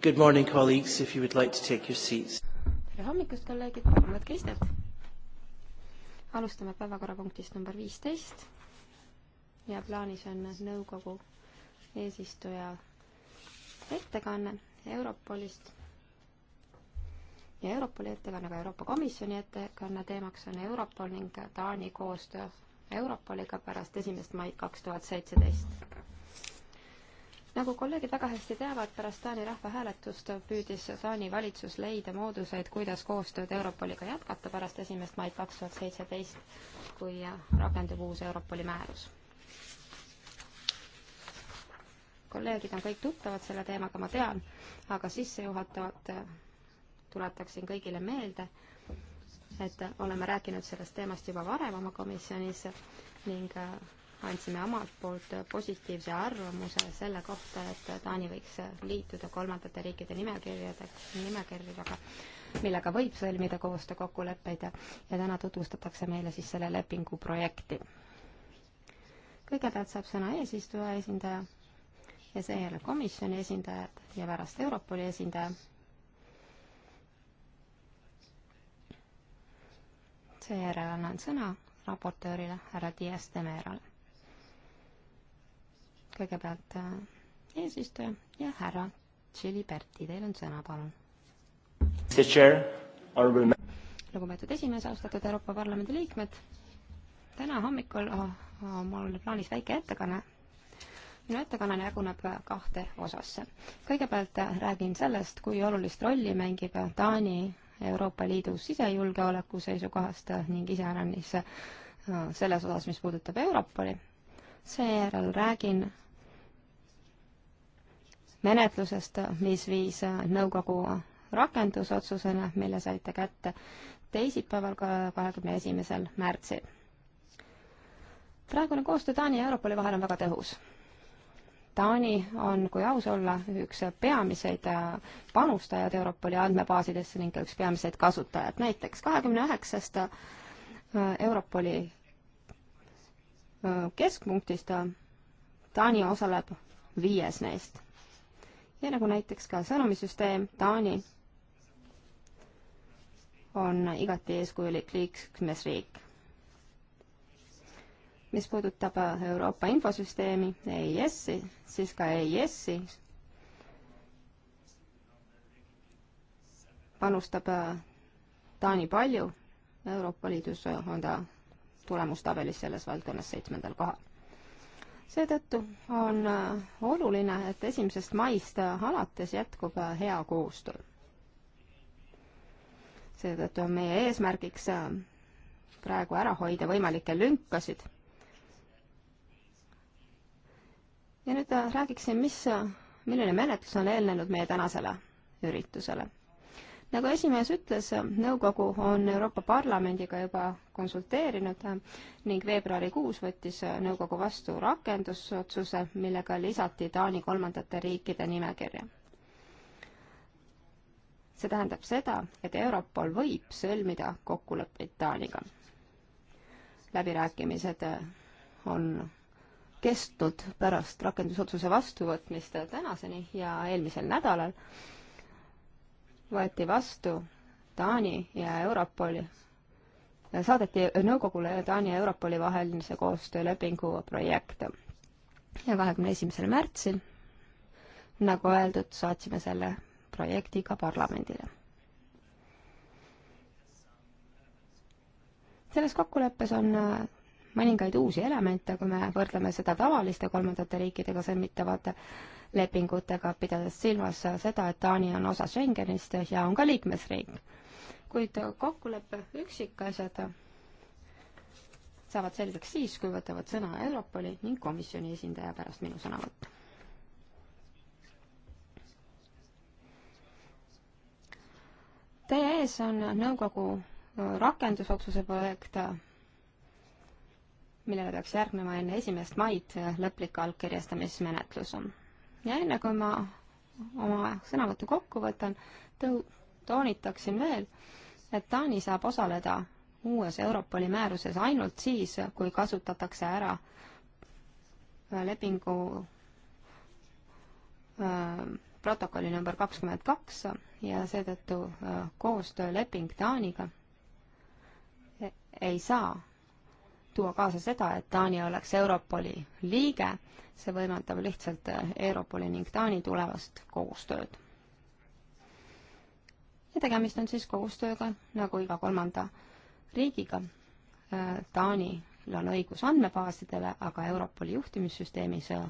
Good morning, colleagues, if you would like to take your seats. tere hommikust, kolleegid, palun võtke istet. alustame päevakorrapunktist number viisteist ja plaanis on nõukogu eesistuja ettekanne Europolist ja Europoli ettekanne, ka Euroopa Komisjoni ettekanne teemaks on Europol ning Taani koostöö Europoliga pärast esimest maid kaks tuhat seitseteist nagu kolleegid väga hästi teavad, pärast Taani rahvahääletust püüdis Taani valitsus leida mooduseid, kuidas koostööd Europoliga jätkata pärast esimest maid kaks tuhat seitseteist, kui rakendub uus Europoli määrus. kolleegid on kõik tuttavad selle teemaga, ma tean, aga sissejuhatavalt tuletaksin kõigile meelde, et oleme rääkinud sellest teemast juba varem oma komisjonis ning andsime omalt poolt positiivse arvamuse selle kohta, et Taani võiks liituda kolmandate riikide nimekirjadega, nimekirjaga, millega võib sõlmida koostöökokkuleppeid ja, ja täna tutvustatakse meile siis selle lepingu projekti. kõigepealt saab sõna eesistuja esindaja ja seejärel komisjoni esindajad ja pärast Europoli esindaja. seejärel annan sõna raportöörile härra Dias Demerale kõigepealt äh, eesistuja ja härra Tšiliberti, teil on sõna, palun. lugupeetud esimees, austatud Euroopa Parlamendi liikmed, täna hommikul oh, oh, mul oli plaanis väike ettekanne. minu ettekanne jaguneb kahte osasse. kõigepealt äh, räägin sellest, kui olulist rolli mängib Taani Euroopa Liidu sisejulgeoleku seisukohast ning iseäranis äh, selles osas, mis puudutab Europoli. seejärel räägin menetlusest, mis viis nõukogu rakendusotsusena, mille saite kätte teisipäeval, kahekümne esimesel märtsil. praegune koostöö Taani ja Europoli vahel on väga tõhus. Taani on, kui aus olla, üks peamiseid panustajaid Europoli andmebaasidesse ning ka üks peamiseid kasutajaid. näiteks kahekümne üheksast äh, Europoli äh, keskpunktist äh, Taani osaleb viies neist ja nagu näiteks ka sõnumisüsteem Taani on igati eeskujulik liikmesriik. mis puudutab Euroopa infosüsteemi EIS-i, siis ka EIS-i panustab äh, Taani palju, Euroopa Liidus on ta tulemustabelis selles valdkonnas seitsmendal kohal seetõttu on äh, oluline, et esimesest maist äh, alates jätkub äh, hea koostöö. seetõttu on meie eesmärgiks praegu ära hoida võimalikke lünkasid. ja nüüd räägiksin, mis, milline menetlus on eelnenud meie tänasele üritusele nagu esimees ütles, nõukogu on Euroopa Parlamendiga juba konsulteerinud ning veebruarikuus võttis nõukogu vastu rakendusotsuse, millega lisati Taani kolmandate riikide nimekirja see tähendab seda, et Europol võib sõlmida kokkuleppeid Taaniga. läbirääkimised on kestnud pärast rakendusotsuse vastuvõtmist tänaseni ja eelmisel nädalal võeti vastu Taani ja Europoli, saadeti nõukogule Taani ja Europoli vahelise koostöölepingu projekt. ja kahekümne esimesel märtsil, nagu öeldud, saatsime selle projekti ka parlamendile. selles kokkuleppes on äh, mõningaid uusi elemente, kui me võrdleme seda tavaliste kolmandate riikidega sõlmitavate lepingutega, pidades silmas seda, et Taani on osa Schengenist ja on ka liikmesriik. kuid kokkuleppe üksikasjad saavad selgeks siis, kui võtavad sõna Europoli ning komisjoni esindaja pärast minu sõnavõttu. Teie ees on nõukogu rakendusotsuse projekt, millele peaks järgnema enne esimest maid lõplik allkirjastamismenetlus on ja enne kui ma oma sõnavõttu kokku võtan, tõu-, toonitaksin veel, et Taani saab osaleda uues Europoli määruses ainult siis, kui kasutatakse ära äh, lepingu äh, protokolli number kakskümmend kaks ja seetõttu äh, koostööleping Taaniga e-, ei saa tuua kaasa seda, et Taani oleks Europoli liige, see võimaldab lihtsalt äh, Europoli ning Taani tulevast koostööd. ja tegemist on siis koostööga nagu iga kolmanda riigiga. Äh, Taanil on õigus andmebaasidele, aga Europoli juhtimissüsteemis äh,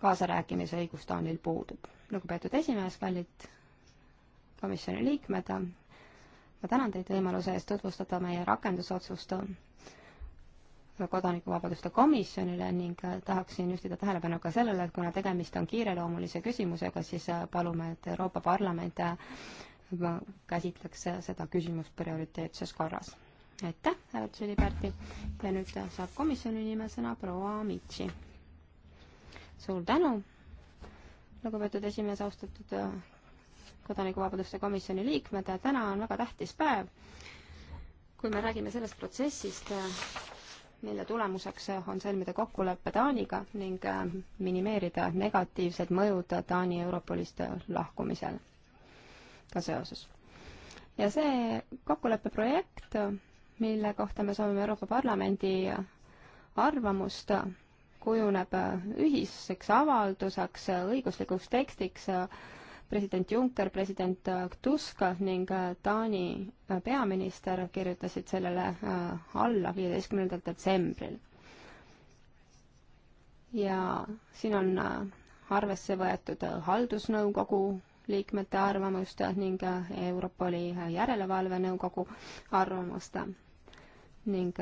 kaasarääkimise õigus Taanil puudub. lugupeetud esimees, kallid komisjoni liikmed, ma tänan teid võimaluse eest tutvustada meie rakendusotsust kodanikuvabaduste komisjonile ning äh, tahaksin juhtida tähelepanu ka sellele, et kuna tegemist on kiireloomulise küsimusega, siis äh, palume, et Euroopa Parlament äh, käsitleks seda küsimust prioriteetses korras. aitäh, hääletus oli Pärti ja nüüd saab komisjoni nimel sõna proua Mitsi. suur tänu, lugupeetud esimees, austatud kodanikuvabaduste komisjoni liikmed, täna on väga tähtis päev, kui me räägime sellest protsessist, mille tulemuseks on sõlmida kokkulepe Taaniga ning äh, minimeerida negatiivsed mõjud Taani Europolist lahkumisel ka seoses. ja see kokkuleppe projekt, mille kohta me soovime Euroopa Parlamendi arvamust, kujuneb ühiseks avalduseks, õiguslikuks tekstiks president Juncker, president äh, Tusk ning äh, Taani äh, peaminister kirjutasid sellele alla viieteistkümnendal detsembril. ja siin on arvesse võetud haldusnõukogu liikmete arvamust ning Europoli järelevalvenõukogu arvamust ning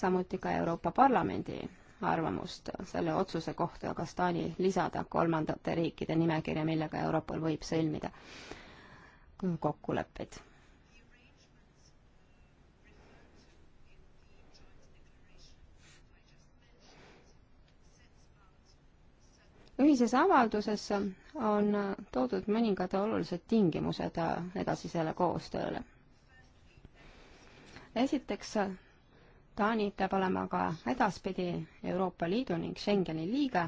samuti ka Euroopa Parlamendi arvamust selle otsuse kohta, kas Taani lisada kolmandate riikide nimekirja, millega Europol võib sõlmida kokkuleppeid. ühises avalduses on toodud mõningad olulised tingimused edasisele koostööle. esiteks Taani peab olema ka edaspidi Euroopa Liidu ning Schengeni liige.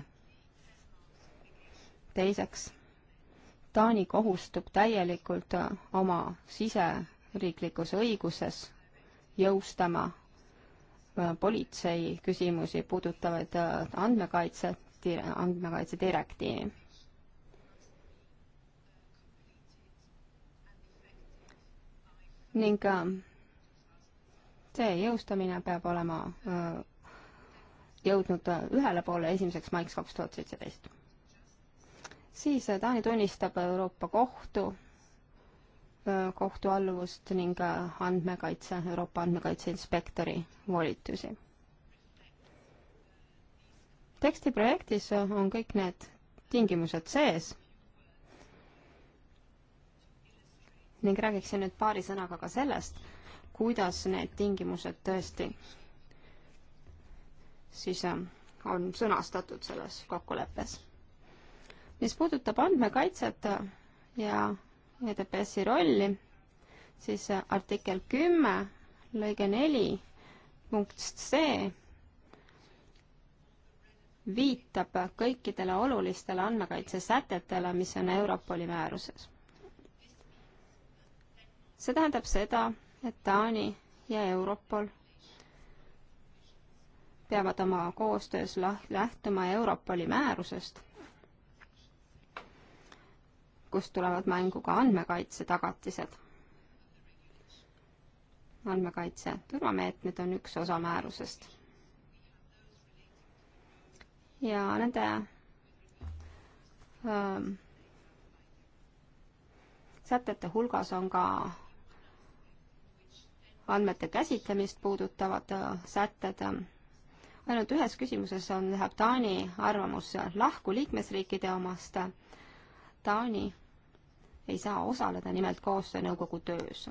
teiseks, Taani kohustub täielikult oma siseriiklikus õiguses jõustama äh, politsei küsimusi puudutavaid äh, andmekaitse, andmekaitse direktiivi. ning äh, see jõustamine peab olema jõudnud ühele poole esimeseks maiks kaks tuhat seitseteist. siis äh, Taani tunnistab Euroopa Kohtu kohtualluvust ning äh, andmekaitse, Euroopa Andmekaitse Inspektori volitusi. tekstiprojektis äh, on kõik need tingimused sees ning räägiksin nüüd paari sõnaga ka sellest, kuidas need tingimused tõesti siis äh, on sõnastatud selles kokkuleppes. mis puudutab andmekaitset äh, ja EDPS-i rolli, siis äh, artikkel kümme lõige neli punkt C viitab kõikidele olulistele andmekaitsesätetele, mis on Europoli määruses. see tähendab seda, et Taani ja Europol peavad oma koostöös lähtuma Europoli määrusest, kus tulevad mängu ka andmekaitse tagatised. andmekaitse turvameetmed on üks osa määrusest. ja nende ähm, sätete hulgas on ka andmete käsitlemist puudutavad äh, sätted. ainult ühes küsimuses on, läheb Taani arvamus lahku liikmesriikide omast. Taani ei saa osaleda nimelt koostöönõukogu töös.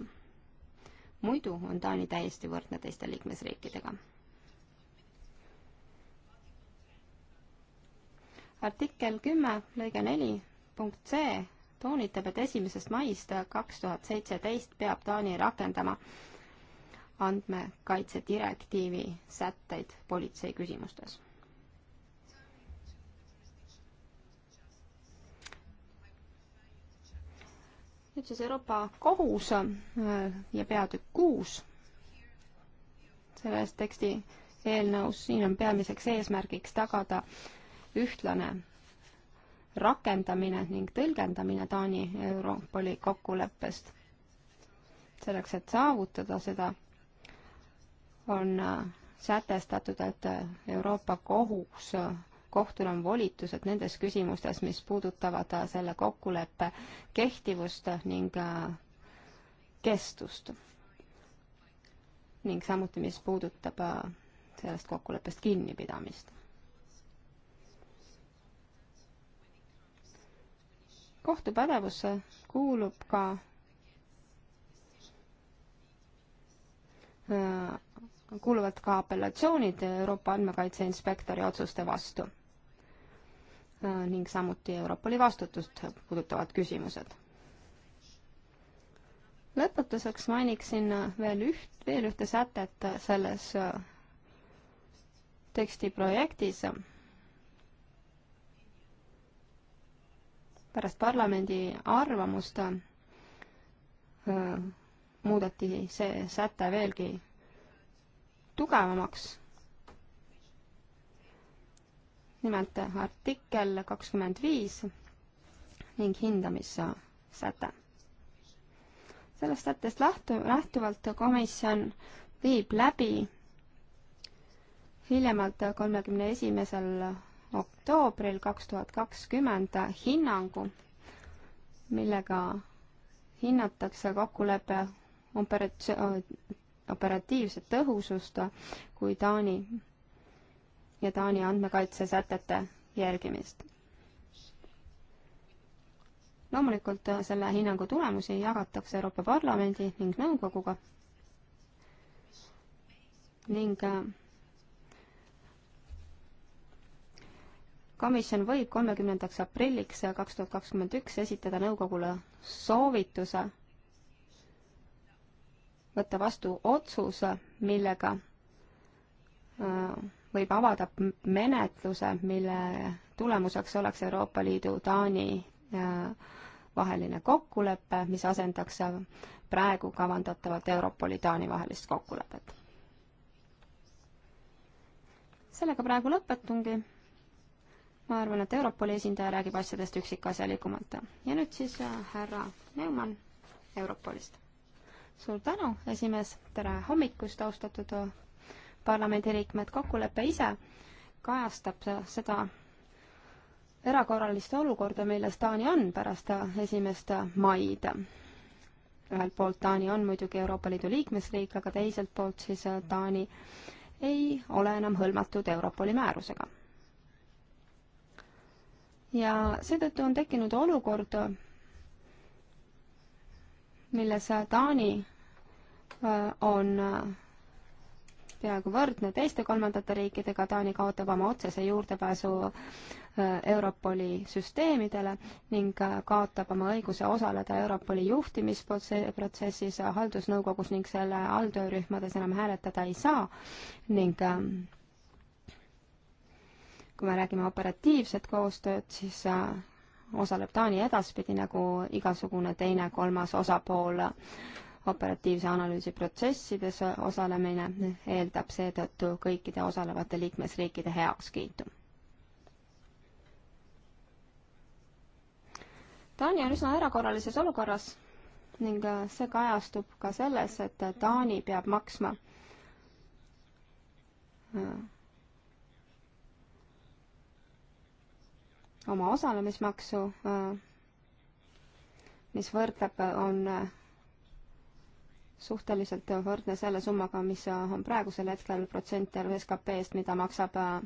muidu on Taani täiesti võrdne teiste liikmesriikidega. artikkel kümme lõige neli punkt C toonitab, et esimesest maist kaks tuhat seitseteist peab Taani rakendama andmekaitse direktiivi sätteid politsei küsimustes. nüüd siis Euroopa Kohus äh, ja peatükk kuus selles teksti eelnõus, siin on peamiseks eesmärgiks tagada ühtlane rakendamine ning tõlgendamine Taani Europoli kokkuleppest. selleks, et saavutada seda on äh, sätestatud, et äh, Euroopa Kohus, äh, kohtul on volitused nendes küsimustes, mis puudutavad selle kokkuleppe kehtivust ning kestust. ning samuti, mis puudutab sellest kokkuleppest kinnipidamist. kohtupädevusse kuulub ka Äh, kuuluvad ka apellatsioonid Euroopa andmekaitse inspektori otsuste vastu äh, ning samuti Europoli vastutust puudutavad küsimused. lõpetuseks mainiksin veel üht, veel ühte sätet selles äh, tekstiprojektis. pärast parlamendi arvamust muudeti see säte veelgi tugevamaks. nimelt artikkel kakskümmend viis ning hindamissäte. sellest sättest lähtu-, lähtuvalt komisjon viib läbi hiljemalt kolmekümne esimesel oktoobril kaks tuhat kakskümmend hinnangu, millega hinnatakse kokkuleppe operatsioon äh,, operatiivset tõhusust kui Taani ja Taani andmekaitsesätete jälgimist. loomulikult äh, selle hinnangu tulemusi jagatakse Euroopa Parlamendi ning nõukoguga ning äh, komisjon võib kolmekümnendaks aprilliks äh, kaks tuhat kakskümmend üks esitada nõukogule soovituse võtta vastu otsus, millega äh, võib avada menetluse, mille tulemuseks oleks Euroopa Liidu Taani äh, vaheline kokkulepe, mis asendaks praegu kavandatavat Europoli Taani vahelist kokkulepet. sellega praegu lõpetungi. ma arvan, et Europoli esindaja räägib asjadest üksikasjalikumalt. ja nüüd siis äh, härra Neumann Europolist suur tänu, esimees, tere hommikust, austatud parlamendiliikmed, kokkulepe ise kajastab seda erakorralist olukorda, milles Taani on pärast esimest maid. ühelt poolt Taani on muidugi Euroopa Liidu liikmesriik, aga teiselt poolt siis Taani ei ole enam hõlmatud Europoli määrusega. ja seetõttu on tekkinud olukord, milles Taani Äh, on äh, peaaegu võrdne teiste kolmandate riikidega, Taani kaotab oma otsese juurdepääsu äh, Europoli süsteemidele ning kaotab oma õiguse osaleda Europoli juhtimisprotsessis, haldusnõukogus ning selle alltöörühmades enam hääletada ei saa ning kui me räägime operatiivset koostööd, siis osaleb Taani edaspidi nagu igasugune teine kolmas osapool operatiivse analüüsi protsessides osalemine eeldab seetõttu kõikide osalevate liikmesriikide heakskiitu. Taani on üsna erakorralises olukorras ning äh, see kajastub ka selles, et Taani peab maksma äh, oma osalemismaksu, äh, mis võrdleb, on suhteliselt võrdne selle summaga, mis on praegusel hetkel protsent SKP-st, mida maksab äh,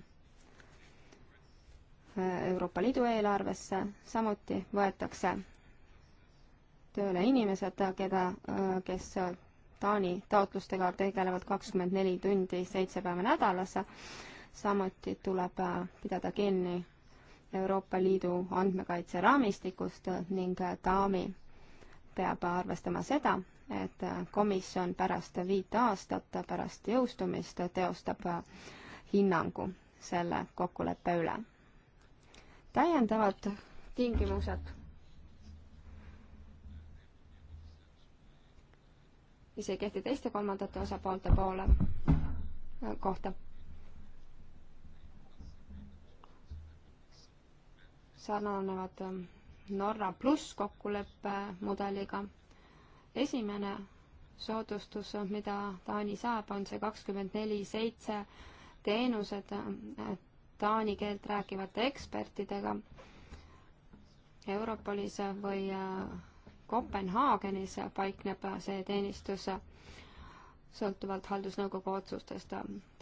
Euroopa Liidu eelarvesse, samuti võetakse tööle inimesed, keda, äh, kes Taani taotlustega tegelevad kakskümmend neli tundi seitse päeva nädalas, samuti tuleb äh, pidada kinni Euroopa Liidu andmekaitse raamistikust ning Taami peab arvestama seda, et komisjon pärast viit aastat pärast jõustumist teostab hinnangu selle kokkuleppe üle. täiendavad tingimused mis ei kehti teiste kolmandate osapoolte poole kohta. sarnanevad Norra pluss kokkuleppe mudeliga esimene soodustus, mida Taani saab, on see kakskümmend neli seitse teenused taani keelt rääkivate ekspertidega Europolis või äh, Kopenhaagenis paikneb see teenistus sõltuvalt haldusnõukogu otsustest.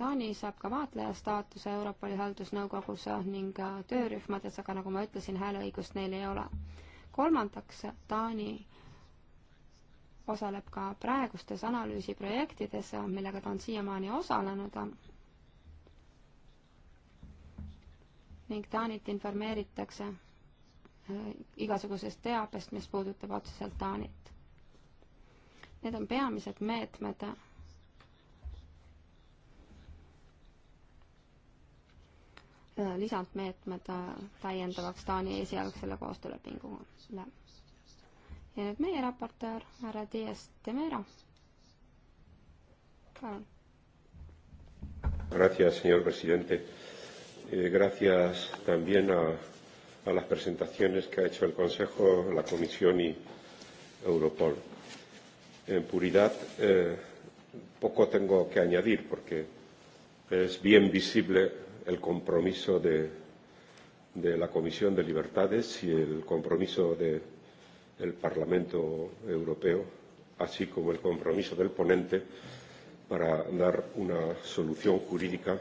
Taani saab ka vaatleja staatuse Europoli haldusnõukogus ning äh, töörühmades, aga nagu ma ütlesin, hääleõigust neil ei ole. kolmandaks, Taani osaleb ka praegustes analüüsiprojektides, millega ta on siiamaani osalenud. ning Taanit informeeritakse äh, igasugusest teabest, mis puudutab otseselt Taanit. Need on peamised meetmed äh, lisandmeetmed äh, täiendavaks Taani esialgsele koostöölepingule ja nüüd meie raportöör, härra Dias de Mera. palun. Gracias, señor presidente. Eh, gracias también a, a las presentaciones que ha hecho el Consejo, la Comisión y Europol. En puridad, eh, poco tengo que añadir porque es bien visible el compromiso de, de la Comisión de Libertades y el compromiso de el Parlamento Europeo, así como el compromiso del ponente para dar una solución jurídica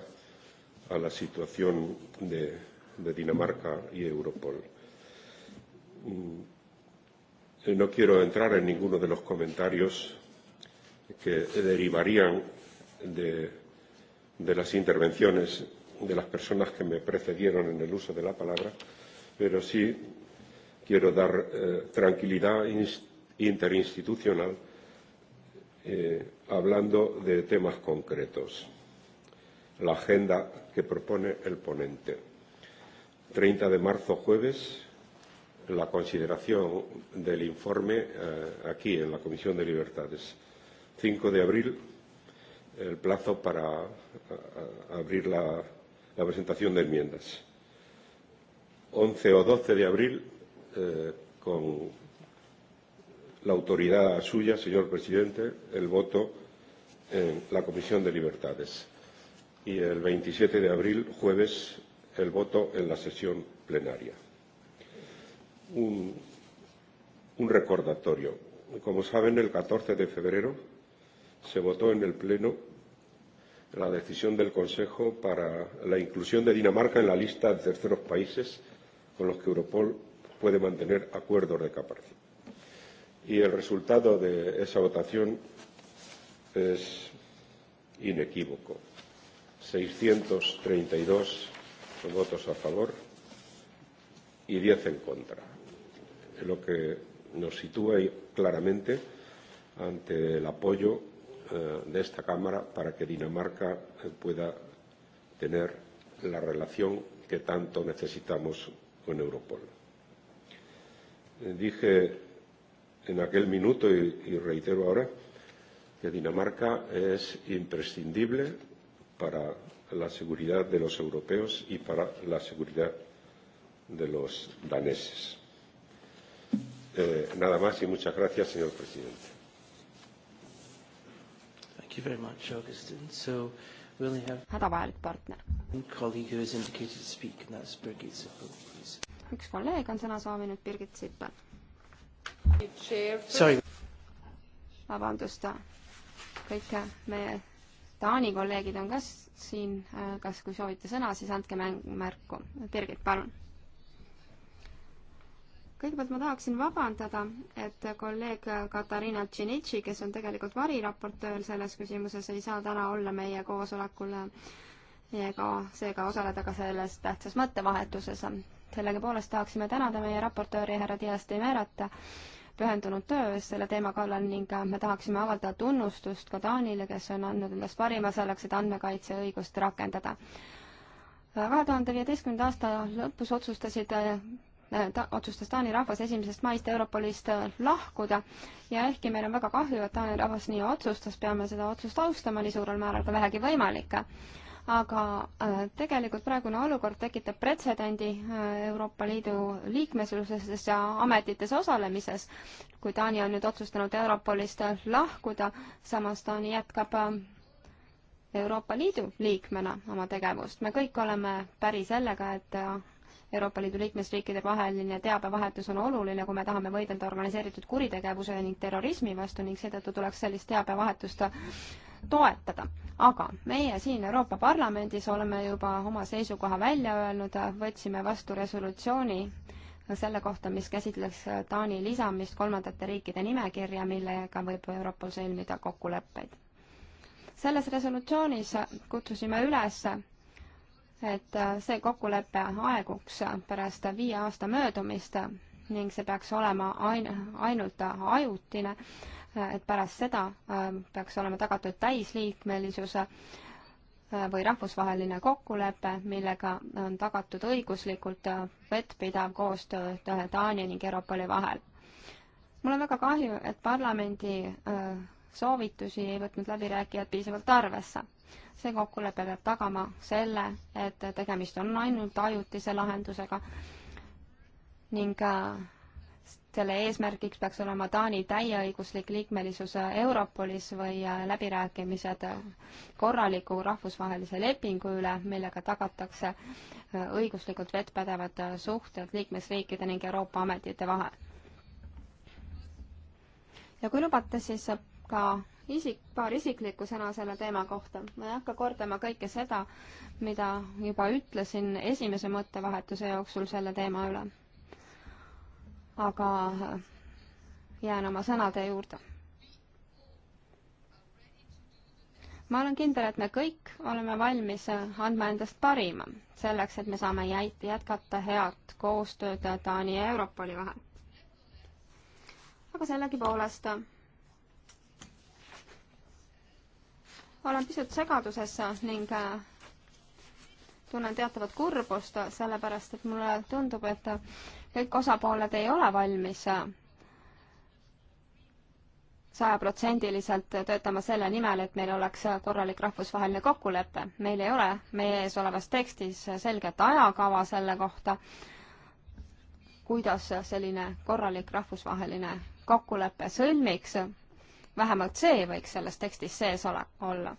a la situación de, de Dinamarca y Europol. Mm, no quiero entrar en ninguno de los comentarios que derivarían de, de las intervenciones de las personas que me precedieron en el uso de la palabra, pero sí quiero dar eh, tranquilidad interinstitucional eh, hablando de temas concretos. La agenda que propone el ponente. 30 de marzo, jueves, la consideración del informe eh, aquí en la Comisión de Libertades. 5 de abril, el plazo para a, a, abrir la, la presentación de enmiendas. 11 o 12 de abril, eh, con la autoridad suya, señor presidente, el voto en la Comisión de Libertades y el 27 de abril, jueves, el voto en la sesión plenaria. Un, un recordatorio. Como saben, el 14 de febrero se votó en el Pleno la decisión del Consejo para la inclusión de Dinamarca en la lista de terceros países con los que Europol puede mantener acuerdos de capacidad. Y el resultado de esa votación es inequívoco. 632 votos a favor y 10 en contra, lo que nos sitúa claramente ante el apoyo eh, de esta Cámara para que Dinamarca eh, pueda tener la relación que tanto necesitamos con Europol dije en aquel minuto y, y reitero ahora que Dinamarca es imprescindible para la seguridad de los europeos y para la seguridad de los daneses. Eh, nada más y muchas gracias, señor presidente. Thank you very much, Augustin. So we only have one colleague who has indicated to speak, and that's Birgit Zippel, please üks kolleeg on sõna soovinud, Birgit Sippel. vabandust, kõik meie Taani kolleegid on ka siin, äh, kas, kui soovite sõna, siis andke märku. Birgit, palun. kõigepealt ma tahaksin vabandada, et kolleeg Katariina Tšinitši, kes on tegelikult variraportöör selles küsimuses, ei saa täna olla meie koosolekul ega äh, seega osaleda ka selles tähtsas mõttevahetuses sellegipoolest tahaksime tänada meie raportööri härra Dias de Merata pühendunud töö eest selle teema kallal ning äh, me tahaksime avaldada tunnustust ka Taanile, kes on andnud endast parima selleks, et andmekaitseõigust rakendada. Äh, kahe tuhande viieteistkümnenda aasta lõpus otsustasid äh, ta otsustas Taani rahvas esimesest maist Europolist lahkuda ja ehkki meil on väga kahju, et Taani rahvas nii otsustas, peame seda otsust austama nii suurel määral kui vähegi võimalik aga äh, tegelikult praegune olukord tekitab pretsedendi äh, Euroopa Liidu liikmesuses ja ametites osalemises. kui Taani on nüüd otsustanud Europolist lahkuda, samas Taani jätkab äh, Euroopa Liidu liikmena oma tegevust. me kõik oleme päri sellega, et Euroopa Liidu liikmesriikide vaheline teabevahetus on oluline, kui me tahame võidelda organiseeritud kuritegevuse ning terrorismi vastu ning seetõttu tuleks sellist teabevahetust toetada. aga meie siin Euroopa Parlamendis oleme juba oma seisukoha välja öelnud, võtsime vastu resolutsiooni selle kohta, mis käsitleks Taani lisamist kolmandate riikide nimekirja, millega võib Europol sõlmida kokkuleppeid. selles resolutsioonis kutsusime üles et see kokkulepe aeguks pärast viie aasta möödumist ning see peaks olema ain-, ainult ajutine et pärast seda äh, peaks olema tagatud täisliikmelisus äh, või rahvusvaheline kokkulepe, millega on tagatud õiguslikult äh, vettpidav koostöö Taani ning Europoli vahel. mul on väga kahju, et parlamendi soovitusi ei võtnud läbirääkijad piisavalt arvesse. see kokkulepe peab tagama selle, et tegemist on ainult ajutise lahendusega ning selle eesmärgiks peaks olema Taani täieõiguslik liikmelisus Europolis või äh, läbirääkimised korraliku rahvusvahelise lepingu üle, millega tagatakse äh, õiguslikult vettpädevad äh, suhted liikmesriikide ning Euroopa ametite vahel. ja kui lubate, siis ka isik, paar isiklikku sõna selle teema kohta. ma ei hakka kordama kõike seda, mida juba ütlesin esimese mõttevahetuse jooksul selle teema üle aga jään oma sõnade juurde. ma olen kindel, et me kõik oleme valmis andma endast parima selleks, et me saame jätkata head koostööd Taani ja Europoli vahel. aga sellegipoolest olen pisut segaduses ning tunnen teatavat kurbust, sellepärast et mulle tundub, et kõik osapooled ei ole valmis sajaprotsendiliselt töötama selle nimel, et meil oleks korralik rahvusvaheline kokkulepe. meil ei ole meie ees olevas tekstis selget ajakava selle kohta, kuidas selline korralik rahvusvaheline kokkulepe sõlmiks. vähemalt see võiks selles tekstis sees ole, olla.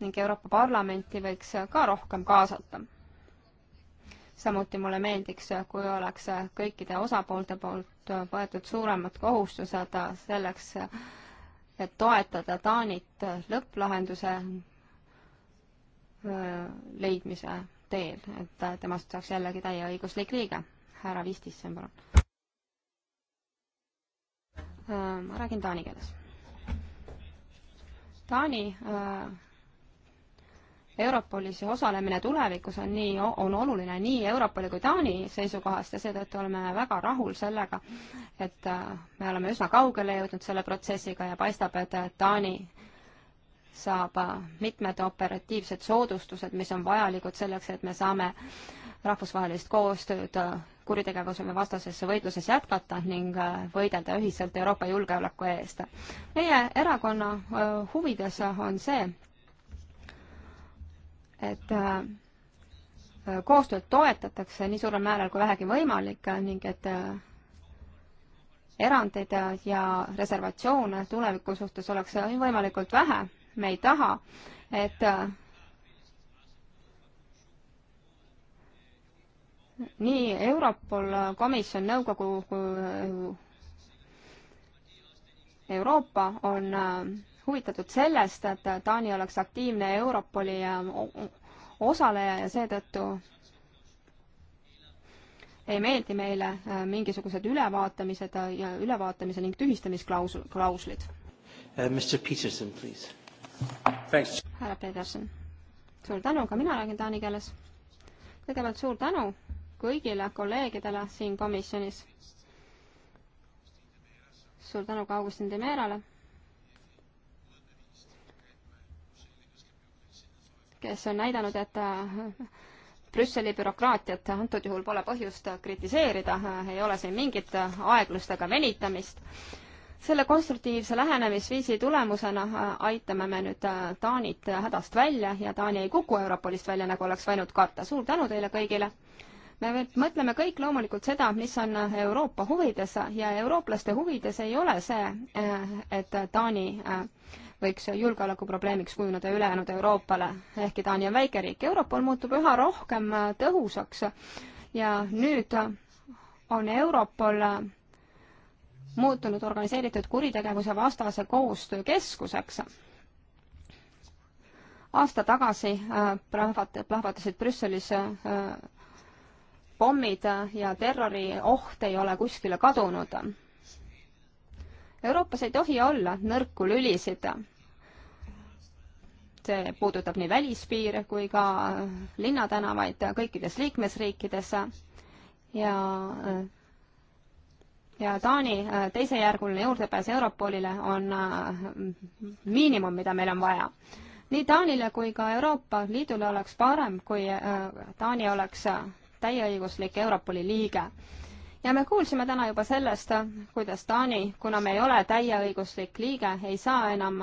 ning Euroopa Parlamenti võiks ka rohkem kaasata samuti mulle meeldiks, kui oleks kõikide osapoolte poolt võetud suuremad kohustused selleks, et toetada Taanit lõpplahenduse leidmise teel, et temast saaks jällegi täieõiguslik liige. härra Vistissen, palun. ma räägin taani keeles. Taani äh, Europolis osalemine tulevikus on nii, on oluline nii Europoli kui Taani seisukohast ja seetõttu oleme väga rahul sellega, et äh, me oleme üsna kaugele jõudnud selle protsessiga ja paistab, et äh, Taani saab äh, mitmed operatiivsed soodustused, mis on vajalikud selleks, et me saame rahvusvahelist koostööd kuritegevuse vastasesse võitluses jätkata ning võidelda ühiselt Euroopa julgeoleku eest. meie erakonna huvides on see, et äh, koostööd toetatakse nii suurel määral kui vähegi võimalik ning et äh, erandeid ja reservatsioone tuleviku suhtes oleks võimalikult vähe. me ei taha, et äh, nii Europol, komisjon, nõukogu kui Euroopa on huvitatud sellest, et Taani oleks aktiivne Europoli osaleja ja seetõttu ei meeldi meile äh, mingisugused ülevaatamised ja ülevaatamise ning tühistamisklauslid. Uh, Mr Peterson, please. härra Peterson, suur tänu, ka mina räägin taani keeles. kõigepealt suur tänu kõigile kolleegidele siin komisjonis. suur tänu ka Augustin Demerale kes on näidanud, et äh, Brüsseli bürokraatiat antud juhul pole põhjust kritiseerida, äh, ei ole siin mingit äh, aeglust ega venitamist. selle konstruktiivse lähenemisviisi tulemusena aitame me nüüd Taanit hädast välja ja Taani ei kuku Europolist välja, nagu oleks võinud karta. suur tänu teile kõigile! me mõtleme kõik loomulikult seda, mis on Euroopa huvides ja eurooplaste huvides ei ole see, et Taani äh, võiks julgeolekuprobleemiks kujuneda ülejäänud Euroopale, ehkki Taani on väike riik. Europol muutub üha rohkem äh, tõhusaks ja nüüd on Europol äh, muutunud organiseeritud kuritegevuse vastase koostöö keskuseks. aasta tagasi äh, plahvat-, plahvatasid Brüsselis pommid ja terrorioht ei ole kuskile kadunud. Euroopas ei tohi olla nõrku lülisid see puudutab nii välispiire kui ka linnatänavaid kõikides liikmesriikides ja ja Taani äh, teisejärguline juurdepääs Europolile on äh, miinimum, mida meil on vaja. nii Taanile kui ka Euroopa Liidule oleks parem, kui äh, Taani oleks täieõiguslik Europoli liige ja me kuulsime täna juba sellest, kuidas Taani, kuna me ei ole täieõiguslik liige, ei saa enam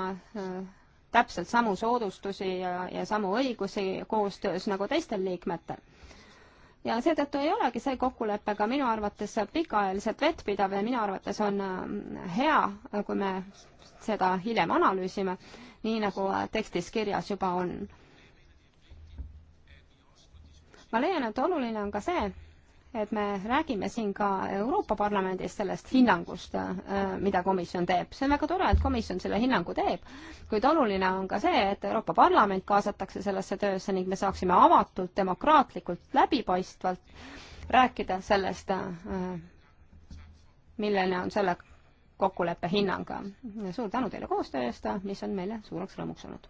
täpselt samu soodustusi ja, ja samu õigusi koostöös nagu teistel liikmetel. ja seetõttu ei olegi see kokkulepe ka minu arvates pikaajaliselt vettpidav ja minu arvates on mm, hea, kui me seda hiljem analüüsime, nii nagu tekstis kirjas juba on. ma leian, et oluline on ka see, et me räägime siin ka Euroopa Parlamendis sellest hinnangust, äh, mida komisjon teeb. see on väga tore, et komisjon selle hinnangu teeb, kuid oluline on ka see, et Euroopa Parlament kaasatakse sellesse töösse ning me saaksime avatult, demokraatlikult, läbipaistvalt rääkida sellest, äh, milline on selle kokkuleppe hinnang. suur tänu teile koostöö eest, mis on meile suureks rõõmuks olnud.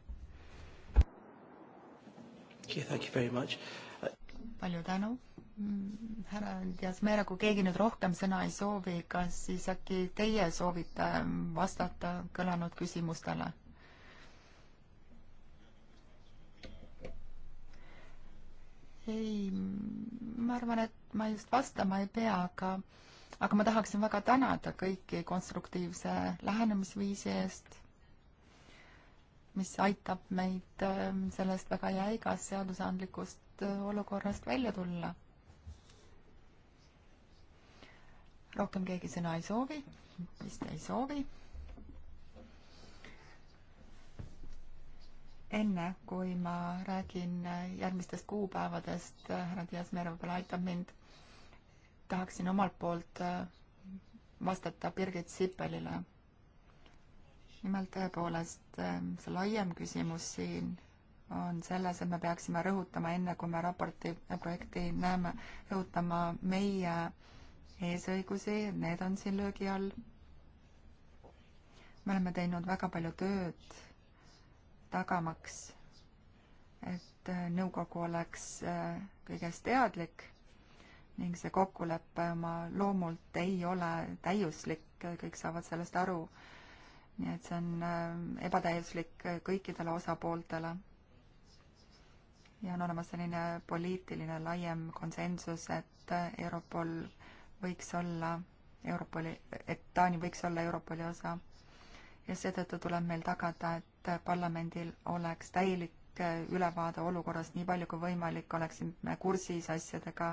palju tänu Mm, härra Jasmera, kui keegi nüüd rohkem sõna ei soovi, kas siis äkki teie soovite ähm, vastata kõlanud küsimustele? ei, mm, ma arvan, et ma just vastama ei pea, aga, aga ma tahaksin väga tänada kõiki konstruktiivse lähenemisviisi eest, mis aitab meid ähm, sellest väga jäigast seadusandlikust äh, olukorrast välja tulla rohkem keegi sõna ei soovi, vist ei soovi. enne kui ma räägin järgmistest kuupäevadest, härra Diasmer võib-olla aitab mind, tahaksin omalt poolt äh, vastata Birgit Sippelile. nimelt tõepoolest äh, see laiem küsimus siin on selles, et me peaksime rõhutama, enne kui me raporti projekti näeme, rõhutama meie äh, eesõigusi, need on siin löögi all. me oleme teinud väga palju tööd tagamaks, et äh, nõukogu oleks äh, kõigest teadlik ning see kokkulepe oma loomult ei ole täiuslik, kõik saavad sellest aru. nii et see on äh, ebatäiuslik kõikidele osapooltele ja on olemas selline poliitiline laiem konsensus, et Europol võiks olla Europoli, et Taani võiks olla Europoli osa. ja seetõttu tuleb meil tagada, et parlamendil oleks täielik äh, ülevaade olukorrast, nii palju kui võimalik, oleksime kursis asjadega.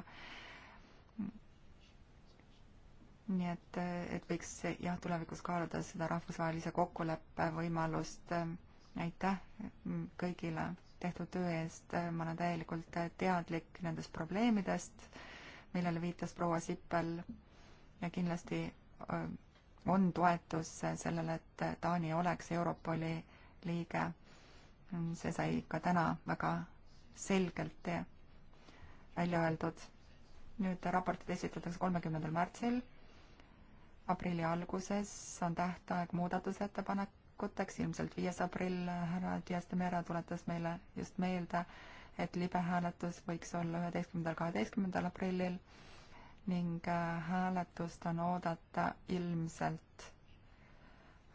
nii et, äh, et võiks jah, tulevikus kaaluda seda rahvusvahelise kokkuleppe võimalust. aitäh kõigile tehtud töö eest, ma olen täielikult äh, teadlik nendest probleemidest millele viitas proua Sippel ja kindlasti äh, on toetus sellele, et Taani oleks Europoli liige. see sai ka täna väga selgelt välja öeldud. nüüd raportid esitatakse kolmekümnendal märtsil. aprilli alguses on tähtaeg muudatusettepanekuteks, ilmselt viies aprill, härra Dias de Mera tuletas meile just meelde, et libehääletus võiks olla üheteistkümnendal, kaheteistkümnendal aprillil ning äh, hääletust on oodata ilmselt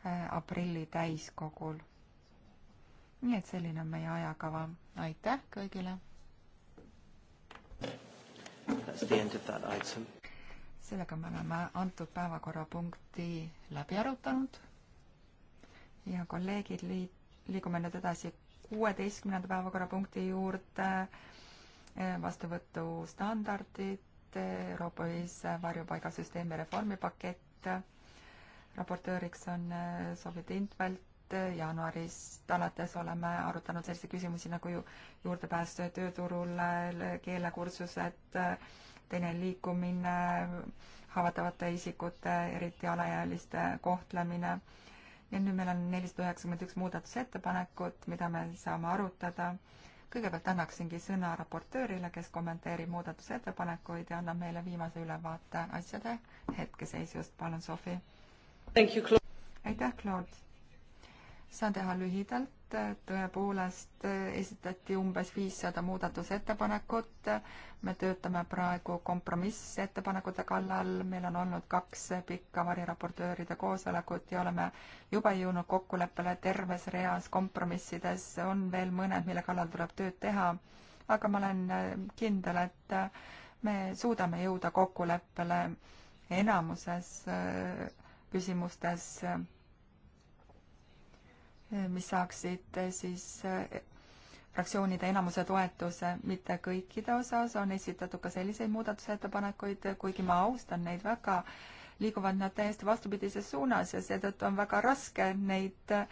äh, aprilli täiskogul. nii et selline on meie ajakava. aitäh kõigile! sellega me oleme antud päevakorrapunkti läbi arutanud ja kolleegid liit-, liigume nüüd edasi kuueteistkümnenda päevakorrapunkti juurde eh, vastuvõtustandardid, Euroopa ühise varjupaigasüsteemi reformipakett. raportööriks on eh, Sofi Tintvelt, jaanuarist alates oleme arutanud selliseid küsimusi nagu ju juurdepääs tööturule, keelekursused, teine liikumine, haavatavate isikute, eriti alaealiste kohtlemine ja nüüd meil on nelisada üheksakümmend üks muudatusettepanekut, mida me saame arutada. kõigepealt annaksingi sõna raportöörile, kes kommenteerib muudatusettepanekuid ja annab meile viimase ülevaate asjade hetkeseisust. palun, Sofi. aitäh, Claude. saan teha lühidalt et tõepoolest esitati umbes viissada muudatusettepanekut. me töötame praegu kompromissettepanekute kallal, meil on olnud kaks pikka variraportööride koosolekut ja oleme juba jõudnud kokkuleppele terves reas kompromissides, on veel mõned, mille kallal tuleb tööd teha. aga ma olen kindel, et me suudame jõuda kokkuleppele enamuses küsimustes mis saaksid eh, siis eh, fraktsioonide enamuse toetuse, mitte kõikide osas, on esitatud ka selliseid muudatusettepanekuid, kuigi ma austan neid väga, liiguvad nad täiesti vastupidises suunas ja seetõttu on väga raske neid eh,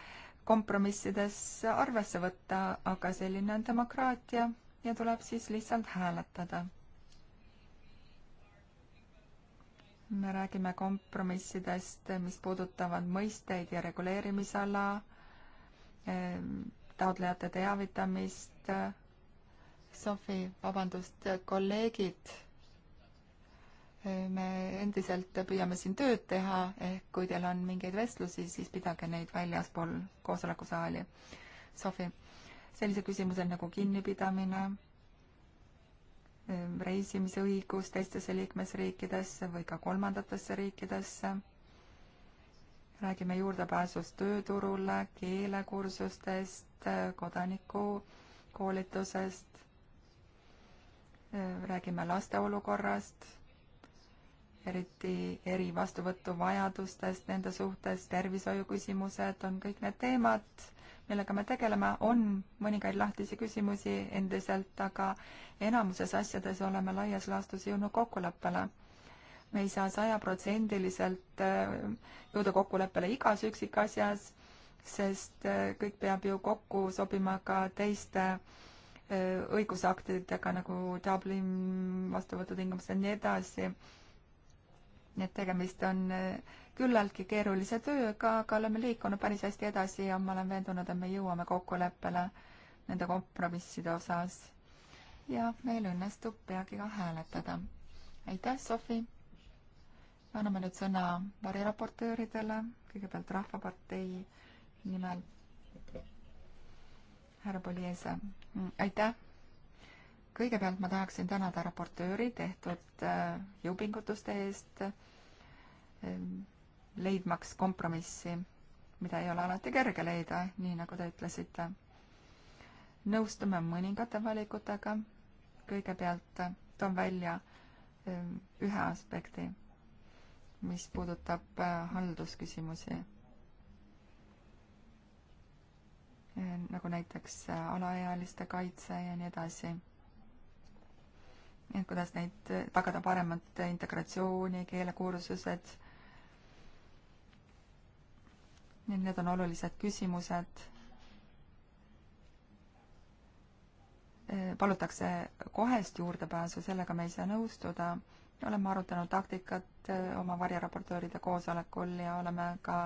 kompromissides arvesse võtta, aga selline on demokraatia ja tuleb siis lihtsalt hääletada. me räägime kompromissidest, mis puudutavad mõisteid ja reguleerimisala Ehm, taotlejate teavitamist. Sofi, vabandust, kolleegid, ehm, me endiselt püüame siin tööd teha, ehk kui teil on mingeid vestlusi, siis pidage neid väljaspool koosolekusaali. Sofi, sellised küsimused nagu kinnipidamine ehm, reisimisõigus teistesse liikmesriikidesse või ka kolmandatesse riikidesse räägime juurdepääsust tööturule, keelekursustest, kodanikukoolitusest, räägime laste olukorrast, eriti eri vastuvõtuvajadustest nende suhtes, tervishoiuküsimused on kõik need teemad, millega me tegeleme, on mõningaid lahtisi küsimusi endiselt, aga enamuses asjades oleme laias laastus jõudnud kokkuleppele me ei saa sajaprotsendiliselt äh, jõuda kokkuleppele igas üksikasjas, sest äh, kõik peab ju kokku sobima ka teiste äh, õigusaktidega nagu Dublin vastuvõtutingimused ja nii edasi. nii et tegemist on küllaltki keerulise tööga, aga oleme liikunud päris hästi edasi ja ma olen veendunud, et me jõuame kokkuleppele nende kompromisside osas. ja meil õnnestub peagi ka hääletada. aitäh, Sofi! anname nüüd sõna variraportööridele, kõigepealt Rahvapartei nimel. härra Poliese, mm, aitäh! kõigepealt ma tahaksin tänada raportööri tehtud äh, jõupingutuste eest, ähm, leidmaks kompromissi, mida ei ole alati kerge leida, nii nagu te ütlesite. nõustume mõningate valikutega, kõigepealt äh, toon välja ähm, ühe aspekti mis puudutab äh, haldusküsimusi. Äh, nagu näiteks äh, alaealiste kaitse ja nii edasi. et kuidas neid, tagada paremat integratsiooni, keelekursused. nii et need on olulised küsimused palutakse kohest juurdepääsu, sellega me ei saa nõustuda oleme arutanud taktikat eh, oma varjaraportööride koosolekul ja oleme ka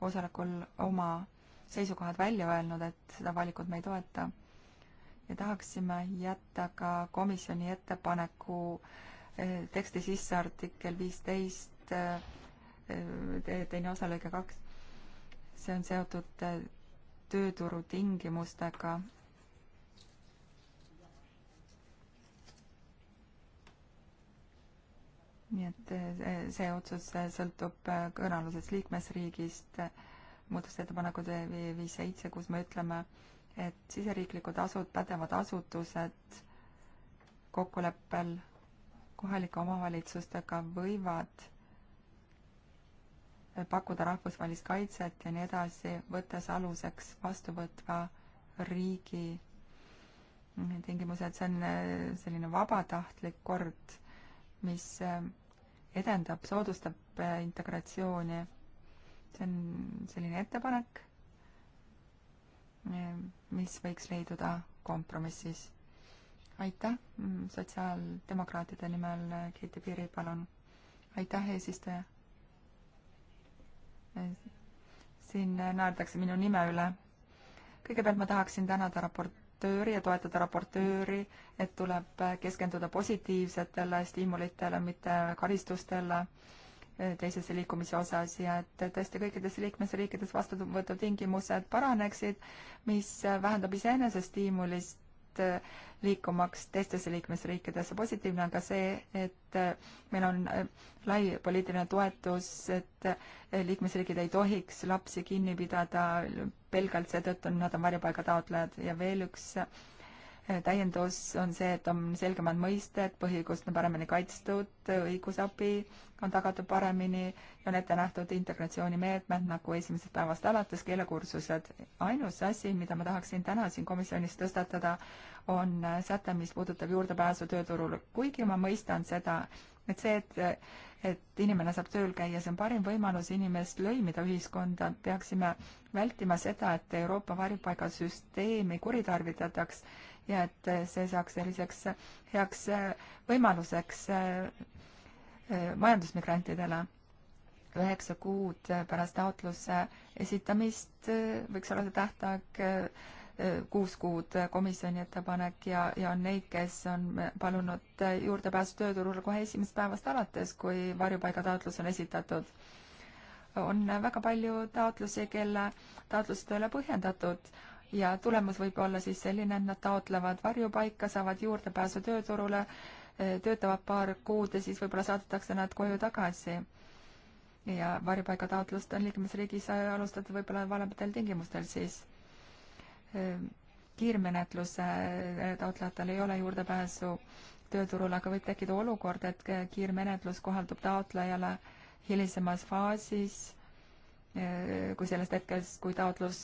koosolekul oma seisukohad välja öelnud, et seda valikut me ei toeta. ja tahaksime jätta ka komisjoni ettepaneku eh, teksti sisse artikkel viisteist eh, teine osa lõige kaks. see on seotud tööturutingimustega nii et eh, see otsus eh, sõltub eh, kõnealusest liikmesriigist, muudatusettepanekud viis seitse, kus me ütleme, et siseriiklikud asud, pädevad asutused kokkuleppel kohalike omavalitsustega võivad pakkuda rahvusvahelist kaitset ja nii edasi, võttes aluseks vastuvõtva riigi tingimused, see on selline vabatahtlik kord mis äh, edendab, soodustab äh, integratsiooni. see on selline ettepanek, äh, mis võiks leiduda kompromissis. aitäh, mm, sotsiaaldemokraatide nimel Keiti Piiri, palun. aitäh, eesistuja. siin naerdakse minu nime üle. kõigepealt ma tahaksin tänada raport-, raportööri ja toetada raportööri, et tuleb keskenduda positiivsetele stiimulitele, mitte karistustele eh, teisese liikumise osas ja et tõesti kõikides liikmesriikides vastuvõtutingimused paraneksid, mis vähendab iseenesest stiimulist et äh, liikumaks teistesse liikmesriikidesse. positiivne on ka see, et äh, meil on äh, lai poliitiline toetus, et liikmesriigid ei tohiks lapsi kinni pidada pelgalt seetõttu, nad on varjupaiga taotlejad ja veel üks täiendus on see, et on selgemad mõisted, põhiõigust on paremini kaitstud, õigusabi on tagatud paremini ja on ette nähtud integratsioonimeetmed nagu esimesest päevast alates keelekursused. ainus asi, mida ma tahaksin täna siin komisjonis tõstatada, on säte, mis puudutab juurdepääsu tööturule, kuigi ma mõistan seda, et see, et et inimene saab tööl käia, see on parim võimalus inimest lõimida ühiskonda, peaksime vältima seda, et Euroopa varjupaigasüsteemi kuritarvitataks äh, ja et see saaks selliseks heaks võimaluseks äh, äh, majandusmigrantidele. üheksa kuud pärast taotluse esitamist äh, võiks olla see tähtaeg kuus kuud komisjoni ettepanek ja, ja on neid, kes on palunud juurdepääsu tööturule kohe esimesest päevast alates, kui varjupaigataotlus on esitatud. on väga palju taotlusi, kelle taotlused ei ole põhjendatud ja tulemus võib olla siis selline, et nad taotlevad varjupaika, saavad juurdepääsu tööturule, eh, töötavad paar kuud ja siis võib-olla saadetakse nad koju tagasi. ja varjupaigataotlust on liikmesriigis alustatud võib-olla valemetel tingimustel siis. Eh, kiirmenetluse eh, taotlejatel ei ole juurdepääsu tööturul, aga võib tekkida olukord, et kiirmenetlus kohaldub taotlejale hilisemas faasis, kui sellest hetkest, kui taotlus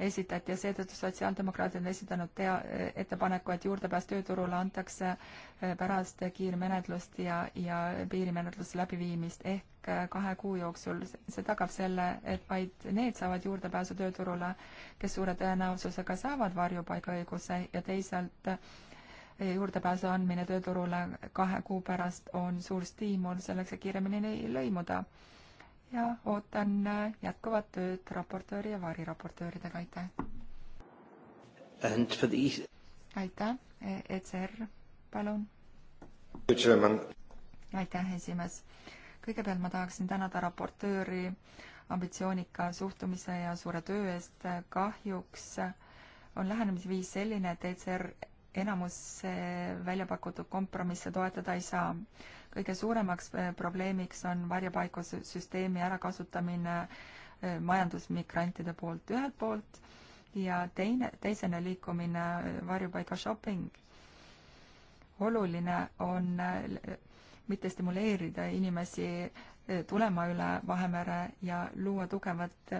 esitati ja seetõttu sotsiaaldemokraadid on esitanud tea-, ettepaneku, et juurdepääs tööturule antakse eh, pärast kiirmenetlust ja, ja piirimenetluse läbiviimist ehk eh, kahe kuu jooksul. see tagab selle, et vaid need saavad juurdepääsu tööturule, kes suure tõenäosusega saavad varjupaigaõiguse ja teisalt eh, juurdepääsu andmine tööturule kahe kuu pärast on suur stiimul selleks, et kiiremini lõimuda ja ootan äh, jätkuvat tööd raportööri ja variraportööridega, aitäh! The... E- aitäh, ECR, e palun! aitäh, esimees! kõigepealt ma tahaksin tänada raportööri ambitsioonika suhtumise ja suure töö eest, kahjuks on lähenemisviis selline, et ECR enamus välja pakutud kompromisse toetada ei saa. kõige suuremaks äh, probleemiks on varjupaigasüsteemi ärakasutamine äh, majandusmigrantide poolt ühelt poolt ja teine, teisene liikumine äh, varjupaiga shopping. oluline on mitte stimuleerida inimesi tulema üle Vahemere ja luua tugevat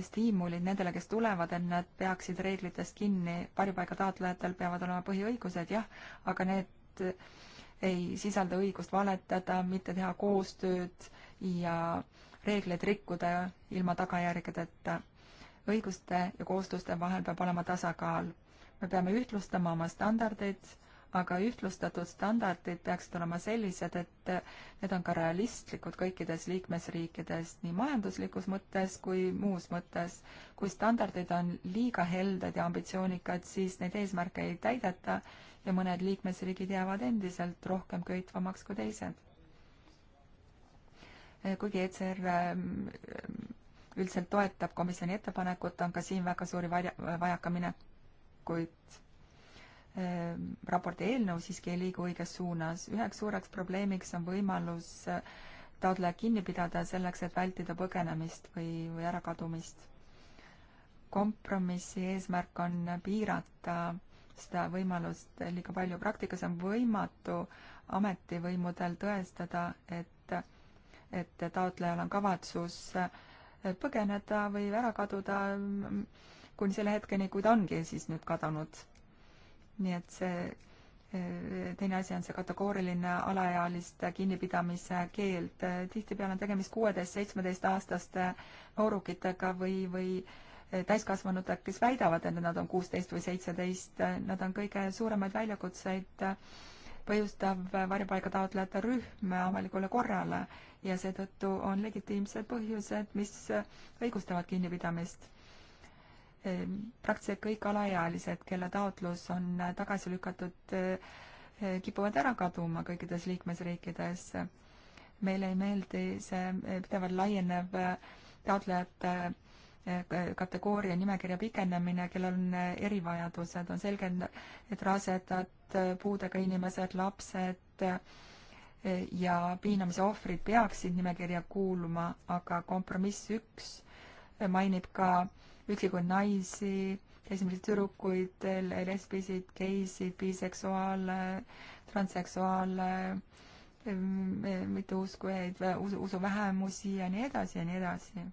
stiimulid nendele, kes tulevad, et nad peaksid reeglitest kinni, varjupaiga taotlejatel peavad olema põhiõigused, jah, aga need eh, ei sisalda õigust valetada, mitte teha koostööd ja reegleid rikkuda ilma tagajärgedeta. õiguste ja kohustuste vahel peab olema tasakaal. me peame ühtlustama oma standardeid aga ühtlustatud standardid peaksid olema sellised, et need on ka realistlikud kõikides liikmesriikides nii majanduslikus mõttes kui muus mõttes. kui standardid on liiga helded ja ambitsioonikad, siis neid eesmärke ei täideta ja mõned liikmesriigid jäävad endiselt rohkem köitvamaks kui teised. kuigi ECR ähm, üldiselt toetab komisjoni ettepanekut, on ka siin väga suuri vaja, vajakaminekuid Ehm, raporti eelnõu siiski ei liigu õiges suunas. üheks suureks probleemiks on võimalus eh, taotleja kinni pidada selleks, et vältida põgenemist või, või ärakadumist. kompromissi eesmärk on piirata seda võimalust liiga palju. praktikas on võimatu ametivõimudel tõestada, et, et taotlejal on kavatsus eh, põgeneda või ära kaduda mm, kuni selle hetkeni, kui ta ongi siis nüüd kadunud nii et see eh, teine asi on see kategooriline alaealiste kinnipidamise keeld. Eh, tihtipeale on tegemist kuueteist-seitsmeteistaastaste noorukitega või, või eh, täiskasvanutega, kes väidavad, et nad on kuusteist või seitseteist, nad on kõige suuremaid väljakutseid põhjustav varjupaigataotlejate rühm avalikule korrale ja seetõttu on legitiimsed põhjused, mis õigustavad kinnipidamist Ehm, praktiliselt kõik alaealised, kelle taotlus on äh, tagasi lükatud, äh, äh, kipuvad ära kaduma kõikides liikmesriikides. meile ei meeldi see pidevalt laienev taotlejate kategooria nimekirja pikenemine, kellel on erivajadused, on selge, et rasedad, puudega inimesed, lapsed ja piinamise ohvrid peaksid nimekirja kuuluma, aga kompromiss üks mainib ka äh, üksikuid naisi, esimesi tüdrukuid, lesbisid, geisid, biseksuaale, transseksuaale, mitteuskujaid, usu, usuvähemusi ja nii edasi ja nii edasi.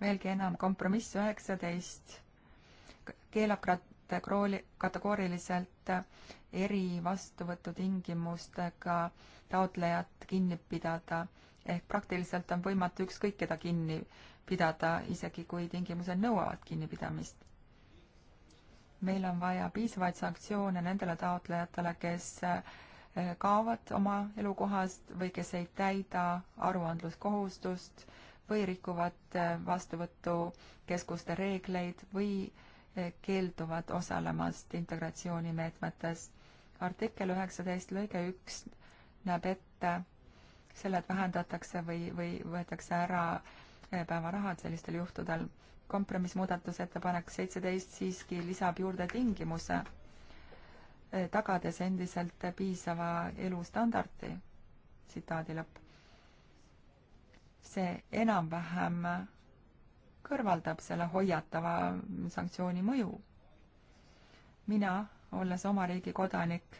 veelgi enam, kompromiss üheksateist keelab kategoori-, kategooriliselt eri vastuvõtutingimustega taotlejat kinni pidada, ehk praktiliselt on võimatu ükskõik keda kinni pidada, isegi kui tingimused nõuavad kinnipidamist. meil on vaja piisavaid sanktsioone nendele taotlejatele, kes eh, kaovad oma elukohast või kes ei täida aruandluskohustust või rikuvad eh, vastuvõtukeskuste reegleid või eh, keelduvad osalemast integratsioonimeetmetes. artikkel üheksateist lõige üks näeb ette selle, et vähendatakse või, või võetakse ära päevarahad sellistel juhtudel. kompromissmuudatusettepanek seitseteist siiski lisab juurde tingimuse, eh, tagades endiselt piisava elustandardi. tsitaadi lõpp. see enam-vähem kõrvaldab selle hoiatava sanktsiooni mõju. mina, olles oma riigi kodanik,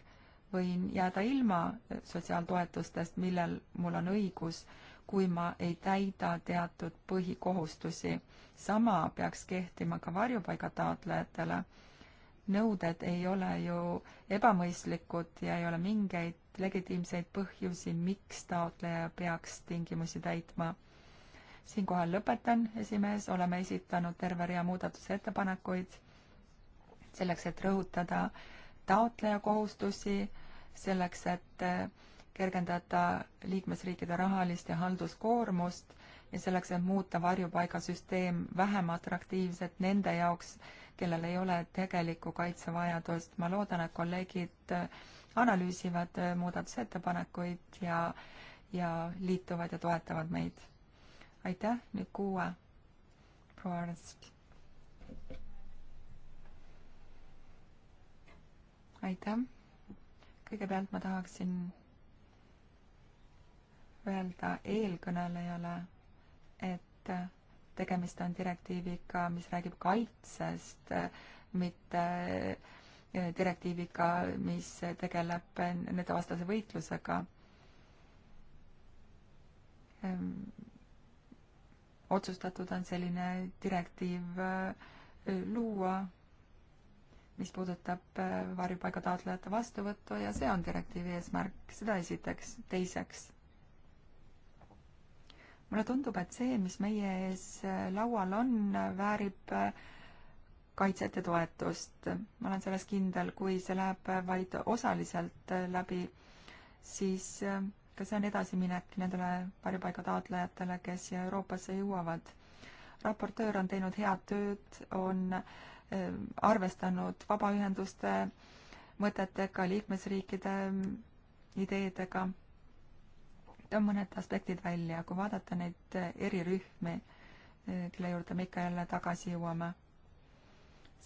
võin jääda ilma sotsiaaltoetustest, millel mul on õigus äh, kui ma ei täida teatud põhikohustusi. sama peaks kehtima ka varjupaiga taotlejatele. nõuded ei ole ju ebamõistlikud ja ei ole mingeid legitiimseid põhjusi, miks taotleja peaks tingimusi täitma. siinkohal lõpetan, esimees, oleme esitanud terve rea muudatusettepanekuid selleks, et rõhutada taotleja kohustusi, selleks, et kergendada liikmesriikide rahalist ja halduskoormust ja selleks, et muuta varjupaigasüsteem vähem atraktiivset nende jaoks, kellel ei ole tegelikku kaitsevajadust. ma loodan, et kolleegid äh, analüüsivad äh, muudatusettepanekuid ja, ja liituvad ja toetavad meid. aitäh, nüüd kuue. proua Ernst. aitäh. kõigepealt ma tahaksin öelda eelkõnelejale, et tegemist on direktiiviga, mis räägib kaitsest, mitte direktiiviga, mis tegeleb nende vastase võitlusega. Ehm, otsustatud on selline direktiiv e, luua, mis puudutab e, varjupaiga taotlejate vastuvõttu ja see on direktiivi eesmärk, seda esiteks. teiseks mulle tundub, et see, mis meie ees äh, laual on, äh, väärib äh, kaitset ja toetust. ma olen selles kindel, kui see läheb vaid osaliselt läbi, siis ka see on edasiminek nendele varjupaiga taotlejatele, kes siia Euroopasse jõuavad. raportöör on teinud head tööd, on arvestanud vabaühenduste mõtetega, liikmesriikide mm, ideedega toon mõned aspektid välja, kui vaadata neid erirühmi, kelle juurde me ikka jälle tagasi jõuame,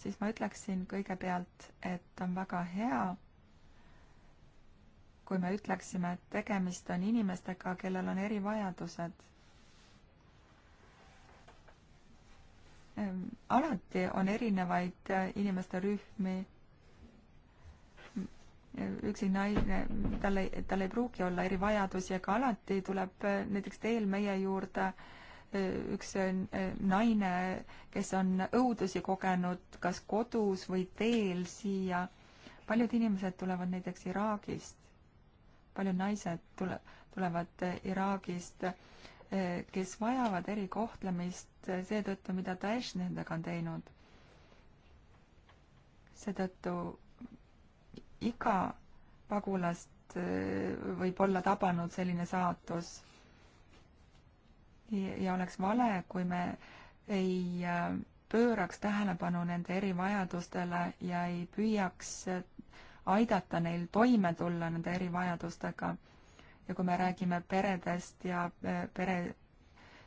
siis ma ütleksin kõigepealt, et on väga hea, kui me ütleksime, et tegemist on inimestega, kellel on erivajadused. alati on erinevaid inimeste rühmi üksi naine, tal ei, tal ei pruugi olla erivajadusi, aga alati tuleb eh, näiteks teel meie juurde eh, üks eh, naine, kes on õudusi kogenud kas kodus või teel siia. paljud inimesed tulevad näiteks Iraagist, paljud naised tule, tulevad Iraagist, kes vajavad erikohtlemist seetõttu, mida Daesh nendega on teinud. seetõttu iga pagulast äh, võib olla tabanud selline saatus. ja oleks vale, kui me ei äh, pööraks tähelepanu nende erivajadustele ja ei püüaks äh, aidata neil toime tulla nende erivajadustega. ja kui me räägime peredest ja pere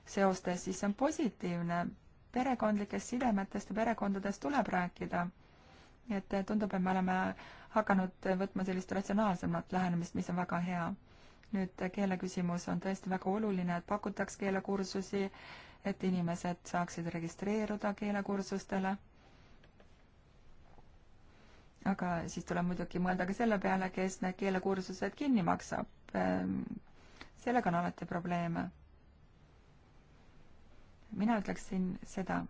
seostest, siis see on positiivne. perekondlikest sidemetest ja perekondadest tuleb rääkida. nii et tundub, et me oleme hakanud võtma sellist ratsionaalsemat lähenemist, mis on väga hea. nüüd keele küsimus on tõesti väga oluline, et pakutaks keelekursusi, et inimesed saaksid registreeruda keelekursustele. aga siis tuleb muidugi mõelda ka selle peale, kes need keelekursused kinni maksab. sellega on alati probleeme. mina ütleksin seda,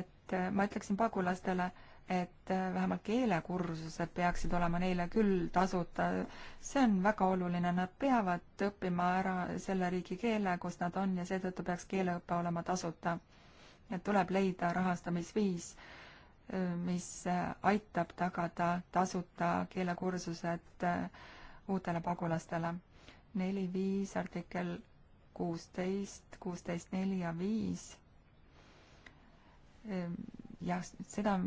et ma ütleksin pagulastele et äh, vähemalt keelekursused peaksid olema neile küll tasuta. see on väga oluline, nad peavad õppima ära selle riigi keele, kus nad on ja seetõttu peaks keeleõpe olema tasuta. et tuleb leida rahastamisviis, äh, mis äh, aitab tagada tasuta keelekursused uutele pagulastele. neli, viis, artikkel kuusteist, kuusteist, neli ja viis ehm, jah, seda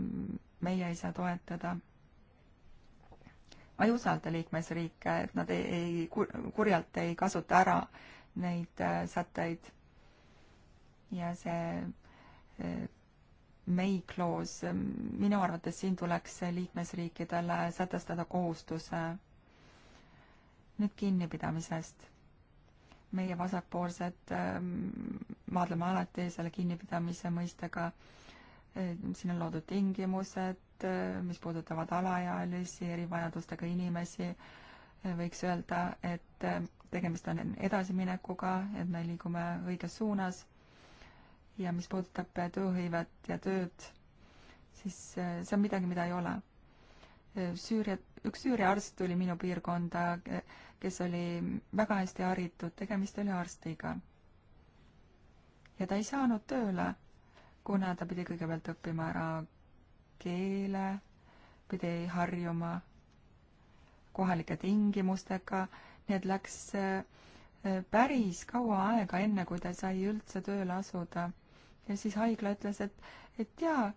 meie ei saa toetada. ma ei usalda liikmesriike, et nad ei, ei, kurjalt ei kasuta ära neid äh, sätteid. ja see äh, May clause, äh, minu arvates siin tuleks liikmesriikidele sätestada kohustuse nüüd kinnipidamisest meie vasakpoolsed ähm, maadleme alati selle kinnipidamise mõistega Äh, siin on loodud tingimused, äh, mis puudutavad alaealisi, erivajadustega inimesi, äh, võiks öelda, et tegemist on edasiminekuga, et me liigume õiges suunas. ja mis puudutab tööhõivet ja tööd, siis see on midagi, mida ei ole. Süüria, üks Süüria arst tuli minu piirkonda, kes oli väga hästi haritud, tegemist oli arstiga. ja ta ei saanud tööle kuna ta pidi kõigepealt õppima ära keele, pidi harjuma kohalike tingimustega, nii et läks eh, päris kaua aega, enne kui ta sai üldse tööle asuda. ja siis haigla ütles, et, et jaa,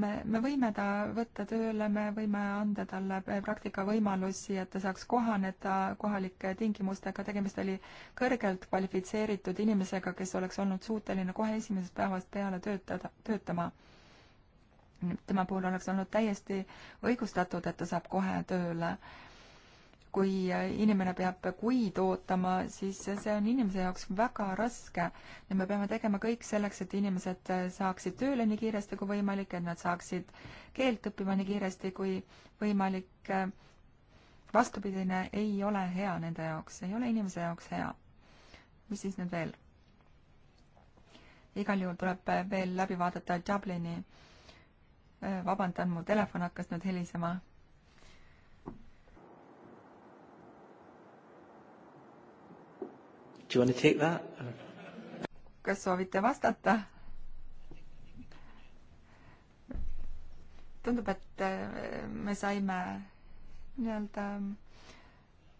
me, me võime ta võtta tööle, me võime anda talle eh, praktikavõimalusi, et ta saaks kohaneda kohalike tingimustega, tegemist oli kõrgelt kvalifitseeritud inimesega, kes oleks olnud suuteline kohe esimesest päevast peale töötada, töötama. tema puhul oleks olnud täiesti õigustatud, et ta saab kohe tööle kui inimene peab kuid ootama, siis see on inimese jaoks väga raske ja me peame tegema kõik selleks, et inimesed saaksid tööle nii kiiresti kui võimalik, et nad saaksid keelt õppima nii kiiresti kui võimalik. vastupidine ei ole hea nende jaoks, ei ole inimese jaoks hea. mis siis nüüd veel? igal juhul tuleb veel läbi vaadata Dublini. vabandan, mu telefon hakkas nüüd helisema Do you want to take that? kas soovite vastata? tundub, et äh, me saime nii-öelda ähm,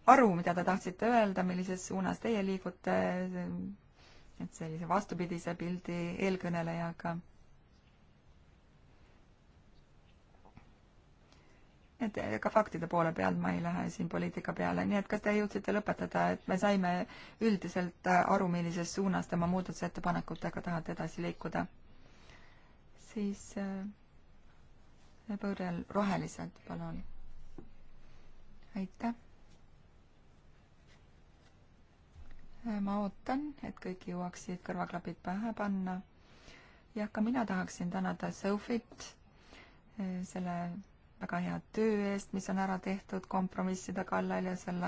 aru, mida te tahtsite öelda, millises suunas teie liigute, et sellise vastupidise pildi eelkõnelejaga et ka faktide poole peal ma ei lähe siin poliitika peale, nii et kas te jõudsite lõpetada, et me saime üldiselt aru, millises suunas te oma muudatusettepanekutega tahate edasi liikuda? siis äh, põõrel roheliselt, palun. aitäh. Äh, ma ootan, et kõik jõuaksid kõrvaklapid pähe panna. jah, ka mina tahaksin tänada Sofit äh, selle väga hea töö eest, mis on ära tehtud kompromisside kallal ja selle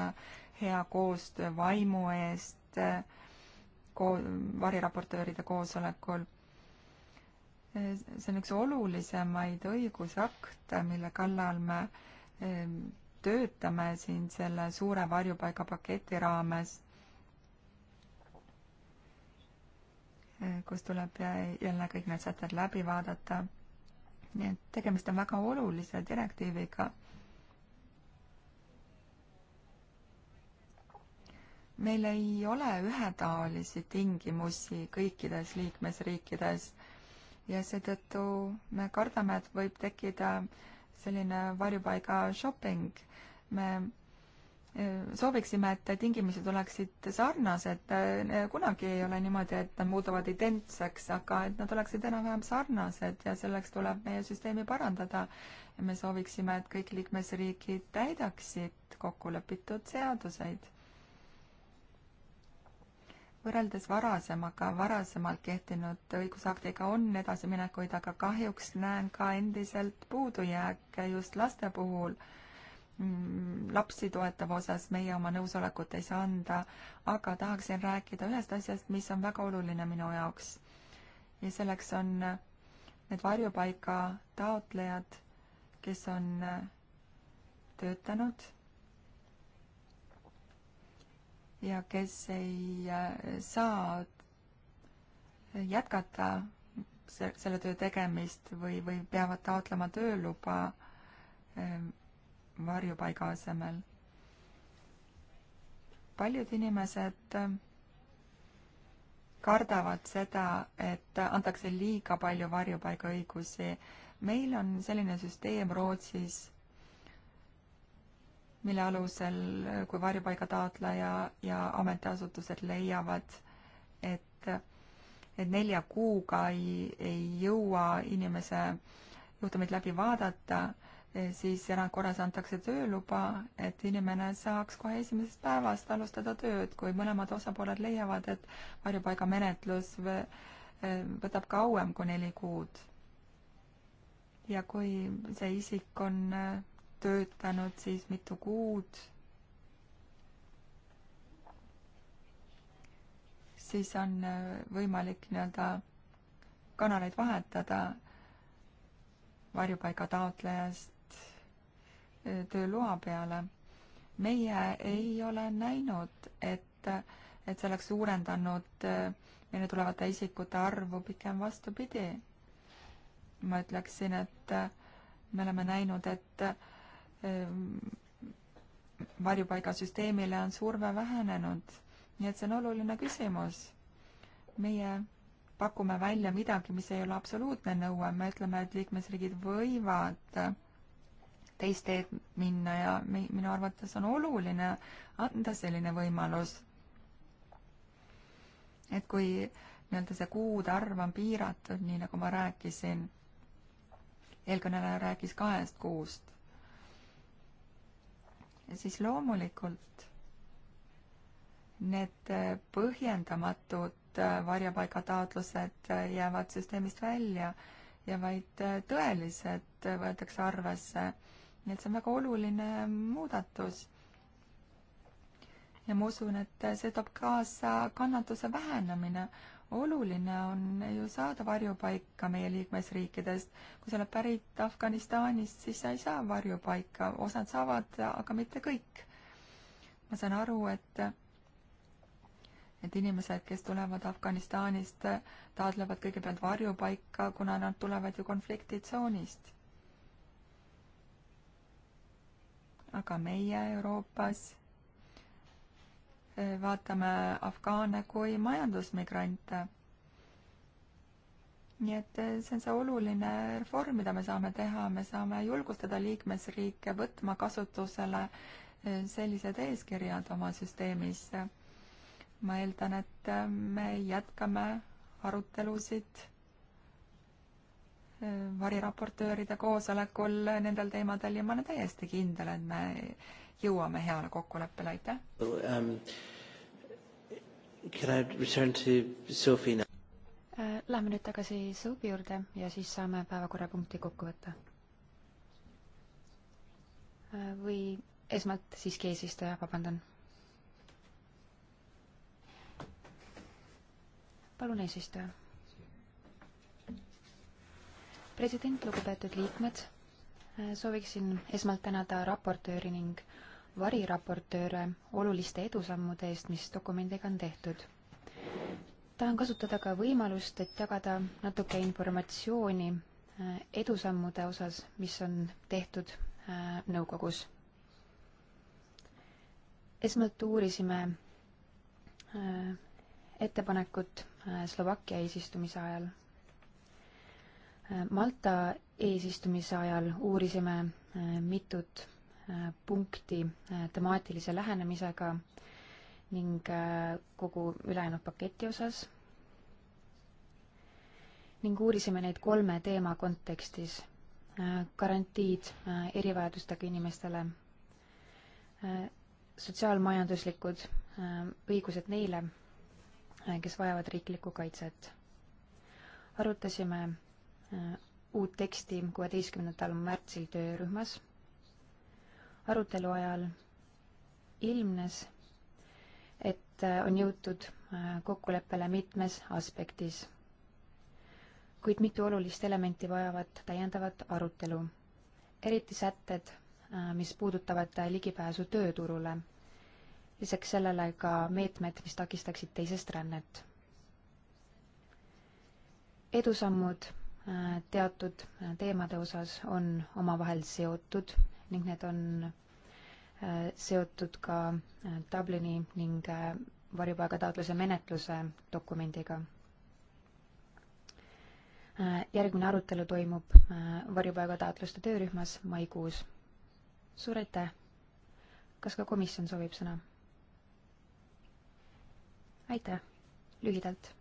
hea koostöö vaimu eest eh, ko-, variraportööride koosolekul. Eh, see on üks olulisemaid õigusakte, mille kallal me eh, töötame siin selle suure varjupaigapaketi raames, kus tuleb jälle kõik need sätted läbi vaadata nii et tegemist on väga olulise direktiiviga. meil ei ole ühetaolisi tingimusi kõikides liikmesriikides ja seetõttu me kardame, et võib tekkida selline varjupaiga shopping. me sooviksime, et tingimused oleksid sarnased. kunagi ei ole niimoodi, et nad muutuvad identseks, aga et nad oleksid enam-vähem sarnased ja selleks tuleb meie süsteemi parandada. ja me sooviksime, et kõik liikmesriigid täidaksid kokkulepitud seaduseid. võrreldes varasemaga, varasemalt kehtinud õigusaktiga on edasiminekuid, aga kahjuks näen ka endiselt puudujääke just laste puhul Mm, lapsi toetava osas meie oma nõusolekut ei saa anda, aga tahaksin rääkida ühest asjast, mis on väga oluline minu jaoks. ja selleks on need varjupaika taotlejad, kes on töötanud ja kes ei äh, saa jätkata selle töö tegemist või, või peavad taotlema tööluba ähm, varjupaiga asemel. paljud inimesed kardavad seda, et antakse liiga palju varjupaigaõigusi. meil on selline süsteem Rootsis, mille alusel, kui varjupaigataotleja ja ametiasutused leiavad, et, et nelja kuuga ei, ei jõua inimese juhtumeid läbi vaadata, E, siis erandkorras antakse tööluba, et inimene saaks kohe esimesest päevast alustada tööd, kui mõlemad osapooled leiavad, et varjupaigamenetlus e, võtab kauem kui neli kuud. ja kui see isik on e, töötanud siis mitu kuud, siis on võimalik nii-öelda kanaleid vahetada varjupaiga taotlejast tööloa peale. meie ei ole näinud, et, et see oleks suurendanud äh, meile tulevate isikute arvu, pigem vastupidi. ma ütleksin, et äh, me oleme näinud, et äh, varjupaigasüsteemile on surve vähenenud, nii et see on oluline küsimus. meie pakume välja midagi, mis ei ole absoluutne nõue, me ütleme, et liikmesriigid võivad teist teed minna ja mi-, minu arvates on oluline anda selline võimalus. et kui nii-öelda see kuude arv on piiratud, nii nagu ma rääkisin, eelkõneleja rääkis kahest kuust, siis loomulikult need põhjendamatud varjapaigataotlused jäävad süsteemist välja ja vaid tõelised võetakse arvesse nii et see on väga oluline muudatus. ja ma usun, et see toob kaasa kannatuse vähenemine. oluline on ju saada varjupaika meie liikmesriikidest. kui sa oled pärit Afganistanist, siis sa ei saa varjupaika, osad saavad, aga mitte kõik. ma saan aru, et et inimesed, kes tulevad Afganistanist, taotlevad kõigepealt varjupaika, kuna nad tulevad ju konfliktitsoonist aga meie Euroopas eh, vaatame afgaane kui majandusmigrante. nii et eh, see on see oluline reform, mida me saame teha, me saame julgustada liikmesriike võtma kasutusele eh, sellised eeskirjad oma süsteemis. ma eeldan, et me jätkame arutelusid variraportööride koosolekul nendel teemadel ja ma olen täiesti kindel, et me jõuame heale kokkuleppele, aitäh well,. Um, can I return to Sophie äh, now? Lähme nüüd tagasi Sophie juurde ja siis saame päevakorrapunkti kokku võtta. Äh, või esmalt siiski eesistuja, vabandan. palun, eesistuja president, lugupeetud liikmed, äh, sooviksin esmalt tänada raportööri ning variraportööre oluliste edusammude eest, mis dokumendiga on tehtud. tahan kasutada ka võimalust, et jagada natuke informatsiooni äh, edusammude osas, mis on tehtud äh, nõukogus. esmalt uurisime ettepanekut Slovakkia eesistumise ajal Malta eesistumise ajal uurisime äh, mitut äh, punkti äh, temaatilise lähenemisega ning kogu ülejäänud paketi osas ning uurisime neid kolme teema kontekstis. garantiid erivajadustega inimestele, sotsiaalmajanduslikud õigused neile, kes vajavad riiklikku kaitset. arutasime Äh, uut teksti kuueteistkümnendal märtsil töörühmas. arutelu ajal ilmnes, et äh, on jõutud äh, kokkuleppele mitmes aspektis, kuid mitu olulist elementi vajavad täiendavat arutelu, eriti sätted, mis puudutavad ligipääsu tööturule, lisaks sellele ka meetmed, mis takistaksid teisest rännet. edusammud teatud teemade osas on omavahel seotud ning need on äh, seotud ka äh, Dublini ning äh, varjupaigataotluse menetluse dokumendiga. järgmine arutelu toimub varjupaigataotluste töörühmas maikuus. suur aitäh! kas ka komisjon soovib sõna? aitäh, lühidalt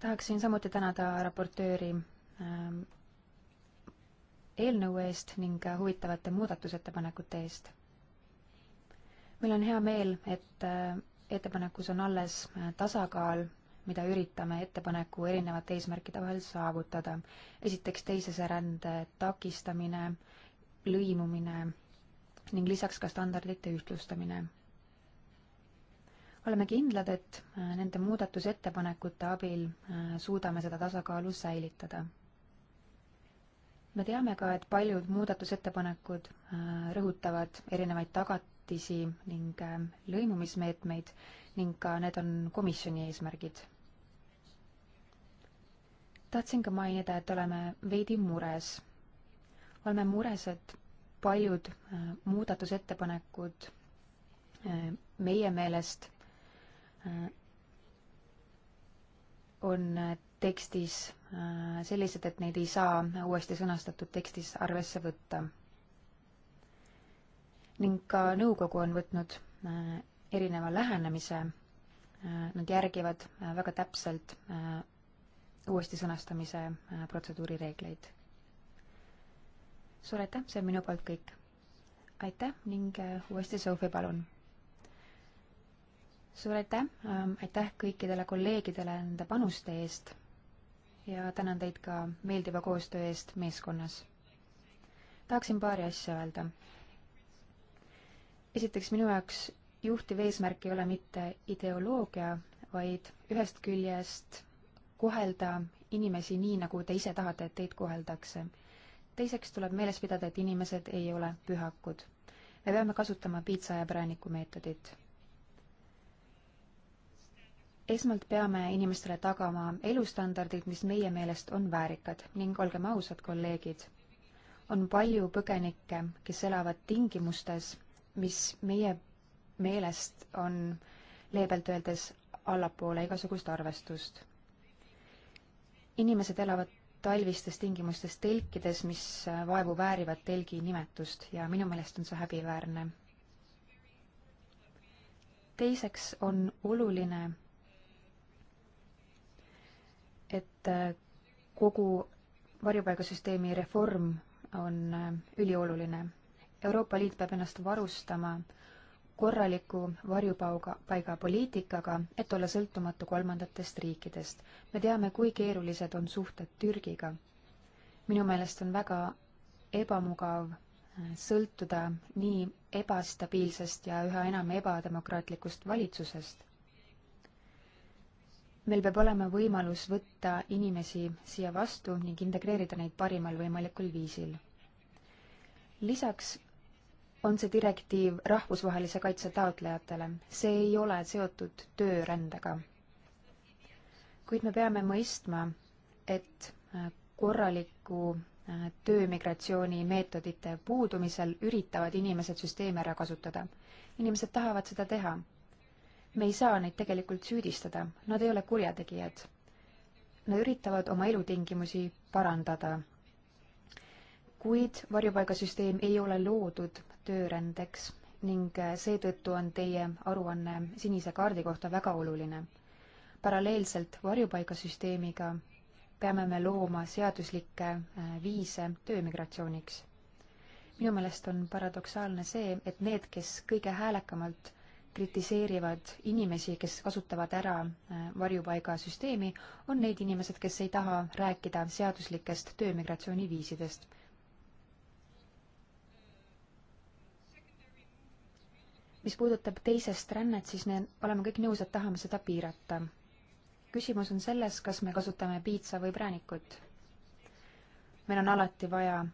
tahaksin samuti tänada raportööri ähm, eelnõu eest ning äh, huvitavate muudatusettepanekute eest. meil on hea meel, et äh, ettepanekus on alles äh, tasakaal, mida üritame ettepaneku erinevate eesmärkide vahel saavutada. esiteks teisese rände takistamine, lõimumine ning lisaks ka standardite ühtlustamine oleme kindlad, et äh, nende muudatusettepanekute abil äh, suudame seda tasakaalu säilitada. me teame ka, et paljud muudatusettepanekud äh, rõhutavad erinevaid tagatisi ning lõimumismeetmeid ning ka need on komisjoni eesmärgid. tahtsin ka mainida, et oleme veidi mures. oleme mures, et paljud muudatusettepanekud meie meelest Äh, on äh, tekstis äh, sellised, et neid ei saa uuesti sõnastatud tekstis arvesse võtta. ning ka nõukogu on võtnud erineva lähenemise. Nad järgivad väga täpselt uuesti sõnastamise protseduuri reegleid. suur aitäh, see on minu poolt kõik. aitäh ning uuesti Sophie, palun suur aitäh, ähm, aitäh kõikidele kolleegidele nende panuste eest ja tänan teid ka meeldiva koostöö eest meeskonnas. tahaksin paari asja öelda. esiteks, minu jaoks juhtiv eesmärk ei ole mitte ideoloogia, vaid ühest küljest kohelda inimesi nii, nagu te ise tahate, et teid koheldakse. teiseks tuleb meeles pidada, et inimesed ei ole pühakud. me peame kasutama piitsa ja prääniku meetodit esmalt peame inimestele tagama elustandardid, mis meie meelest on väärikad ning olgem ausad, kolleegid, on palju põgenikke, kes elavad tingimustes, mis meie meelest on leebelt öeldes allapoole igasugust arvestust. inimesed elavad talvistes tingimustes telkides, mis vaevu väärivad telgi nimetust ja minu meelest on see häbiväärne. teiseks on oluline et äh, kogu varjupaigasüsteemi reform on äh, ülioluline. Euroopa Liit peab ennast varustama korraliku varjupaigapoliitikaga, et olla sõltumatu kolmandatest riikidest. me teame, kui keerulised on suhted Türgiga. minu meelest on väga ebamugav äh, sõltuda nii ebastabiilsest ja üha enam ebademokraatlikust valitsusest meil peab olema võimalus võtta inimesi siia vastu ning integreerida neid parimal võimalikul viisil. lisaks on see direktiiv rahvusvahelise kaitse taotlejatele, see ei ole seotud töörändega. kuid me peame mõistma, et äh, korraliku äh, töömigratsiooni meetodite puudumisel üritavad inimesed süsteeme ära kasutada. inimesed tahavad seda teha me ei saa neid tegelikult süüdistada, nad ei ole kurjategijad. Nad üritavad oma elutingimusi parandada. kuid varjupaigasüsteem ei ole loodud töörändeks ning seetõttu on teie aruanne sinise kaardi kohta väga oluline. paralleelselt varjupaigasüsteemiga peame me looma seaduslikke äh, viise töömigratsiooniks. minu meelest on paradoksaalne see, et need, kes kõige häälekamalt kritiseerivad inimesi, kes kasutavad ära äh, varjupaigasüsteemi, on need inimesed, kes ei taha rääkida seaduslikest töömigratsiooniviisidest. mis puudutab teisest rännet, siis me oleme kõik nõus, et tahame seda piirata. küsimus on selles, kas me kasutame piitsa või präänikut. meil on alati vaja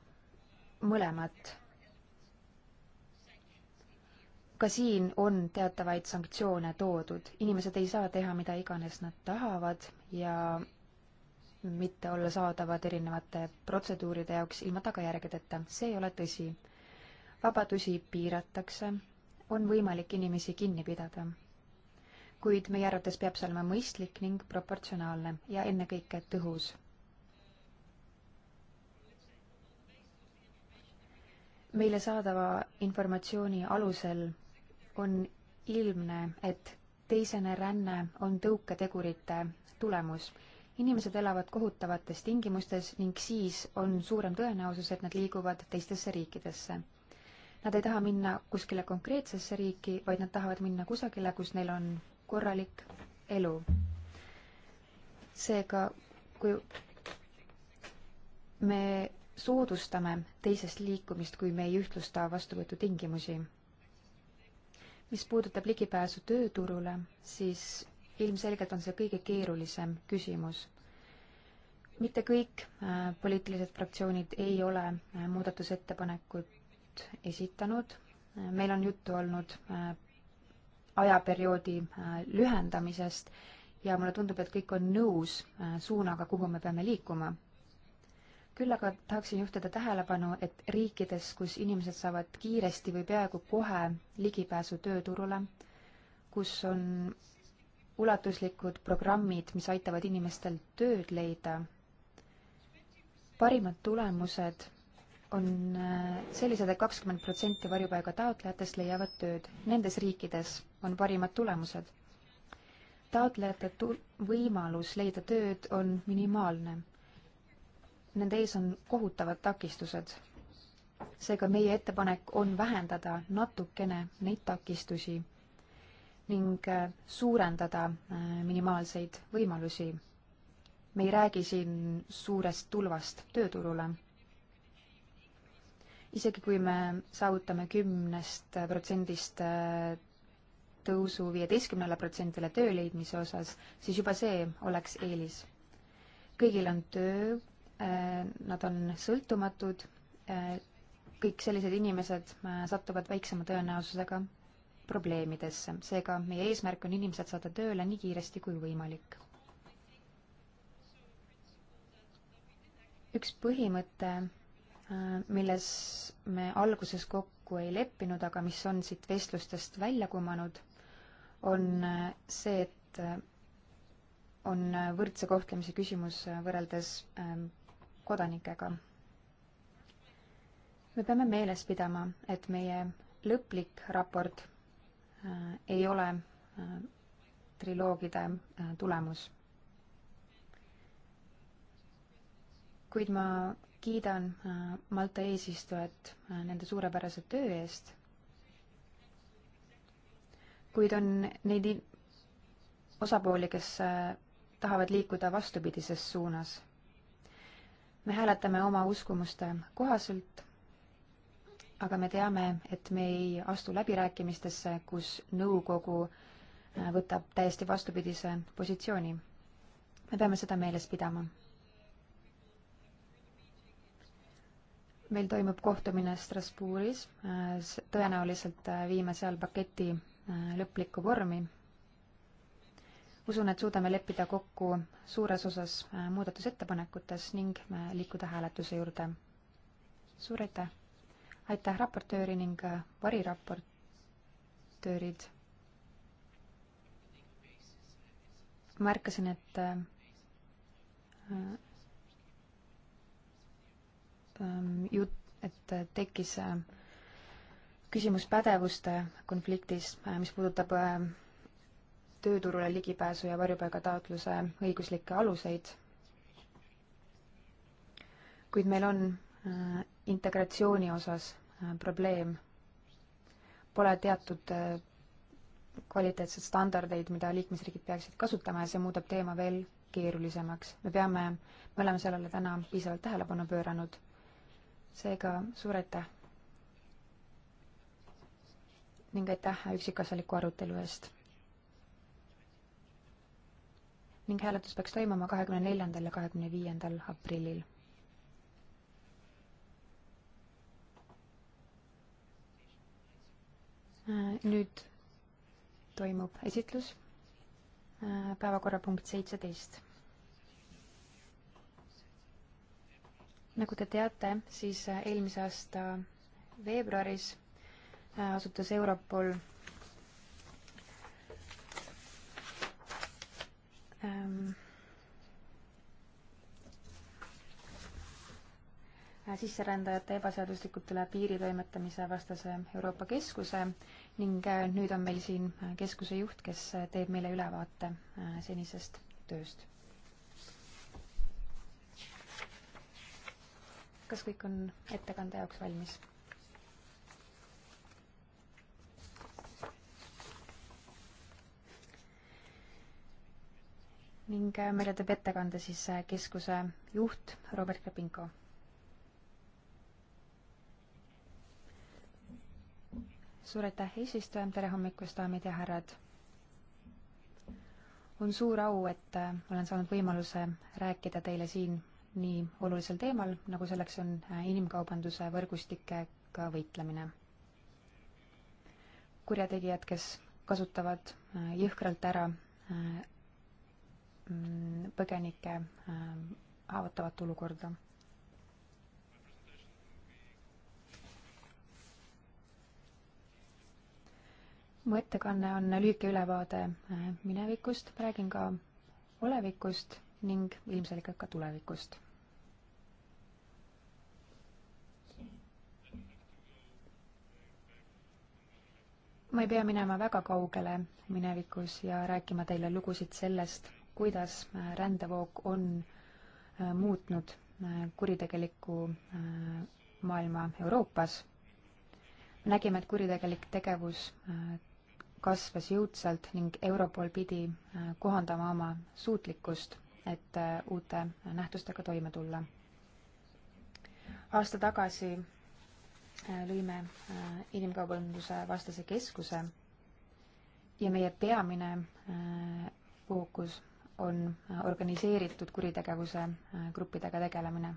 mõlemat ka siin on teatavaid sanktsioone toodud, inimesed ei saa teha mida iganes nad tahavad ja mitte olla saadavad erinevate protseduuride jaoks ilma tagajärgedeta, see ei ole tõsi. vabadusi piiratakse, on võimalik inimesi kinni pidada. kuid meie arvates peab see olema mõistlik ning proportsionaalne ja ennekõike tõhus. meile saadava informatsiooni alusel on ilmne, et teisene ränne on tõuketegurite tulemus. inimesed elavad kohutavates tingimustes ning siis on suurem tõenäosus, et nad liiguvad teistesse riikidesse. Nad ei taha minna kuskile konkreetsesse riiki, vaid nad tahavad minna kusagile, kus neil on korralik elu. seega, kui me soodustame teisest liikumist, kui me ei ühtlusta vastuvõtutingimusi mis puudutab ligipääsu tööturule, siis ilmselgelt on see kõige keerulisem küsimus. mitte kõik äh, poliitilised fraktsioonid ei ole äh, muudatusettepanekut esitanud, äh, meil on juttu olnud ajaperioodi lühendamisest ja mulle tundub, et kõik on nõus suunaga, kuhu me peame liikuma küll aga tahaksin juhtida tähelepanu, et riikides, kus inimesed saavad kiiresti või peaaegu kohe ligipääsu tööturule, kus on ulatuslikud programmid, mis aitavad inimestel tööd leida, parimad tulemused on äh, sellised et, et kakskümmend protsenti varjupaiga taotlejatest leiavad tööd. Nendes riikides on parimad tulemused. taotlejate tu-, võimalus leida tööd on minimaalne nende ees on kohutavad takistused. seega meie ettepanek on vähendada natukene neid takistusi ning äh, suurendada äh, minimaalseid võimalusi. me ei räägi siin suurest tulvast tööturule. isegi kui me saavutame kümnest äh, protsendist tõusu viieteistkümnele protsendile töö leidmise osas, siis juba see oleks eelis. kõigil on töö, Äh, nad on sõltumatud, äh, kõik sellised inimesed äh, satuvad väiksema tõenäosusega probleemidesse, seega meie eesmärk on inimesed saada tööle nii kiiresti kui võimalik. üks põhimõte, milles me alguses kokku ei leppinud, aga mis on siit vestlustest välja kumanud, on see, et on võrdse kohtlemise küsimus võrreldes kodanikega. me peame meeles pidama, et meie lõplik raport äh, ei ole äh, triloogide äh, tulemus. kuid ma kiidan Malta eesistujat nende suurepärase töö eest, kuid on neid osapooli, kes tahavad liikuda vastupidises suunas me hääletame oma uskumuste kohaselt, aga me teame, et me ei astu läbirääkimistesse, kus nõukogu äh, võtab täiesti vastupidise positsiooni. me peame seda meeles pidama. meil toimub kohtumine Strasbourgis, äh, tõenäoliselt äh, viime seal paketi lõplikku vormi usun, et suudame leppida kokku suures osas äh, muudatusettepanekutes ning äh, liikuda hääletuse juurde. suur aitäh! aitäh raportööri ning äh, variraportöörid. märkasin, et jutt, et tekkis küsimus pädevuste konfliktis, mis puudutab tööturule ligipääsu ja varjupaigataotluse õiguslikke aluseid. kuid meil on äh, integratsiooni osas äh, probleem. Pole teatud äh, kvaliteetseid standardeid, mida liikmesriigid peaksid kasutama ja see muudab teema veel keerulisemaks. me peame, me oleme sellele täna piisavalt tähelepanu pööranud. seega suur aitäh! ning aitäh üksikasjaliku arutelu eest! ning hääletus peaks toimuma kahekümne neljandal ja kahekümne viiendal aprillil. nüüd toimub esitlus, äh, päevakorrapunkt seitseteist. nagu te teate, siis äh, eelmise aasta veebruaris äh, asutas Europol Ähm, äh, sisserändajate ebaseaduslikult üle piiri toimetamise vastase Euroopa Keskuse ning äh, nüüd on meil siin äh, keskuse juht, kes teeb meile ülevaate senisest tööst. kas kõik on ettekande jaoks valmis? ning äh, meile teeb ettekande siis äh, keskuse juht Robert Krepinko. suur aitäh, eesistuja, tere hommikust, daamid ja härrad! on suur au, et äh, olen saanud võimaluse rääkida teile siin nii olulisel teemal, nagu selleks on inimkaubanduse võrgustikega võitlemine. kurjategijad, kes kasutavad jõhkralt ära Mm, põgenike ähm, haavatavat olukorda. mu ettekanne on lühike ülevaade äh, minevikust, räägin ka olevikust ning ilmselgelt ka tulevikust. ma ei pea minema väga kaugele minevikus ja rääkima teile lugusid sellest, kuidas rändevoog on äh, muutnud äh, kuritegelikku äh, maailma Euroopas. nägime, et kuritegelik tegevus kasvas jõudsalt ning Europol pidi kohandama oma suutlikkust, et uute nähtustega toime tulla. aasta tagasi lõime inimkaubanduse vastase keskuse ja meie peamine fookus on organiseeritud kuritegevuse äh, gruppidega tegelemine.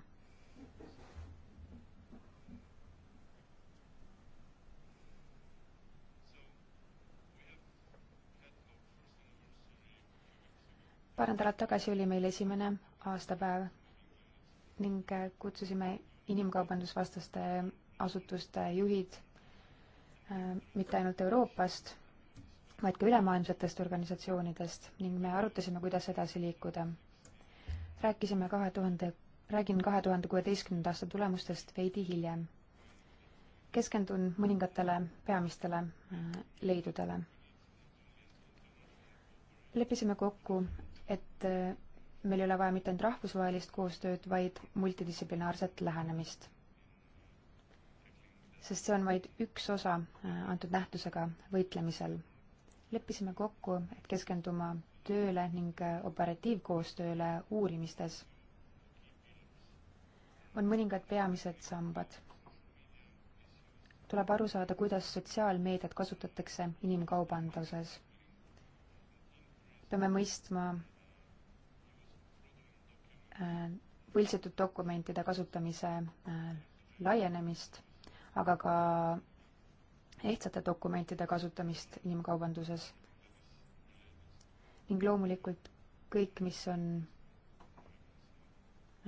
paar nädalat tagasi oli meil esimene aastapäev ning äh, kutsusime inimkaubandusvastaste asutuste juhid äh, mitte ainult Euroopast vaid ka ülemaailmsetest organisatsioonidest ning me arutasime, kuidas edasi liikuda. rääkisime kahe tuhande, räägin kahe tuhande kuueteistkümnenda aasta tulemustest veidi hiljem. keskendun mõningatele peamistele äh, leidudele. leppisime kokku, et äh, meil ei ole vaja mitte ainult rahvusvahelist koostööd, vaid multidistsiplinaarset lähenemist. sest see on vaid üks osa äh, antud nähtusega võitlemisel leppisime kokku, et keskenduma tööle ning äh, operatiivkoostööle uurimistes. on mõningad peamised sambad. tuleb aru saada, kuidas sotsiaalmeediat kasutatakse inimkaubanduses. peame mõistma äh, võltsitud dokumentide kasutamise äh, laienemist, aga ka ehtsate dokumentide kasutamist inimkaubanduses ning loomulikult kõik, mis on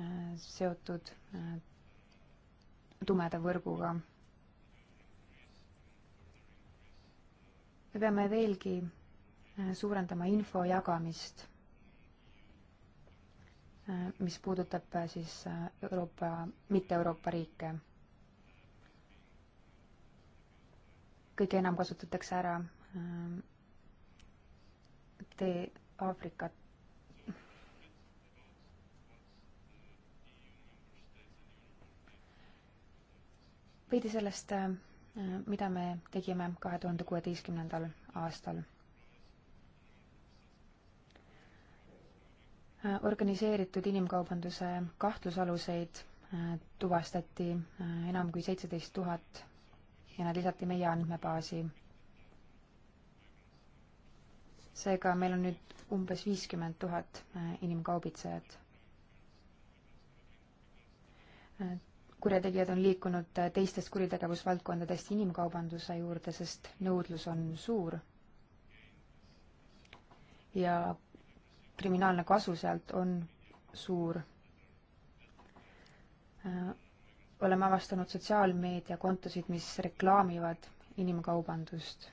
äh, seotud äh, tumeda võrguga. me peame veelgi äh, suurendama info jagamist, mis puudutab siis Euroopa, mitte Euroopa riike kõige enam kasutatakse ära ähm, tee Aafrikat. veidi sellest, äh, mida me tegime kahe tuhande kuueteistkümnendal aastal. Äh, organiseeritud inimkaubanduse kahtlusaluseid äh, tuvastati enam kui seitseteist tuhat ja nad lisati meie andmebaasi. seega meil on nüüd umbes viiskümmend tuhat äh, inimkaubitsejat. Äh, kurjategijad on liikunud äh, teistest kuritegevusvaldkondadest inimkaubanduse juurde, sest nõudlus on suur. ja kriminaalne kasu sealt on suur oleme avastanud sotsiaalmeediakontosid, mis reklaamivad inimkaubandust.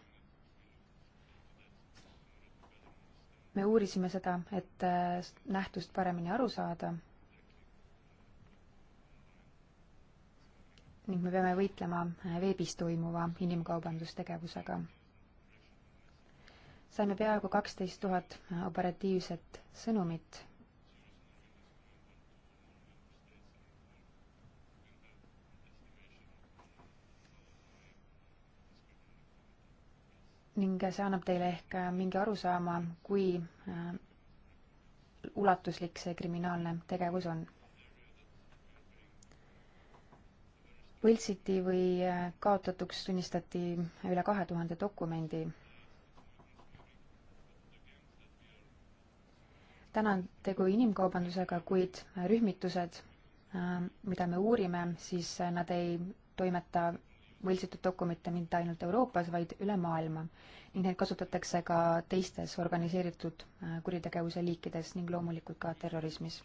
me uurisime seda, et äh, nähtust paremini aru saada ning me peame võitlema äh, veebis toimuva inimkaubandustegevusega. saime peaaegu kaksteist tuhat operatiivset sõnumit ning see annab teile ehk äh, mingi arusaama, kui äh, ulatuslik see kriminaalne tegevus on. võltsiti või äh, kaotatuks tunnistati üle kahe tuhande dokumendi. täna on tegu inimkaubandusega, kuid rühmitused, mida me uurime, siis nad ei toimeta võltsitud dokumente mitte ainult Euroopas, vaid üle maailma ning neid kasutatakse ka teistes organiseeritud äh, kuritegevuse liikides ning loomulikult ka terrorismis.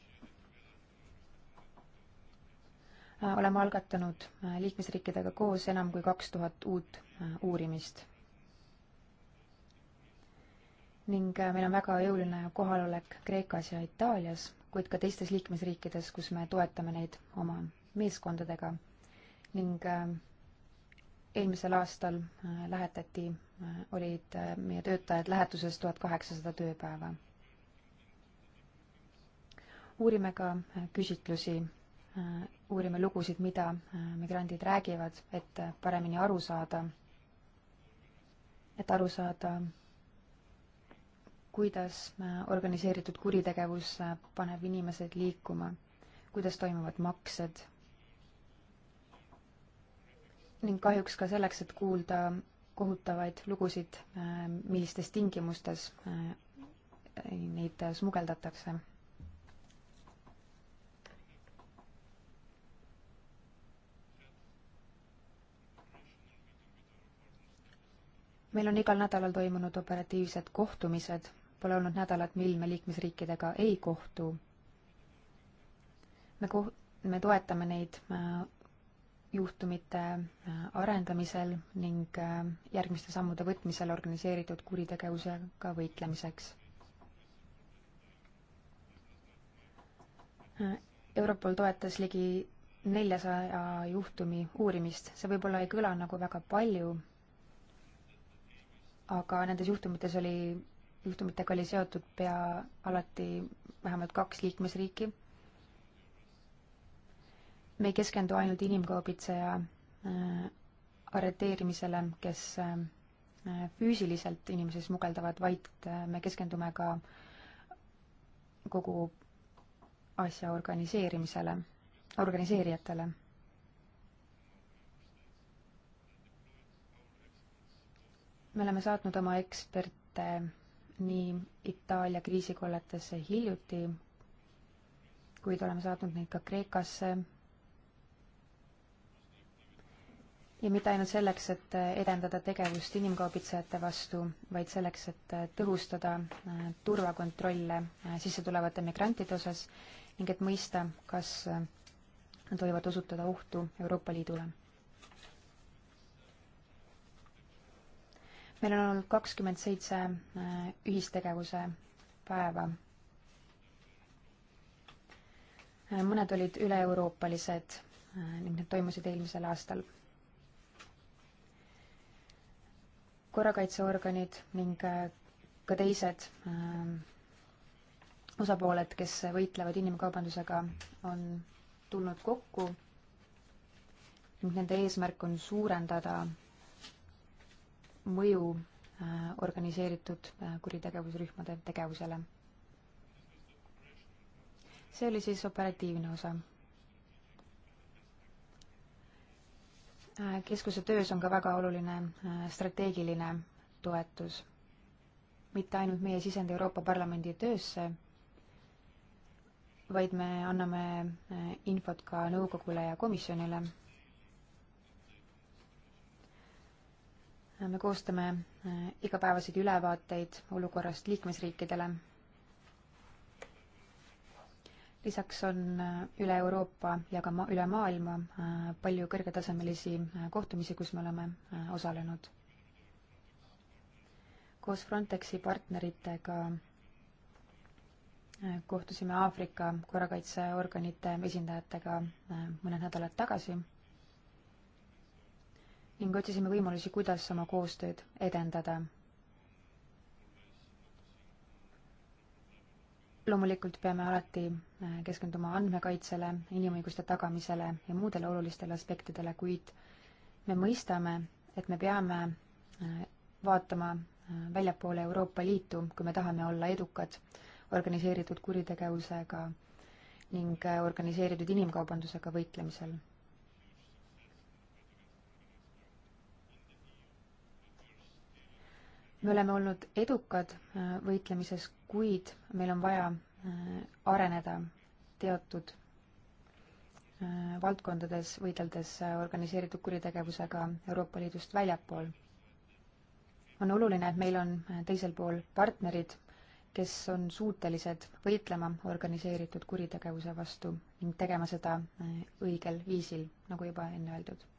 Äh, oleme algatanud äh, liikmesriikidega koos enam kui kaks tuhat uut uurimist. ning meil on väga jõuline kohalolek Kreekas ja Itaalias, kuid ka teistes liikmesriikides, kus me toetame neid oma meeskondadega ning eelmisel aastal äh, lähetati, äh, olid äh, meie töötajad lähetuses tuhat kaheksasada tööpäeva. uurime ka küsitlusi, uurime lugusid, mida migrandid räägivad, et paremini aru saada, et aru saada, kuidas organiseeritud kuritegevus paneb inimesed liikuma, kuidas toimuvad maksed ning kahjuks ka selleks, et kuulda kohutavaid lugusid, äh, millistes tingimustes äh, neid smugeldatakse. meil on igal nädalal toimunud operatiivsed kohtumised, pole olnud nädalat, mil me liikmesriikidega ei kohtu. me koh-, me toetame neid äh, juhtumite äh, arendamisel ning äh, järgmiste sammude võtmisel organiseeritud kuritegevusega võitlemiseks. Äh, Europol toetas ligi neljasaja juhtumi uurimist, see võib-olla ei kõla nagu väga palju, aga nendes juhtumites oli, juhtumitega oli seotud pea alati vähemalt kaks liikmesriiki me ei keskendu ainult inimkaubitseja äh, arreteerimisele, kes äh, füüsiliselt inimesi smugeldavad, vaid äh, me keskendume ka kogu asja organiseerimisele, organiseerijatele. me oleme saatnud oma eksperte nii Itaalia kriisikolletesse hiljuti, kuid oleme saatnud neid ka Kreekasse ja mitte ainult selleks, et edendada tegevust inimkaubitsejate vastu, vaid selleks, et tõhustada äh, turvakontrolle äh, sisse tulevate migrantide osas ning et mõista, kas nad äh, võivad osutada ohtu Euroopa Liidule meil on olnud kakskümmend seitse ühistegevuse päeva. mõned olid üle-euroopalised ning need toimusid eelmisel aastal. korrakaitseorganid ning äh, ka teised ähm, osapooled, kes võitlevad inimkaubandusega, on tulnud kokku ning nende eesmärk on suurendada mõju äh, organiseeritud äh, kuritegevusrühmade tegevusele. see oli siis operatiivne osa keskuse töös on ka väga oluline äh, strateegiline toetus, mitte ainult meie sisend Euroopa Parlamendi töösse, vaid me anname äh, infot ka nõukogule ja komisjonile. me koostame äh, igapäevaseid ülevaateid olukorrast liikmesriikidele lisaks on äh, üle Euroopa ja ka ma-, üle maailma äh, palju kõrgetasemelisi äh, kohtumisi, kus me oleme osalenud. koos Frontexi partneritega kohtusime Aafrika korrakaitseorganite esindajatega mõned nädalad tagasi ning otsisime võimalusi, kuidas oma koostööd edendada loomulikult peame alati äh, keskenduma andmekaitsele, inimõiguste tagamisele ja muudele olulistele aspektidele, kuid me mõistame, et me peame äh, vaatama äh, väljapoole Euroopa Liitu, kui me tahame olla edukad organiseeritud kuritegevusega ning organiseeritud inimkaubandusega võitlemisel. me oleme olnud edukad äh, võitlemises, kuid meil on vaja äh, areneda teatud äh, valdkondades, võideldes organiseeritud kuritegevusega Euroopa Liidust väljapool. on oluline, et meil on teisel pool partnerid, kes on suutelised võitlema organiseeritud kuritegevuse vastu ning tegema seda õigel viisil, nagu juba enne öeldud.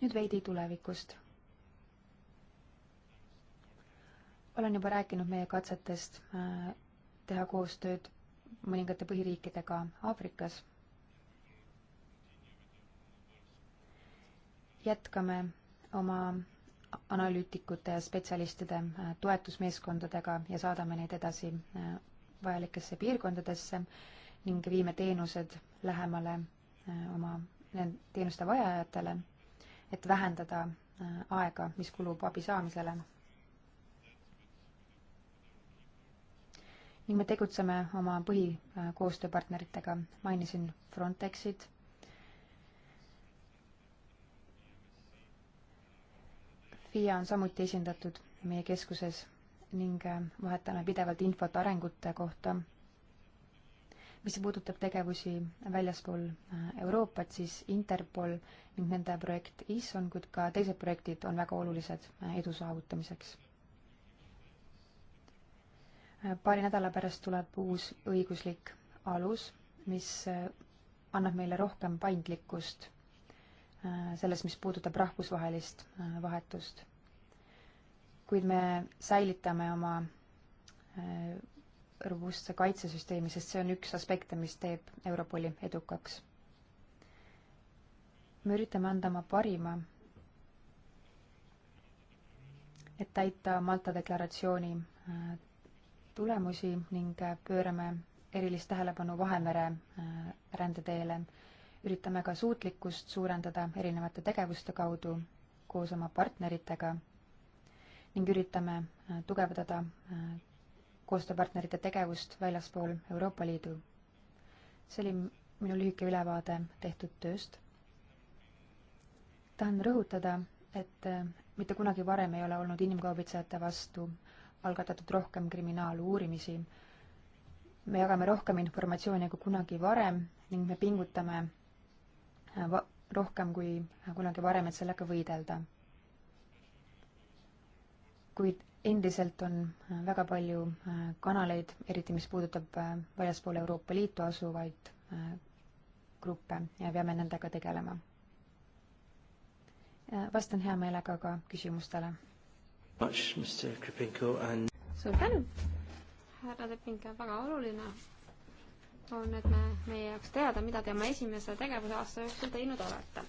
nüüd veidi tulevikust. olen juba rääkinud meie katsetest äh, teha koostööd mõningate põhiriikidega Aafrikas. jätkame oma analüütikute ja spetsialistide äh, toetusmeeskondadega ja saadame neid edasi äh, vajalikesse piirkondadesse ning viime teenused lähemale oma teenuste vajajatele et vähendada äh, aega, mis kulub abi saamisele. ning me tegutseme oma põhikoostööpartneritega, mainisin Frontexit, FIA on samuti esindatud meie keskuses ning äh, vahetame pidevalt infot arengute kohta mis puudutab tegevusi väljaspool äh, Euroopat, siis Interpol ning nende projekt ISON, kuid ka teised projektid on väga olulised äh, edu saavutamiseks. Äh, paari nädala pärast tuleb uus õiguslik alus, mis annab meile rohkem paindlikkust selles, mis puudutab rahvusvahelist vahetust. kuid me säilitame oma robustse kaitsesüsteemi, sest see on üks aspekte, mis teeb Europoli edukaks. me üritame anda oma parima, et täita Malta deklaratsiooni äh, tulemusi ning äh, pöörame erilist tähelepanu Vahemere äh, rändeteele. üritame ka suutlikkust suurendada erinevate tegevuste kaudu koos oma partneritega ning üritame tugevdada koostööpartnerite tegevust väljaspool Euroopa Liidu. see oli minu lühike ülevaade tehtud tööst. tahan rõhutada, et äh, mitte kunagi varem ei ole olnud inimkaubitsejate vastu algatatud rohkem kriminaaluurimisi. me jagame rohkem informatsiooni kui kunagi varem ning me pingutame äh, rohkem kui kunagi varem, et sellega võidelda. kuid endiselt on äh, väga palju äh, kanaleid, eriti mis puudutab äh, väljaspool Euroopa Liitu asuvaid gruppe ja peame nendega tegelema. vastan hea meelega ka küsimustele. And... suur tänu, härra Lepinga, väga oluline on, et me, meie jaoks teada, mida te oma esimese tegevusaasta jooksul teinud olete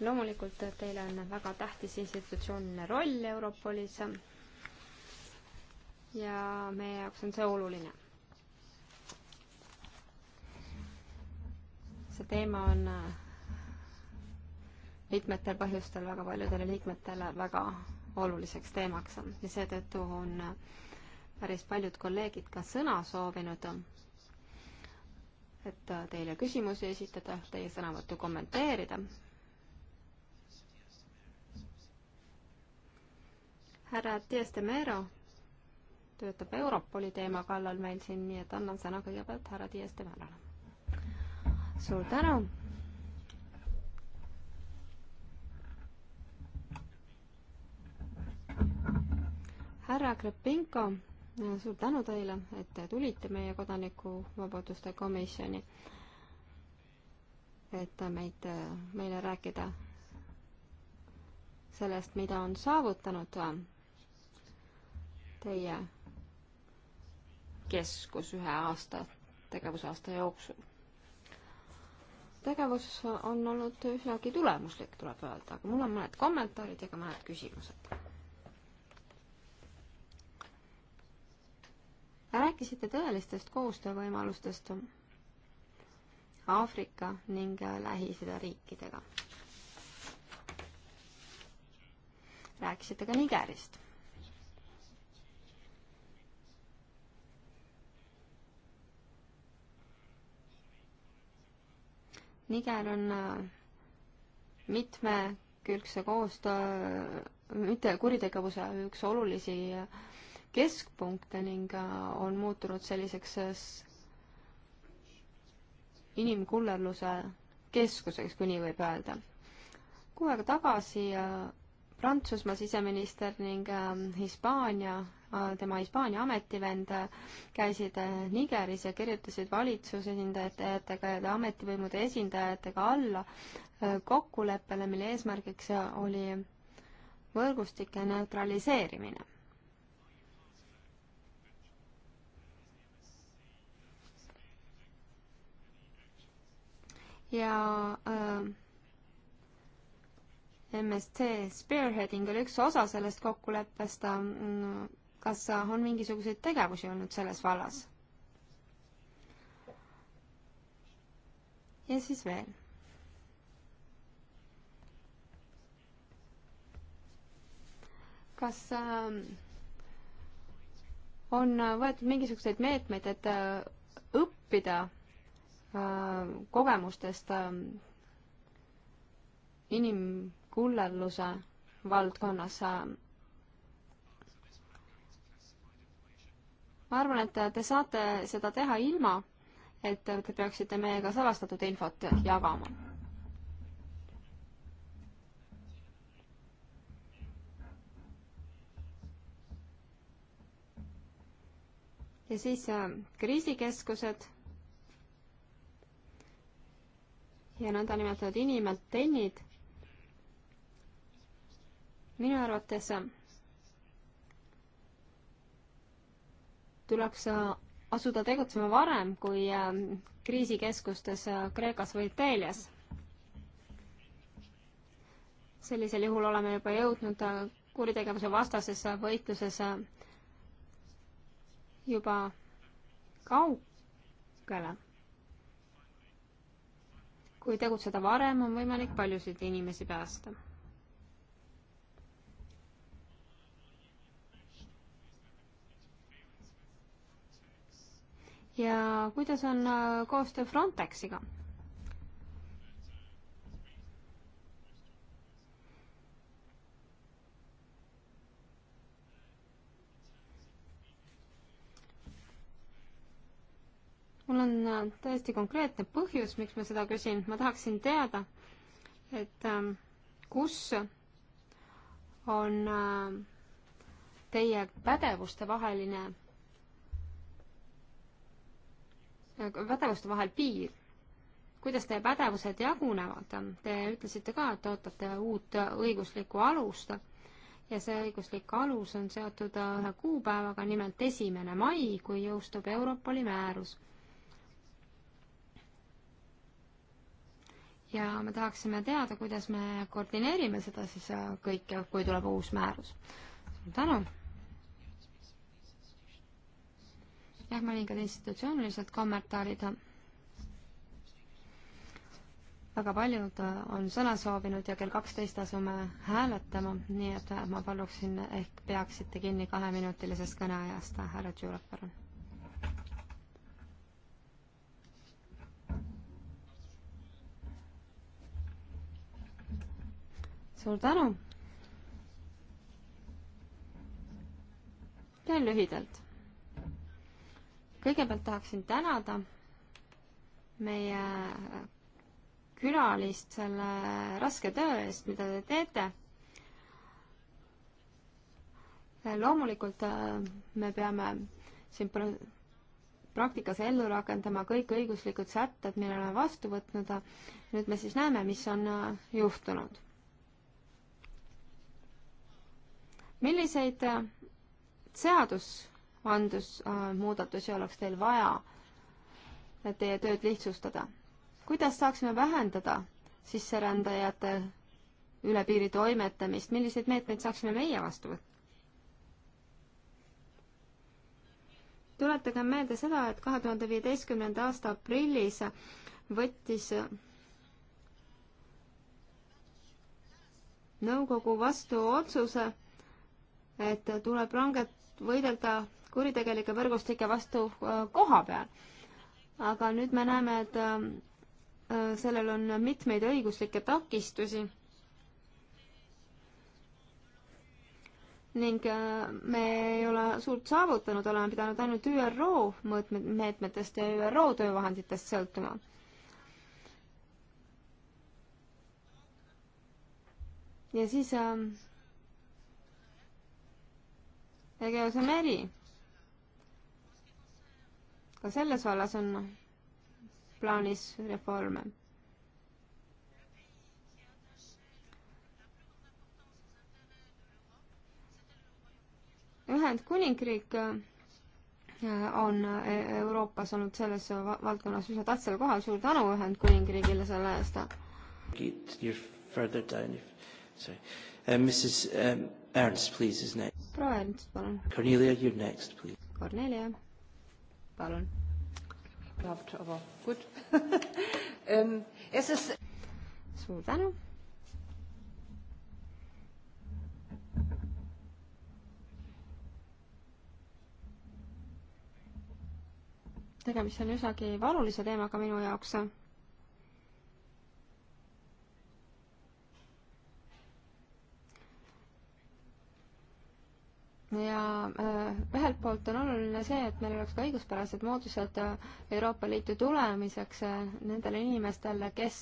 loomulikult teil on väga tähtis institutsiooniline roll Europolis ja meie jaoks on see oluline. see teema on mitmetel põhjustel väga paljudele liikmetele väga oluliseks teemaks ja seetõttu on päris paljud kolleegid ka sõna soovinud, et teile küsimusi esitada, teie sõnavõttu kommenteerida. härra Dias de Mero töötab Europoli teema kallal meil siin, nii et annan sõna kõigepealt härra Dias de Merole. suur tänu. härra Krepinko, suur tänu teile, et te tulite meie kodanikuvabaduste komisjoni, et meid, meile rääkida sellest, mida on saavutanud teie keskus ühe aasta, tegevusaasta jooksul. tegevus on olnud üsnagi tulemuslik, tuleb öelda, aga mul on mõned kommentaarid ja ka mõned küsimused. rääkisite tõelistest koostöövõimalustest Aafrika ning Lähis-Ida riikidega. rääkisite ka Nigerist Niger on äh, mitmekülgse koostöö, mitte kuritegevuse üks olulisi äh, keskpunkte ning äh, on muutunud selliseks inimkullerluse keskuseks, kui nii võib öelda. kuu aega tagasi Prantsusmaa siseminister ning Hispaania tema Hispaania ametivend käisid äh, Nigeris ja kirjutasid valitsusesindajate ja ametivõimude esindajatega alla äh, kokkuleppele, mille eesmärgiks äh, oli võrgustike neutraliseerimine. ja äh, MSC spearheading oli üks osa sellest kokkuleppest äh,, kas äh, on mingisuguseid tegevusi olnud selles vallas? ja siis veel. kas ähm, on võetud mingisuguseid meetmeid, et äh, õppida äh, kogemustest ähm, inimkullerluse valdkonnas ähm, ma arvan, et te saate seda teha ilma, et te peaksite meiega salastatud infot jagama. ja siis äh, kriisikeskused ja nõndanimetatud inimeltennid. minu arvates äh, tuleks äh, asuda tegutsema varem kui ähm, kriisikeskustes äh, Kreekas või Itaalias. sellisel juhul oleme juba jõudnud äh, kuritegevuse vastases võitluses juba kaugele. kui tegutseda varem, on võimalik paljusid inimesi päästa ja kuidas on äh, koostöö Frontexiga? mul on äh, täiesti konkreetne põhjus, miks ma seda küsin, ma tahaksin teada, et ähm, kus on äh, teie pädevuste vaheline pädevuste vahel piir. kuidas teie pädevused jagunevad? Te ütlesite ka, et ootate uut õiguslikku alust ja see õiguslik alus on seotud ühe kuupäevaga, nimelt esimene mai, kui jõustub Europoli määrus. ja me tahaksime teada, kuidas me koordineerime seda siis äh, kõike, kui tuleb uus määrus. suur tänu! jah, mõningad institutsioonilised kommentaarid. väga paljud on sõna soovinud ja kell kaksteist asume hääletama, nii et ma paluksin, ehk peaksite kinni kaheminutilisest kõneajast. härra Tšurov, palun. suur tänu. teen lühidalt kõigepealt tahaksin tänada meie külalist selle raske töö eest, mida te teete. loomulikult äh, me peame siin praktikas ellu rakendama kõik õiguslikud sätted, mille oleme vastu võtnud. nüüd me siis näeme, mis on äh, juhtunud. milliseid äh, seadus andusmuudatusi äh, oleks teil vaja, et teie tööd lihtsustada? kuidas saaksime vähendada sisserändajate üle piiri toimetamist, milliseid meetmeid saaksime meie vastu võtta? tuletagem meelde seda, et kahe tuhande viieteistkümnenda aasta aprillis võttis nõukogu vastu otsuse, et tuleb ranget võidelda kuritegelike võrgustike vastu äh, koha peal. aga nüüd me näeme, et äh, äh, sellel on mitmeid õiguslikke takistusi ning me ei ole suurt saavutanud, oleme pidanud ainult ÜRO mõõtmed, meetmetest ja ÜRO töövahenditest sõltuma. ja siis äh, Egeuse meri ka selles vallas on plaanis reforme. Ühendkuningriik äh, on äh, Euroopas olnud selles valdkonnas üsna tähtsal kohal, suur tänu Ühendkuningriigile selle eest. Uh, um, proua Ernst, palun. Cornelia, you are next, please. Cornelia palun. Ähm, suur tänu. tegemist on üsnagi valulise teemaga minu jaoks ja äh, ühelt poolt on oluline see, et meil oleks ka õiguspärased moodused äh, Euroopa Liitu tulemiseks äh, nendele inimestele, kes,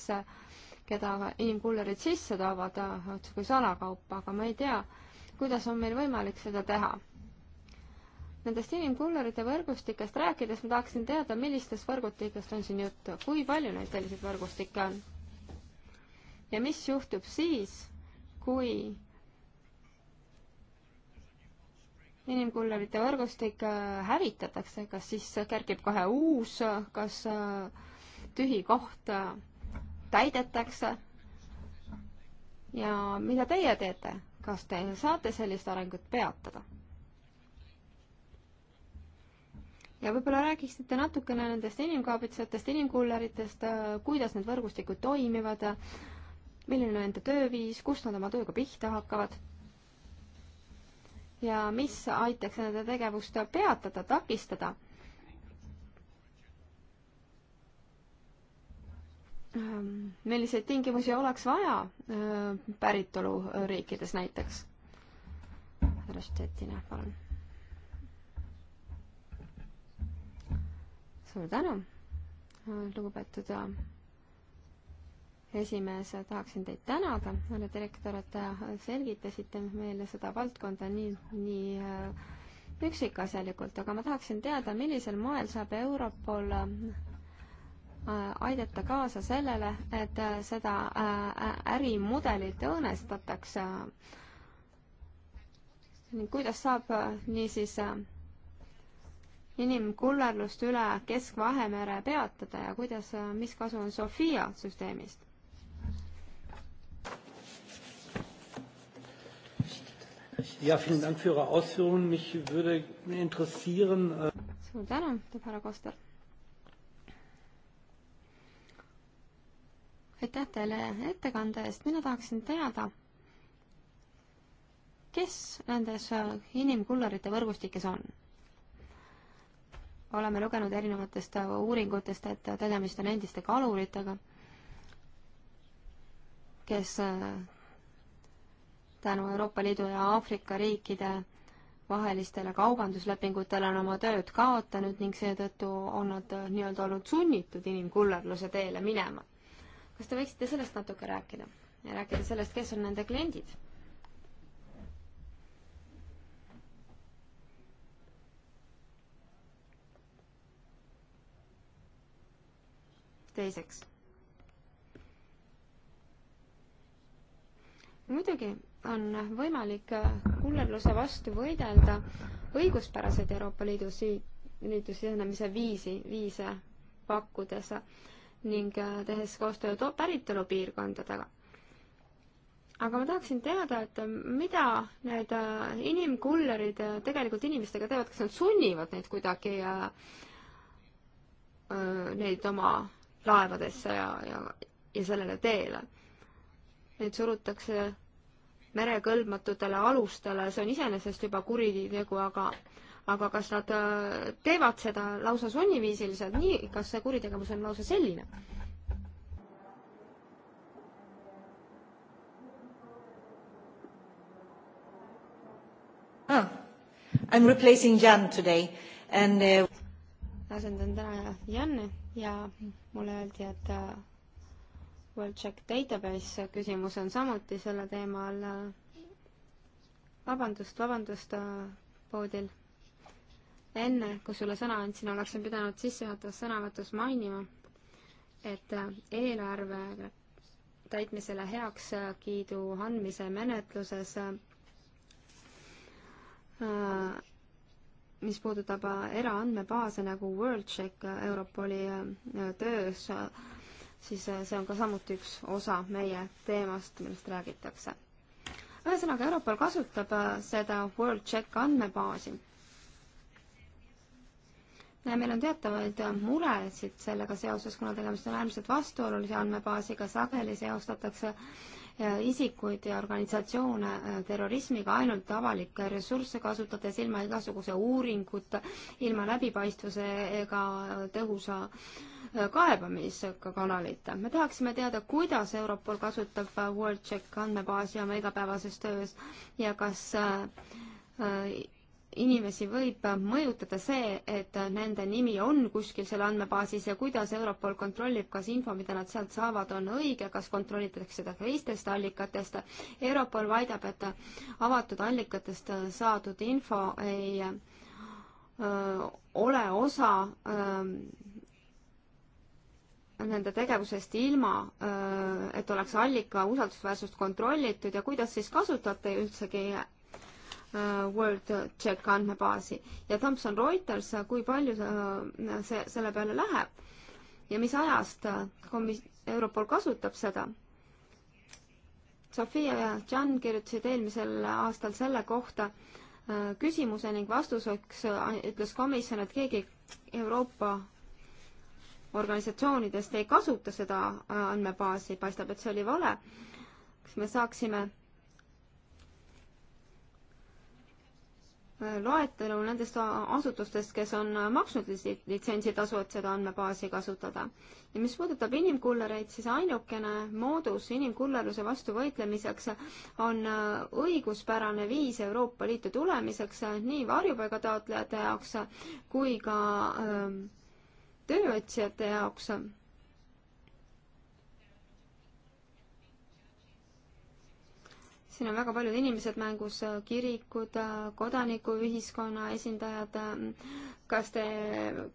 keda inimkullerid sisse toovad otse kui salakaupa, aga ma ei tea, kuidas on meil võimalik seda teha. Nendest inimkullerite võrgustikest rääkides ma tahaksin teada, millistest võrgustikest on siin juttu, kui palju neid selliseid võrgustikke on? ja mis juhtub siis, kui inimkullerite võrgustik äh, hävitatakse, kas siis kerkib kohe uus, kas äh, tühi koht äh, täidetakse? ja mida teie teete, kas te saate sellist arengut peatada? ja võib-olla räägiksite natukene nendest inimkaabitsetest, inimkulleritest, kuidas need võrgustikud toimivad, milline on nende tööviis, kust nad oma tööga pihta hakkavad ja mis aitaks nende tegevust peatada, takistada. Ähm, milliseid tingimusi oleks vaja äh, päritoluriikides näiteks? härra Stettina, palun. suur tänu, äh, lugupeetud äh, esimees, tahaksin teid tänada, härra direktor, et te selgitasite meile seda valdkonda nii, nii äh, üksikasjalikult, aga ma tahaksin teada, millisel moel saab Europol äh, aidata kaasa sellele, et äh, seda ärimudelit õõnestatakse. kuidas saab niisiis inimkullerlust üle Kesk-Vahemere peatada ja kuidas, mis kasu on Sofia süsteemist? ja, vielen Dank für Ihre Ausführungen. Mich würde interessieren. Äh, suur tänu, härra Koster. aitäh teile ettekande eest, mina tahaksin teada, kes nendes äh, inimkullerite võrgustikes on? oleme lugenud erinevatest äh, uuringutest, et tegemist on endiste kaluritega, kes tänu Euroopa Liidu ja Aafrika riikide vahelistele kaubanduslepingutele on oma tööd kaotanud ning seetõttu on nad äh, nii-öelda olnud sunnitud inimkullerluse teele minema. kas te võiksite sellest natuke rääkida ja rääkida sellest, kes on nende kliendid? teiseks. muidugi on võimalik kullerluse vastu võidelda õiguspäraseid Euroopa Liidu sii-, liidu sisenemise viisi, viise pakkudes ning äh, tehes koostööd päritolupiirkondadega aga ma tahaksin teada, et mida need äh, inimkullerid äh, tegelikult inimestega teevad, kas nad sunnivad neid kuidagi äh, neid oma laevadesse ja, ja, ja sellele teele? Neid surutakse merekõlbmatutele alustele, see on iseenesest juba kuritegu, aga aga kas nad äh, teevad seda lausa sunniviisiliselt, nii, kas see kuritegevus on lausa selline? Ah, I am replacing Jan today and uh... asendan täna Janne ja mulle öeldi, et äh, World Check Database küsimus on samuti selle teema all. vabandust, vabandust, äh, poodil. enne, kui sulle sõna andsin, oleksin pidanud sissejuhatavas sõnavõtus mainima, et äh, eelarve täitmisele heakskiidu äh, andmise menetluses mis puudutab eraandmebaase nagu World Check Europoli töös, siis äh, see on ka samuti üks osa meie teemast, millest räägitakse. ühesõnaga, Europol kasutab äh, seda World Check andmebaasi. meil on teatavaid äh, muresid sellega seoses, kuna tegemist on äärmiselt vastuolulise andmebaasiga, sageli seostatakse äh, isikuid ja organisatsioone äh, terrorismiga ainult avalikke ressursse kasutades, ilma igasuguse uuringuta, ilma läbipaistvuse ega tõhusa äh, kaebamiskanalita. me tahaksime teada, kuidas Europol kasutab äh, WorldCheck andmebaasi oma igapäevases töös ja kas inimesi võib mõjutada see, et nende nimi on kuskil seal andmebaasis ja kuidas Europol kontrollib, kas info, mida nad sealt saavad, on õige, kas kontrollitakse seda teistest allikatest. Europol väidab, et avatud allikatest saadud info ei öö, ole osa öö, nende tegevusest ilma, et oleks allika usaldusväärsust kontrollitud ja kuidas siis kasutate üldsegi Äh, World Check andmebaasi ja Thomson Reuters, äh, kui palju äh, see selle peale läheb ja mis ajast komis-, Europol kasutab seda. Sofia ja Jan kirjutasid eelmisel aastal selle kohta küsimuse ning vastuseks ütles komisjon, et keegi Euroopa organisatsioonidest ei kasuta seda andmebaasi, paistab, et see oli vale. kas me saaksime loetelu nendest asutustest, kes on maksnud litsentsitasu, et seda andmebaasi kasutada. ja mis puudutab inimkullereid, siis ainukene moodus inimkullerluse vastu võitlemiseks on äh, õiguspärane viis Euroopa Liitu tulemiseks äh, nii varjupaigataotlejate jaoks kui ka öö, ähm, tööotsijate jaoks siin on väga paljud inimesed mängus, äh, kirikud, äh, kodanikuühiskonna esindajad. Äh, kas te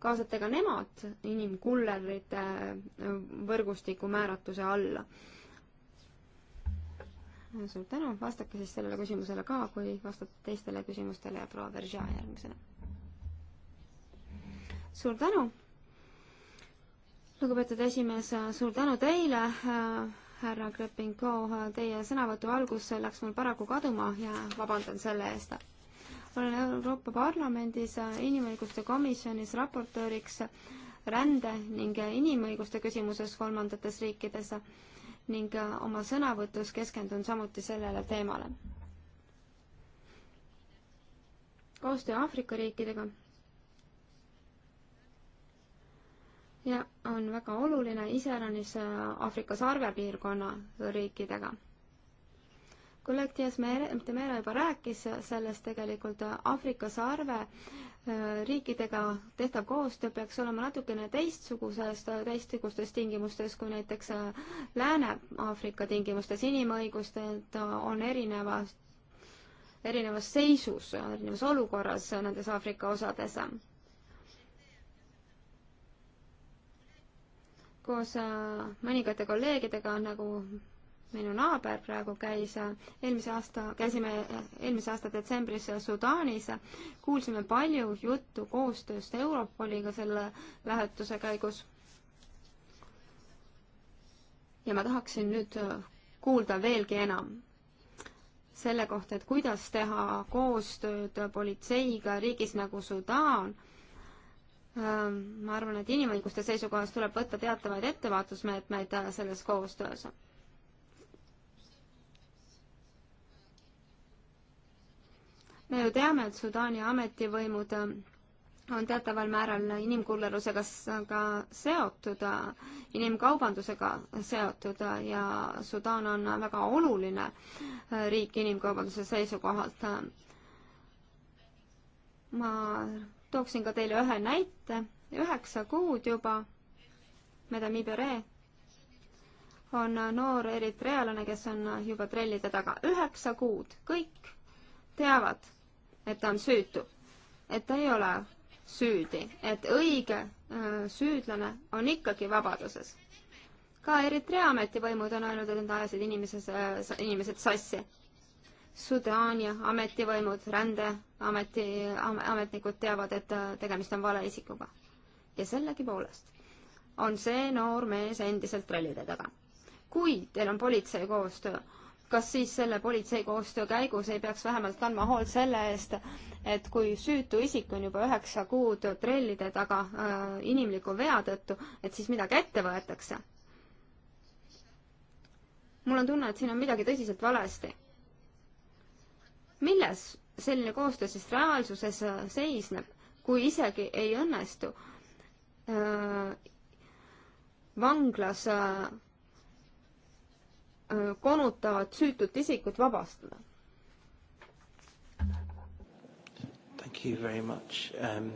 kaasate ka nemad inimkullerite võrgustiku määratluse alla? suur tänu, vastake siis sellele küsimusele ka, kui vastate teistele küsimustele ja proua Veržia järgmisena. suur tänu, lugupeetud esimees, suur tänu teile härra Krepinko, teie sõnavõtu algusse läks mul paraku kaduma ja vabandan selle eest. olen Euroopa Parlamendis inimõiguste komisjonis raportööriks rände ning inimõiguste küsimuses kolmandates riikides ning oma sõnavõtus keskendun samuti sellele teemale. koostöö Aafrika riikidega ja on väga oluline iseäranis äh, Aafrika sarvepiirkonna riikidega. kolleeg Dias Temera juba rääkis sellest tegelikult, äh, Aafrika sarve äh, riikidega tehtav koostöö peaks olema natukene teistsuguses, teistsugustes tingimustes kui näiteks Lääne-Aafrika tingimustes, inimõigused on erinevas, erinevas seisus, erinevas olukorras nendes Aafrika osades koos äh, mõningate kolleegidega, nagu minu naaber praegu käis äh, eelmise aasta, käisime äh, eelmise aasta detsembris Sudaanis, kuulsime palju juttu koostööst Europoliga selle lähetuse käigus. ja ma tahaksin nüüd kuulda veelgi enam selle kohta, et kuidas teha koostööd politseiga riigis nagu Sudaan Äh, ma arvan, et inimõiguste seisukohast tuleb võtta teatavaid ettevaatusmeetmeid äh, selles koostöös. me ju teame, et Sudaani ametivõimud äh, on teataval määral inimkullerlusega ka seotud, inimkaubandusega seotud ja Sudaan on väga oluline riik inimkaubanduse seisukohalt. ma tooksin ka teile ühe näite. üheksa kuud juba Madame Ibere on noor eritrealane, kes on juba trellide taga. üheksa kuud, kõik teavad, et ta on süütu, et ta ei ole süüdi, et õige äh, süüdlane on ikkagi vabaduses. ka Eritrea ametivõimud on öelnud, et nad ajasid inimeses, äh, inimesed sassi Sudaania ametivõimud, rändeameti am,, ametnikud teavad, et äh, tegemist on valeisikuga. ja sellegipoolest on see noor mees endiselt rallide taga. kui teil on politsei koostöö, kas siis selle politsei koostöö käigus ei peaks vähemalt kandma hoolt selle eest, et kui süütu isik on juba üheksa kuud trellide taga äh, inimliku vea tõttu, et siis midagi ette võetakse? mul on tunne, et siin on midagi tõsiselt valesti milles selline koostöö siis reaalsuses äh, seisneb, kui isegi ei õnnestu öö, äh, vanglas öö, äh, konutavat süütut isikut vabastada? Thank you very much um,.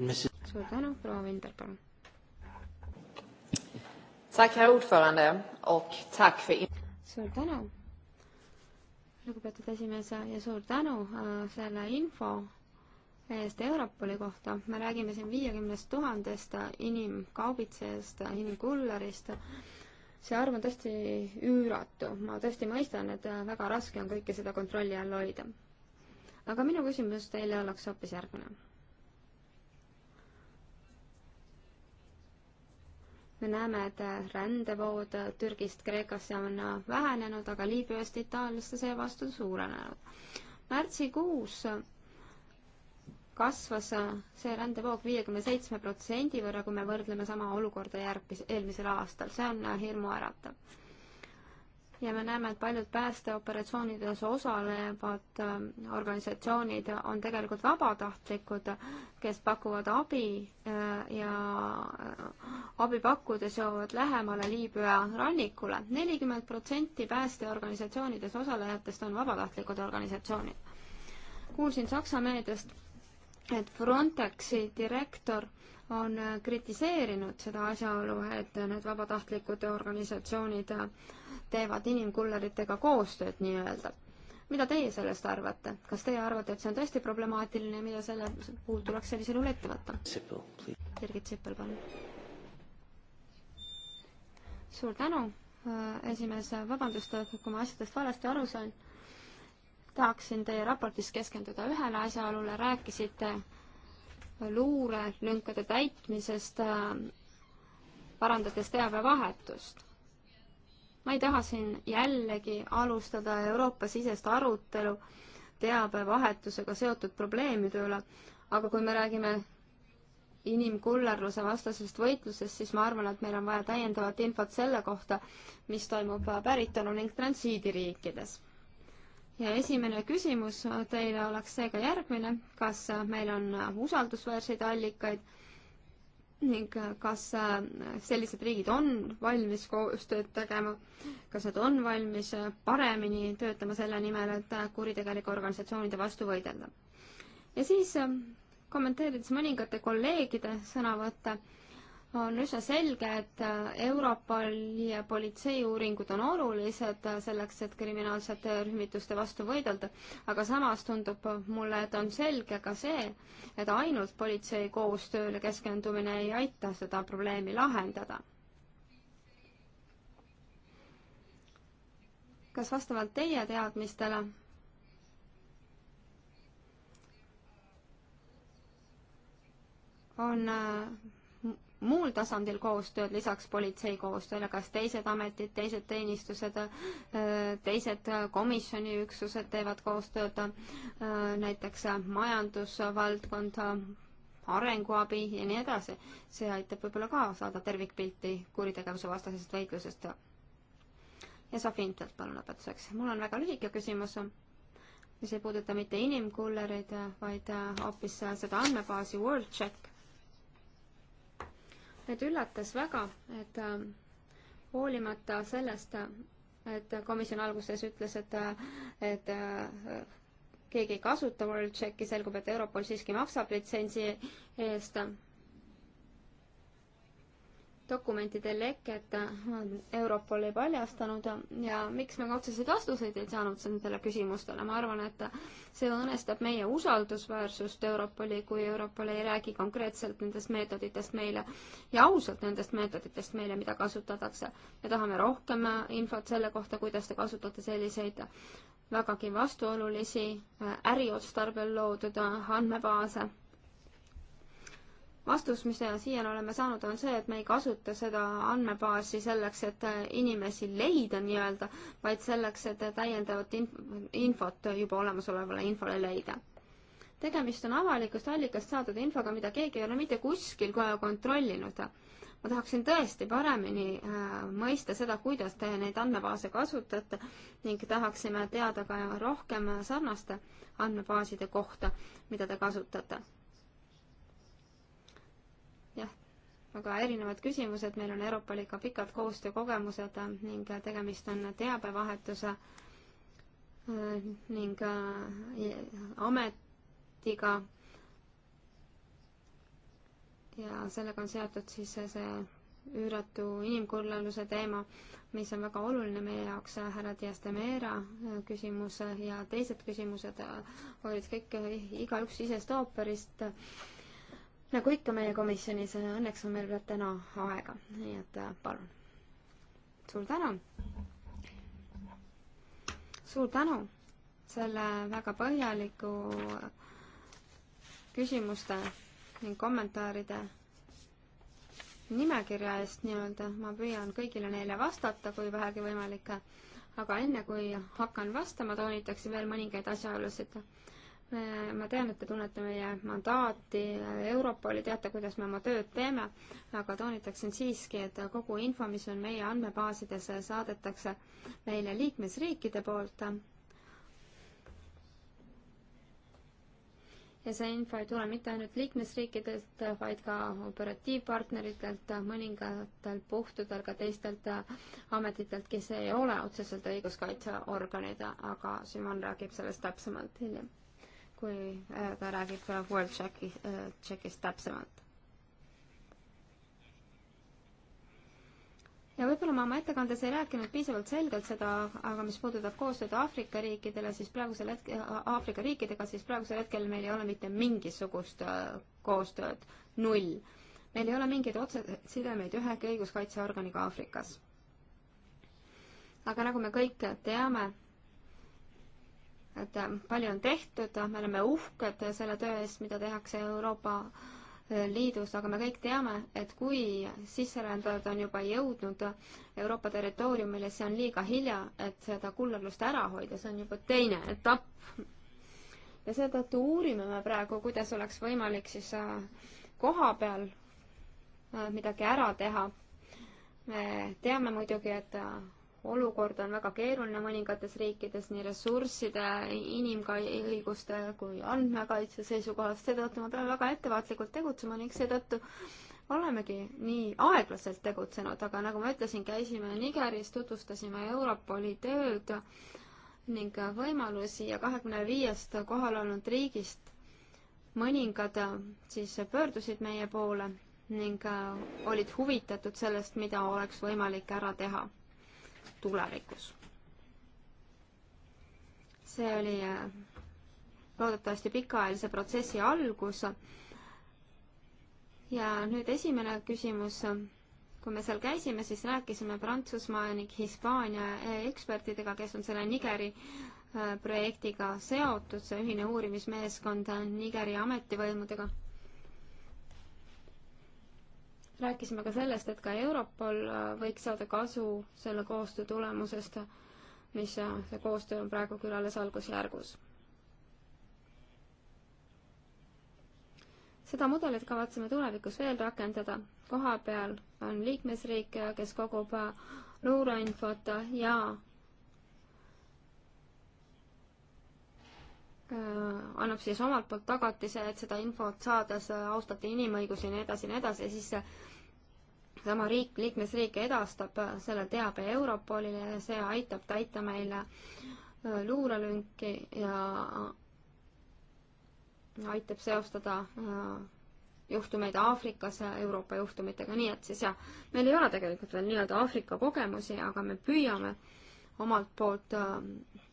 Mrs... suur tänu, proua Vinder, palun. Tack herr ordförande och tack för... Suur tänu lugupeetud esimees äh, ja suur tänu äh, selle info eest Europoli kohta. me räägime siin viiekümnest tuhandest äh, inimkaubitsejast, inimkullerist. see arv on tõesti üüratu. ma tõesti mõistan, et väga raske on kõike seda kontrolli all hoida. aga minu küsimus teile oleks hoopis järgmine me näeme, et rändevood Türgist Kreekasse on vähenenud, aga Liibüast Itaaliasse seevastu suurenenud. märtsikuus kasvas see rändevoog viiekümne seitsme protsendi võrra, kui me võrdleme sama olukorda järgmise, eelmisel aastal, see on hirmuäratav ja me näeme, et paljud päästeoperatsioonides osalevad ähm, organisatsioonid on tegelikult vabatahtlikud, kes pakuvad abi äh, ja äh, abi pakkudes jõuavad lähemale Liibüa rannikule. nelikümmend protsenti päästeorganisatsioonides osalejatest on vabatahtlikud organisatsioonid. kuulsin Saksa meediast, et Frontexi direktor on äh, kritiseerinud seda asjaolu, et need vabatahtlikud organisatsioonid äh, teevad inimkulleritega koostööd nii-öelda. mida teie sellest arvate? kas teie arvate, et see on tõesti problemaatiline ja mida selle puhul tuleks sellisel juhul ette võtta? Birgit Sippel, palun. suur tänu, äh, esimees, vabandust, kui ma asjadest valesti aru sain. tahaksin teie raportis keskenduda ühele asjaolule, rääkisite luurelünkade täitmisest, äh, parandades teabevahetust. ma ei taha siin jällegi alustada Euroopa-sisest arutelu teabevahetusega seotud probleemide üle, aga kui me räägime inimkullerluse vastasest võitlusest, siis ma arvan, et meil on vaja täiendavat infot selle kohta, mis toimub päritolu ning transiidiriikides ja esimene küsimus teile oleks seega järgmine, kas meil on usaldusväärseid allikaid ning kas sellised riigid on valmis koostööd tegema, kas nad on valmis paremini töötama selle nimel, et kuritegelike organisatsioonide vastu võidelda. ja siis kommenteerides mõningate kolleegide sõnavõtte on üsna selge, et äh, Europoli ja politseiuuringud on olulised äh, selleks, et kriminaalsete rühmituste vastu võidelda, aga samas tundub mulle, et on selge ka see, et ainult politsei koostööle keskendumine ei aita seda probleemi lahendada. kas vastavalt teie teadmistele on äh, muul tasandil koostööd lisaks politsei koostööle, kas teised ametid, teised teenistused, teised komisjoni üksused teevad koostööd, näiteks majandusvaldkond, arenguabi ja nii edasi. see aitab võib-olla ka saada tervikpilti kuritegevuse vastasest võitlusest. ja Sofi Intelt palun lõpetuseks. mul on väga lühike küsimus, mis ei puuduta mitte inimkullereid, vaid hoopis seda andmebaasi WorldCheck meid üllatas väga, et äh, hoolimata sellest, et komisjon alguses ütles, et, äh, et äh, keegi ei kasuta World Checki, selgub, et Europol siiski maksab litsentsi eest dokumentide leket äh, Europol ei paljastanud ja miks me ka otseseid vastuseid ei saanud nendele küsimustele, ma arvan, et see õõnestab meie usaldusväärsust Europoli, kui Europol ei räägi konkreetselt nendest meetoditest meile ja ausalt nendest meetoditest meile, mida kasutatakse. me tahame rohkem infot selle kohta, kuidas te kasutate selliseid vägagi vastuolulisi äh, äriotstarbel loodud äh, andmebaase vastus, mis siiani oleme saanud, on see, et me ei kasuta seda andmebaasi selleks, et äh, inimesi leida nii-öelda, vaid selleks, et täiendavat infot juba olemasolevale infole leida. tegemist on avalikust allikast saadud infoga, mida keegi ei ole mitte kuskil kohe kontrollinud. ma tahaksin tõesti paremini äh, mõista seda, kuidas te neid andmebaase kasutate ning tahaksime teada ka rohkem sarnaste andmebaaside kohta, mida te kasutate väga erinevad küsimused, meil on Euroopa Liiga pikad koostöökogemused ning tegemist on teabevahetuse äh, ning äh, ametiga. ja sellega on seotud siis see üüratu inimkurlaluse teema, mis on väga oluline meie jaoks, äh, härra Dias de Meera küsimus ja teised küsimused olid kõik igaüks sisest ooperist nagu ikka meie komisjonis, õnneks on meil ka täna aega, nii et äh, palun. suur tänu. suur tänu selle väga põhjaliku küsimuste ning kommentaaride nimekirja eest nii-öelda, ma püüan kõigile neile vastata, kui vähegi võimalik. aga enne, kui hakkan vastama, toonitaksin veel mõningaid asjaolusid ma tean, et te tunnete meie mandaati, Europoli, teate, kuidas me oma tööd teeme, aga toonitaksin siiski, et kogu info, mis on meie andmebaasides, saadetakse meile liikmesriikide poolt. ja see info ei tule mitte ainult liikmesriikidelt, vaid ka operatiivpartneritelt, mõningatel puhtudel ka teistelt ametitelt, kes ei ole otseselt õiguskaitseorganid, aga Simon räägib sellest täpsemalt hiljem kui äh, ta räägib World Checki, Checkist äh, täpsemalt. ja võib-olla ma oma ettekandes ei rääkinud piisavalt selgelt seda, aga mis puudutab koostööd Aafrika riikidele, siis praegusel hetkel, Aafrika riikidega, siis praegusel hetkel meil ei ole mitte mingisugust äh, koostööd, null. meil ei ole mingeid otsesidemeid ühegi õiguskaitseorganiga Aafrikas. aga nagu me kõik teame, et äh, palju on tehtud, me oleme uhked selle töö eest, mida tehakse Euroopa äh, Liidus, aga me kõik teame, et kui sisserändajad on juba jõudnud Euroopa territooriumile, siis on liiga hilja, et seda kullerlust ära hoida, see on juba teine etapp. ja seetõttu uurime me praegu, kuidas oleks võimalik siis äh, koha peal midagi ära teha. me teame muidugi, et olukord on väga keeruline mõningates riikides nii ressursside, inimõiguste kui andmekaitse seisukohast, seetõttu me peame väga ettevaatlikult tegutsema ning seetõttu olemegi nii aeglaselt tegutsenud, aga nagu ma ütlesin, käisime Nigeris, tutvustasime Europoli tööd ning võimalusi ja kahekümne viiest kohal olnud riigist mõningad siis pöördusid meie poole ning olid huvitatud sellest, mida oleks võimalik ära teha tulevikus. see oli äh, loodetavasti pikaajalise protsessi algus. ja nüüd esimene küsimus. kui me seal käisime, siis rääkisime Prantsusmaa ning Hispaania ekspertidega, kes on selle Nigeri äh, projektiga seotud, see ühine uurimismeeskond Nigeri ametivõimudega rääkisime ka sellest, et ka Europol äh, võiks saada kasu selle koostöö tulemusest, mis äh, see koostöö on praegu küll alles algusjärgus. seda mudelit kavatseme tulevikus veel rakendada. koha peal on liikmesriik, äh, kes kogub luureinfot ja annab siis omalt poolt tagatise, et seda infot saades austati inimõigusi ja nii edasi ja nii edasi ja siis sama riik, liikmesriik edastab selle teabe Europolile ja see aitab täita meile äh, luurelünki ja äh, aitab seostada äh, juhtumeid Aafrikas ja Euroopa juhtumitega, nii et siis jah, meil ei ole tegelikult veel nii-öelda Aafrika kogemusi, aga me püüame omalt poolt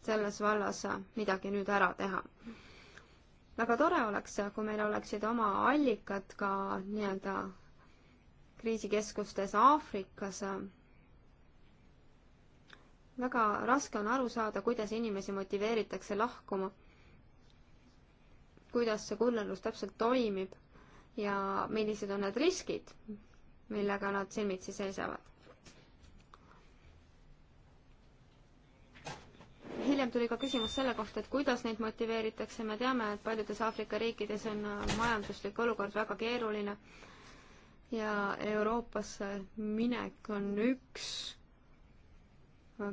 selles vallas midagi nüüd ära teha. väga tore oleks, kui meil oleksid oma allikad ka nii-öelda kriisikeskustes Aafrikas. väga raske on aru saada, kuidas inimesi motiveeritakse lahkuma, kuidas see kullerlus täpselt toimib ja millised on need riskid, millega nad silmitsi seisavad. hiljem tuli ka küsimus selle kohta, et kuidas neid motiveeritakse, me teame, et paljudes Aafrika riikides on majanduslik olukord väga keeruline ja Euroopasse minek on üks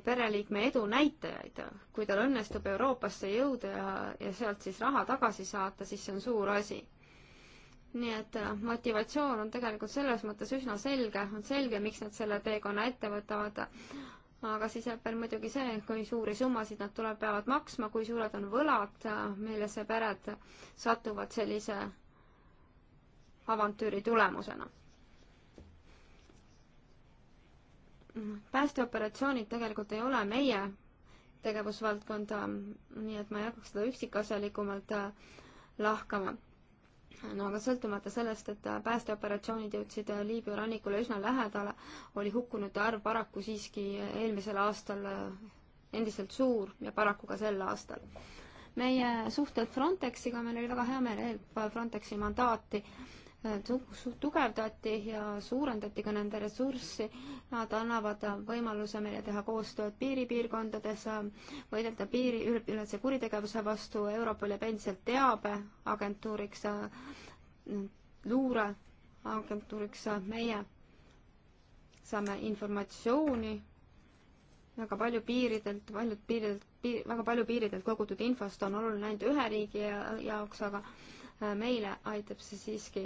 pereliikme edu näitajaid. kui tal õnnestub Euroopasse jõuda ja, ja sealt siis raha tagasi saata, siis see on suur asi. nii et äh, motivatsioon on tegelikult selles mõttes üsna selge, on selge, miks nad selle teekonna ette võtavad. aga siis jääb veel muidugi see, kui suuri summasid nad tuleb, peavad maksma, kui suured on võlad, äh, millesse pered satuvad sellise avantüüri tulemusena päästeoperatsioonid tegelikult ei ole meie tegevusvaldkond, nii et ma ei hakkaks seda üksikasjalikumalt äh, lahkama. no aga sõltumata sellest, et äh, päästeoperatsioonid jõudsid äh, Liibüa rannikule üsna lähedale, oli hukkunute arv paraku siiski eelmisel aastal endiselt suur ja paraku ka sel aastal. meie suhted Frontexiga, meil oli väga hea meel Frontexi mandaati äh, tugevdati ja suurendati ka nende ressurssi. Nad annavad võimaluse meile teha koostööd piiripiirkondades, võidelda piiriülese kuritegevuse vastu, Europol jääb endiselt teabeagentuuriks, luureagentuuriks, meie saame informatsiooni väga palju piiridelt, paljud piiridelt piir,, väga palju piiridelt kogutud infost on oluline ainult ühe riigi ja, jaoks, aga Äh, meile aitab see siiski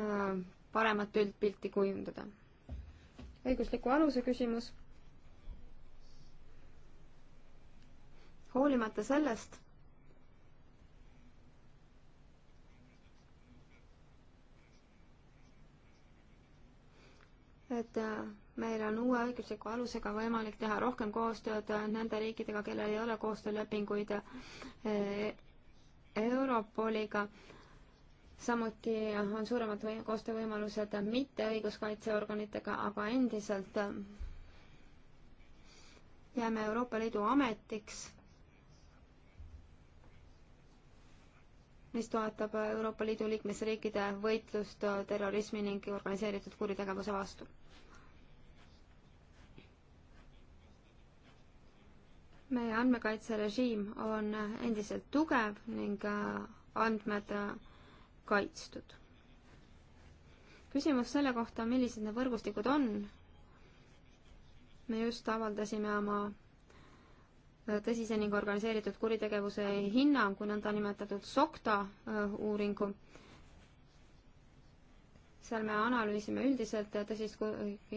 äh, paremat üldpilti kujundada. õigusliku aluse küsimus. hoolimata sellest, et äh, meil on uue õigusliku alusega võimalik teha rohkem koostööd nende riikidega, kellel ei ole koostöölepinguid eh, Europoliga. samuti on suuremad või koostöövõimalused mitte õiguskaitseorganitega, aga endiselt eh, jääme Euroopa Liidu ametiks, mis toetab Euroopa Liidu liikmesriikide võitlust eh, terrorismi ning organiseeritud kuritegevuse vastu meie andmekaitserežiim on endiselt tugev ning äh, andmed äh, kaitstud. küsimus selle kohta, millised need võrgustikud on. me just avaldasime oma äh, tõsise ning organiseeritud kuritegevuse hinnangu, nõndanimetatud SOCTA uuringu seal me analüüsime üldiselt tõsist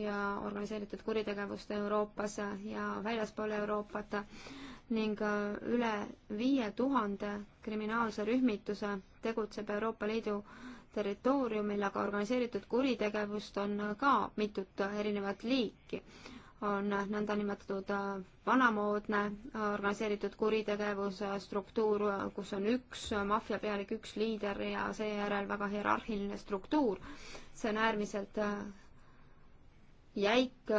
ja organiseeritud kuritegevust Euroopas ja väljaspool Euroopat ning äh, üle viie tuhande kriminaalse rühmituse tegutseb Euroopa Liidu territooriumil, aga organiseeritud kuritegevust on äh, ka mitut erinevat liiki on nõndanimetatud äh, vanamoodne äh, organiseeritud kuritegevuse struktuur, kus on üks äh, maffiapealik, üks liider ja seejärel väga hierarhiline struktuur. see on äärmiselt jäik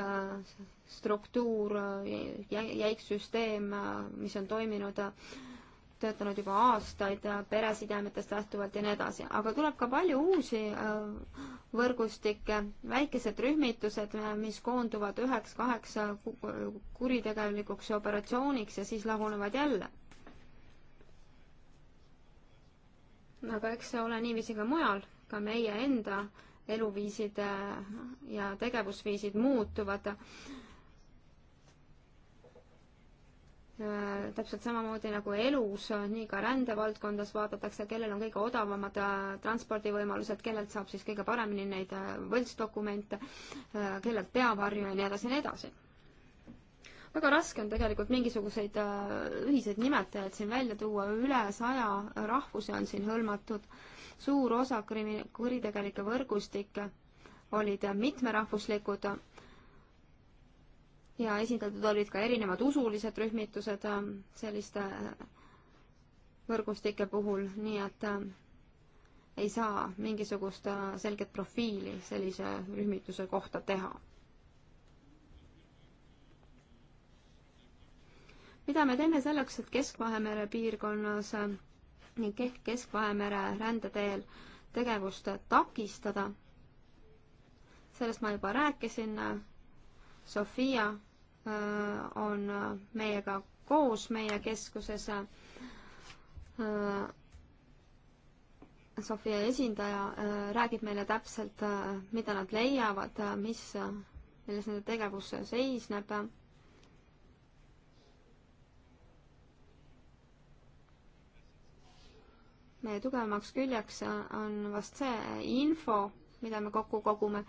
struktuur, jäik süsteem, mis on toiminud töötanud juba aastaid peresidemetest lähtuvalt ja nii edasi, aga tuleb ka palju uusi äh, võrgustikke, väikesed rühmitused, äh, mis koonduvad üheks-kaheks äh, kuritegelikuks operatsiooniks ja siis lagunevad jälle. aga eks see ole niiviisi ka mujal, ka meie enda eluviisid ja tegevusviisid muutuvad Äh, täpselt samamoodi nagu elus, nii ka rändevaldkondas vaadatakse, kellel on kõige odavamad äh, transpordivõimalused, kellelt saab siis kõige paremini neid äh, võltsdokumente, kellelt peavarju ja nii edasi ja nii edasi. väga raske on tegelikult mingisuguseid ühiseid nimetajaid siin välja tuua, üle saja rahvuse on siin hõlmatud, suur osa krimi-, kuritegelikke võrgustikke olid mitmerahvuslikud ja esindatud olid ka erinevad usulised rühmitused äh, selliste äh, võrgustike puhul, nii et äh, ei saa mingisugust selget profiili sellise rühmituse kohta teha. mida me teeme selleks, et Kesk-Vahemere piirkonnas ning Kesk-Vahemere rändeteel tegevust takistada? sellest ma juba rääkisin. Sofia Äh, on äh, meiega koos meie keskuses. Äh, Sofia esindaja räägib meile täpselt, mida nad leiavad, mis, milles nende tegevus seisneb. meie tugevamaks küljeks on vast see info, mida me kokku kogume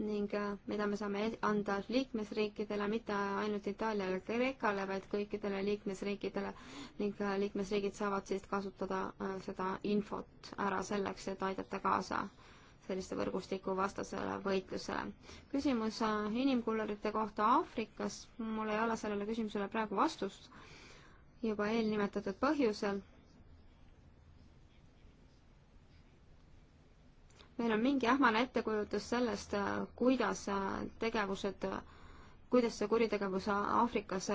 ning äh, mida me saame e-, anda liikmesriikidele, mitte ainult Itaaliale ja Kreekale, vaid kõikidele liikmesriikidele ning äh, liikmesriigid saavad siis kasutada äh, seda infot ära selleks, et aidata kaasa selliste võrgustiku vastasele võitlusele. küsimus inimkullerite kohta Aafrikas, mul ei ole sellele küsimusele praegu vastust juba eelnimetatud põhjusel meil on mingi ähmane ettekujutus sellest, äh, kuidas äh, tegevused, äh, kuidas see kuritegevus Aafrikas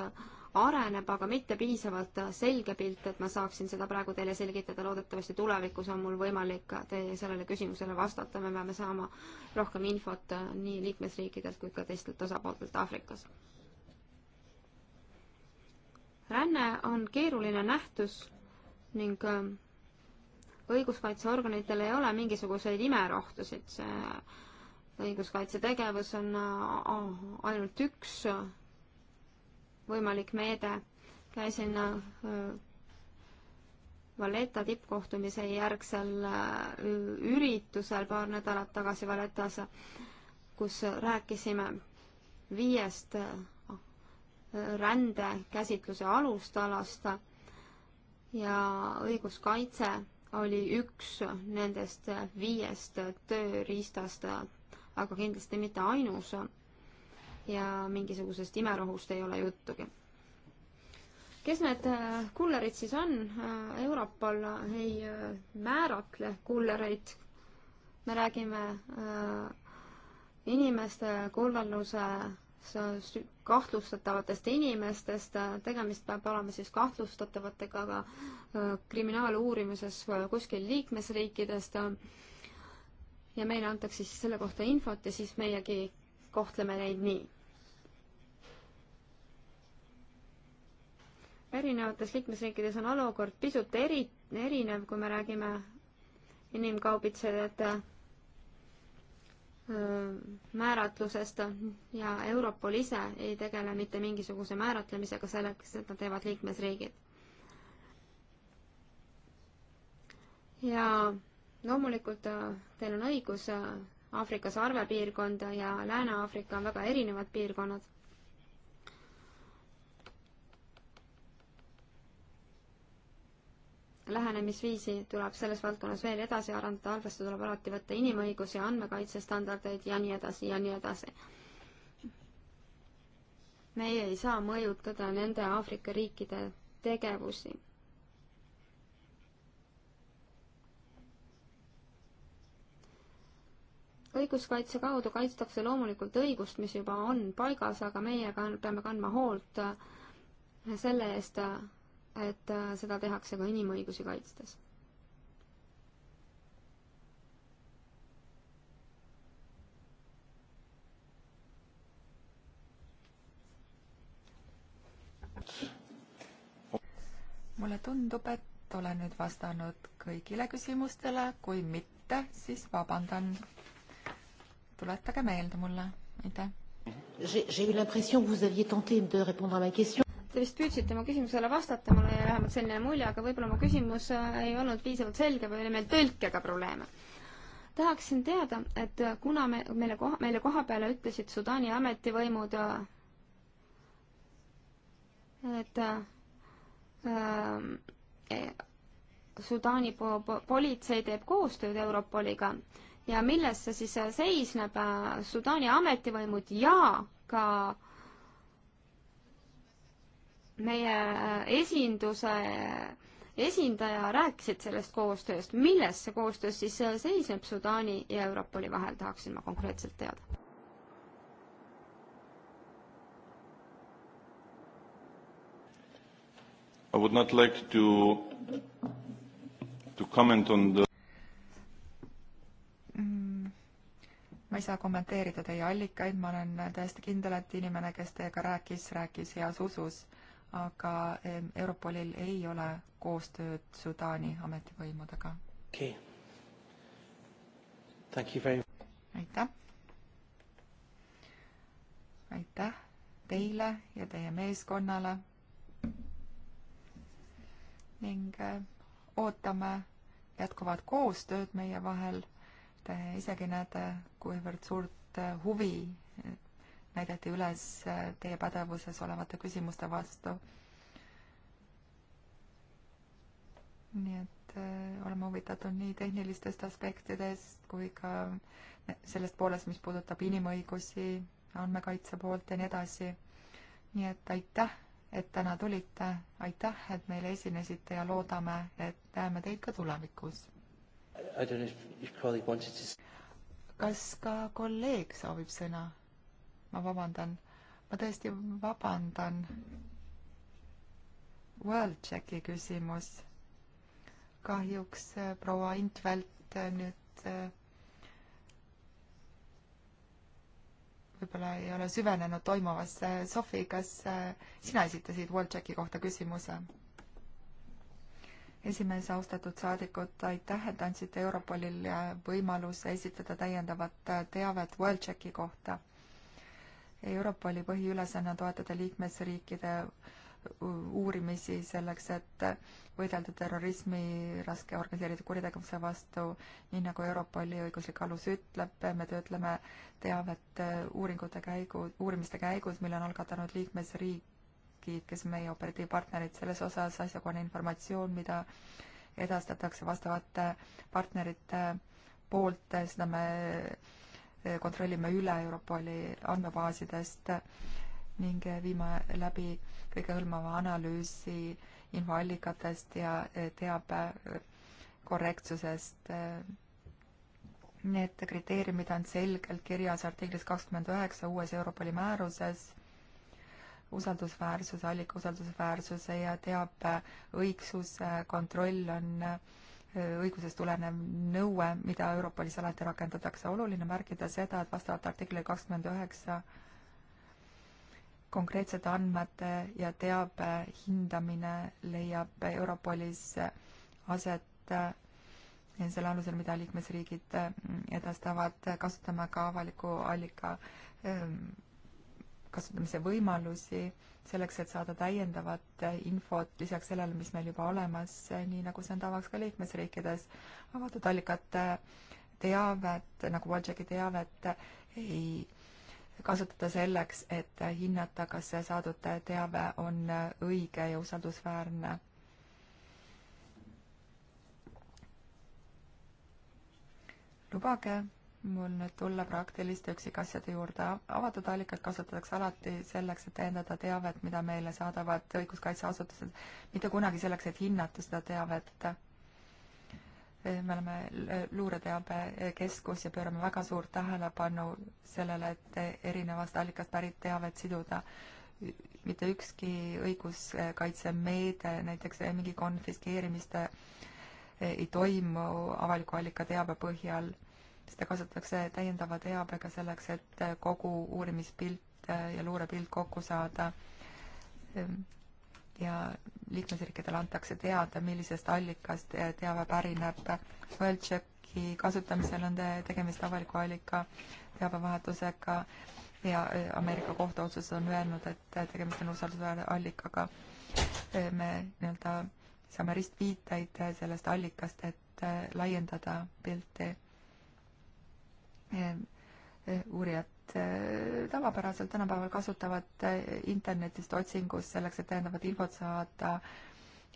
areneb, aga mitte piisavalt selge pilt, et ma saaksin seda praegu teile selgitada, loodetavasti tulevikus on mul võimalik teie sellele küsimusele vastata, me peame saama rohkem infot nii liikmesriikidelt kui ka teistelt osapooltelt Aafrikas. ränne on keeruline nähtus ning õiguskaitseorganitel ei ole mingisuguseid imerohtusid, see õiguskaitsetegevus on äh, ainult üks võimalik meede. käisin äh, Valeta tippkohtumise järgsel äh, üritusel paar nädalat tagasi Valetas, kus rääkisime viiest rände käsitluse alustalast ja õiguskaitse oli üks nendest viiest tööriistast, aga kindlasti mitte ainus. ja mingisugusest imerohust ei ole juttugi. kes need kullerid siis on? Europol ei määratle kullereid. me räägime äh, inimeste kullerluse kahtlustatavatest inimestest, tegemist peab olema siis kahtlustatavatega ka äh, kriminaaluurimises kuskil liikmesriikidest. ja meile antakse siis selle kohta infot ja siis meiegi kohtleme neid nii. erinevates liikmesriikides on olukord pisut eri, erinev, kui me räägime inimkaubitsejate määratlusest ja Europol ise ei tegele mitte mingisuguse määratlemisega selleks, et nad teevad liikmesriigid. ja loomulikult teil on õigus, Aafrika sarvepiirkond ja Lääne-Aafrika on väga erinevad piirkonnad lähenemisviisi tuleb selles valdkonnas veel edasi arendada, arvesse tuleb alati võtta inimõigusi, andmekaitsestandardeid ja nii edasi ja nii edasi. meie ei saa mõjutada nende Aafrika riikide tegevusi. õiguskaitse kaudu kaitstakse loomulikult õigust, mis juba on paigas, aga meie peame kandma hoolt selle eest, et äh, seda tehakse ka inimõigusi kaitstes. mulle tundub, et olen nüüd vastanud kõigile küsimustele, kui mitte, siis vabandan. tuletage meelde mulle, aitäh. J'ai eu l'impression que vous aviez tenté de répondre à ma question. Te vist püüdsite mu küsimusele vastata, mul jäi vähemalt selline mulje, aga võib-olla mu küsimus äh, ei olnud piisavalt selge või oli meil tõlkega probleeme. tahaksin teada, et kuna me, meile koha, meile koha peale ütlesid Sudaani ametivõimud, äh, et äh, äh, Sudaani po-, po-, politsei teeb koostööd Europoliga ja milles see siis seisneb, Sudaani ametivõimud ja ka meie äh, esinduse esindaja rääkisid sellest koostööst, milles see koostöö siis äh, seisneb Sudaani ja Europoli vahel, tahaksin ma konkreetselt teada. I would not like to, to comment on the mm, ma ei saa kommenteerida teie allikaid, ma olen äh, täiesti kindel, et inimene, kes teiega rääkis, rääkis heas usus aga Europolil ei ole koostööd Sudaani ametivõimudega okay.. aitäh. aitäh teile ja teie meeskonnale. ning eh, ootame jätkuvat koostööd meie vahel. Te isegi näete, kuivõrd suurt eh, huvi eh, näidati üles äh, teie pädevuses olevate küsimuste vastu. nii et äh, oleme huvitatud nii tehnilistest aspektidest kui ka äh, sellest poolest, mis puudutab inimõigusi, andmekaitse poolt ja nii edasi. nii et aitäh, et täna tulite, aitäh, et meile esinesite ja loodame, et näeme teid ka tulevikus. kas ka kolleeg soovib sõna? ma vabandan, ma tõesti vabandan. World Checki küsimus. kahjuks äh, proua Intvelt äh, nüüd äh, võib-olla ei ole süvenenud toimuvasse. Sofi, kas sina esitasid WorldChecki kohta küsimuse? esimees, austatud saadikud, aitäh, et andsite Europolile võimaluse esitada täiendavat teavet WorldChecki kohta Europoli põhiülesanne on toetada liikmesriikide uurimisi selleks, et võidelda terrorismi, raske organiseeritud kuritegevuse vastu, nii nagu Europoli õiguslik alus ütleb, me töötleme teavet äh, uuringute käigu, uurimiste käigus, mille on algatanud liikmesriigid, kes meie operatiivpartnerid, selles osas asjakohane informatsioon, mida edastatakse vastavate partnerite poolt, seda me kontrollime üle Europoli andmebaasidest ning viime läbi kõigehõlmava analüüsi infoallikatest ja e, teabe korrektsusest. Need kriteeriumid on selgelt kirjas artiklis kakskümmend üheksa uues Europoli määruses usaldusväärsuse, allika usaldusväärsuse ja teabe õigsuse kontroll on äh, õigusest tulenev nõue, mida Europolis alati rakendatakse. oluline märkida seda, et vastavalt artiklile kakskümmend üheksa konkreetsete andmete ja teabe hindamine leiab Europolis aset selle alusel, mida liikmesriigid edastavad, kasutame ka avaliku allika ehm, kasutamise võimalusi selleks, et saada täiendavat infot lisaks sellele, mis meil juba olemas, nii nagu see on tavaks ka liikmesriikides. avatud allikate teavet, nagu Wallchecki teavet, ei kasutada selleks, et hinnata, kas see saadud teave on õige ja usaldusväärne. lubage mul nüüd tulla praktiliste üksikasjade juurde. avatud allikaid kasutatakse alati selleks, et täiendada teavet, mida meile saadavad õiguskaitseasutused, mitte kunagi selleks, et hinnata seda teavet. me oleme luureteabekeskus ja pöörame väga suurt tähelepanu sellele, et erinevast allikast pärit teavet siduda mitte ükski õiguskaitsemeede, näiteks mingi konfiskeerimiste ei toimu avaliku allika teabe põhjal seda kasutatakse täiendava teabega selleks, et kogu uurimispilt äh, ja luurepilt kokku saada. Ehm, ja liikmesriikidele antakse teada, millisest allikast teave pärineb. Worldchecki kasutamisel on tegemist avaliku allika teabevahetusega ja äh, Ameerika kohtuotsus on öelnud, et äh, tegemist on usaldusväärne allikaga. me nii-öelda saame ristviiteid sellest allikast, et laiendada pilti Eh, eh, uurijad eh, tavapäraselt tänapäeval kasutavad internetist otsingus selleks, et täiendavat infot saada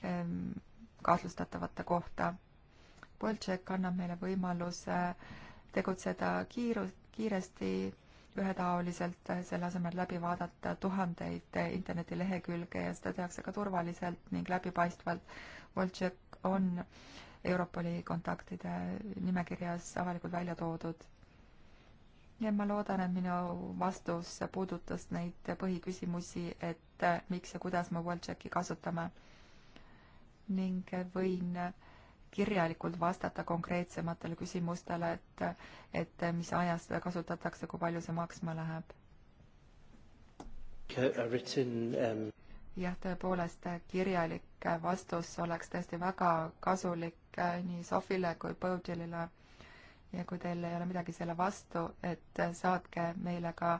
ehm, kahtlustatavate kohta. Boltšek annab meile võimaluse tegutseda kiiru-, kiiresti, ühetaoliselt, selle asemel läbi vaadata tuhandeid internetilehekülge ja seda tehakse ka turvaliselt ning läbipaistvalt. Boltšek on Europoli kontaktide nimekirjas avalikult välja toodud ja ma loodan, et minu vastus puudutas neid põhiküsimusi, et miks ja kuidas me WorldChecki kasutame. ning võin kirjalikult vastata konkreetsematele küsimustele, et, et mis ajas seda kasutatakse, kui palju see maksma läheb. Um, jah, tõepoolest, kirjalik vastus oleks tõesti väga kasulik eh, nii Sofile kui Põudilile ja kui teil ei ole midagi selle vastu, et saatke meile ka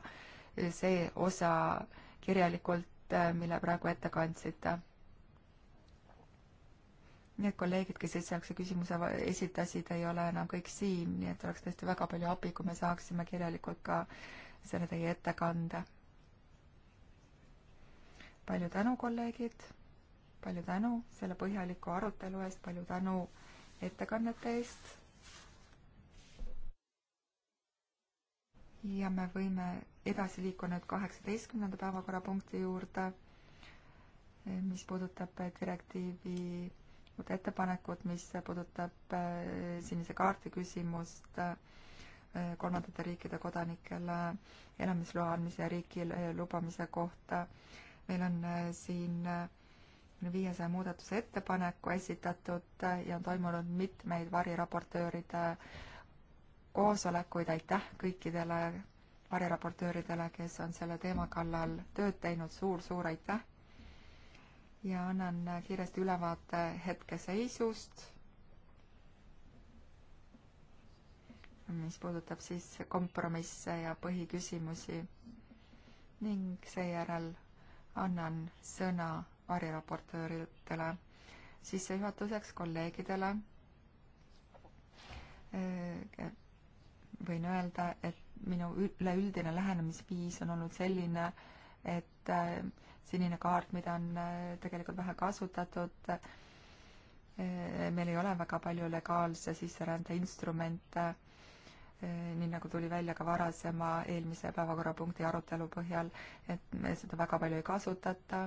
see osa kirjalikult, äh, mille praegu ette kandsite. Need kolleegid, kes esialgse küsimuse esitasid, ei ole enam kõik siin, nii et oleks tõesti väga palju abi, kui me saaksime kirjalikult ka selle teie ettekande. palju tänu, kolleegid, palju tänu selle põhjaliku arutelu eest, palju tänu ettekannete eest ja me võime edasi liikuda nüüd kaheksateistkümnenda päevakorrapunkti juurde, mis puudutab direktiivi uut ettepanekut, mis puudutab eh, sinise kaardi küsimust eh, kolmandate riikide kodanikele elamisloa andmise ja riiki eh, lubamise kohta. meil on siin viiesaja muudatuse ettepaneku esitatud ja on toimunud mitmeid variraportööride koosolekuid, aitäh kõikidele variraportööridele, kes on selle teema kallal tööd teinud suur,, suur-suur aitäh! ja annan kiiresti ülevaate hetkeseisust, mis puudutab siis kompromisse ja põhiküsimusi ning seejärel annan sõna variraportööridele, sissejuhatuseks kolleegidele, võin öelda, et minu üleüldine lähenemisviis on olnud selline, et äh, sinine kaart, mida on äh, tegelikult vähe kasutatud, äh, meil ei ole väga palju legaalse sisserände instrumente, nii nagu tuli välja ka varasema eelmise päevakorrapunkti arutelu põhjal, et seda väga palju ei kasutata,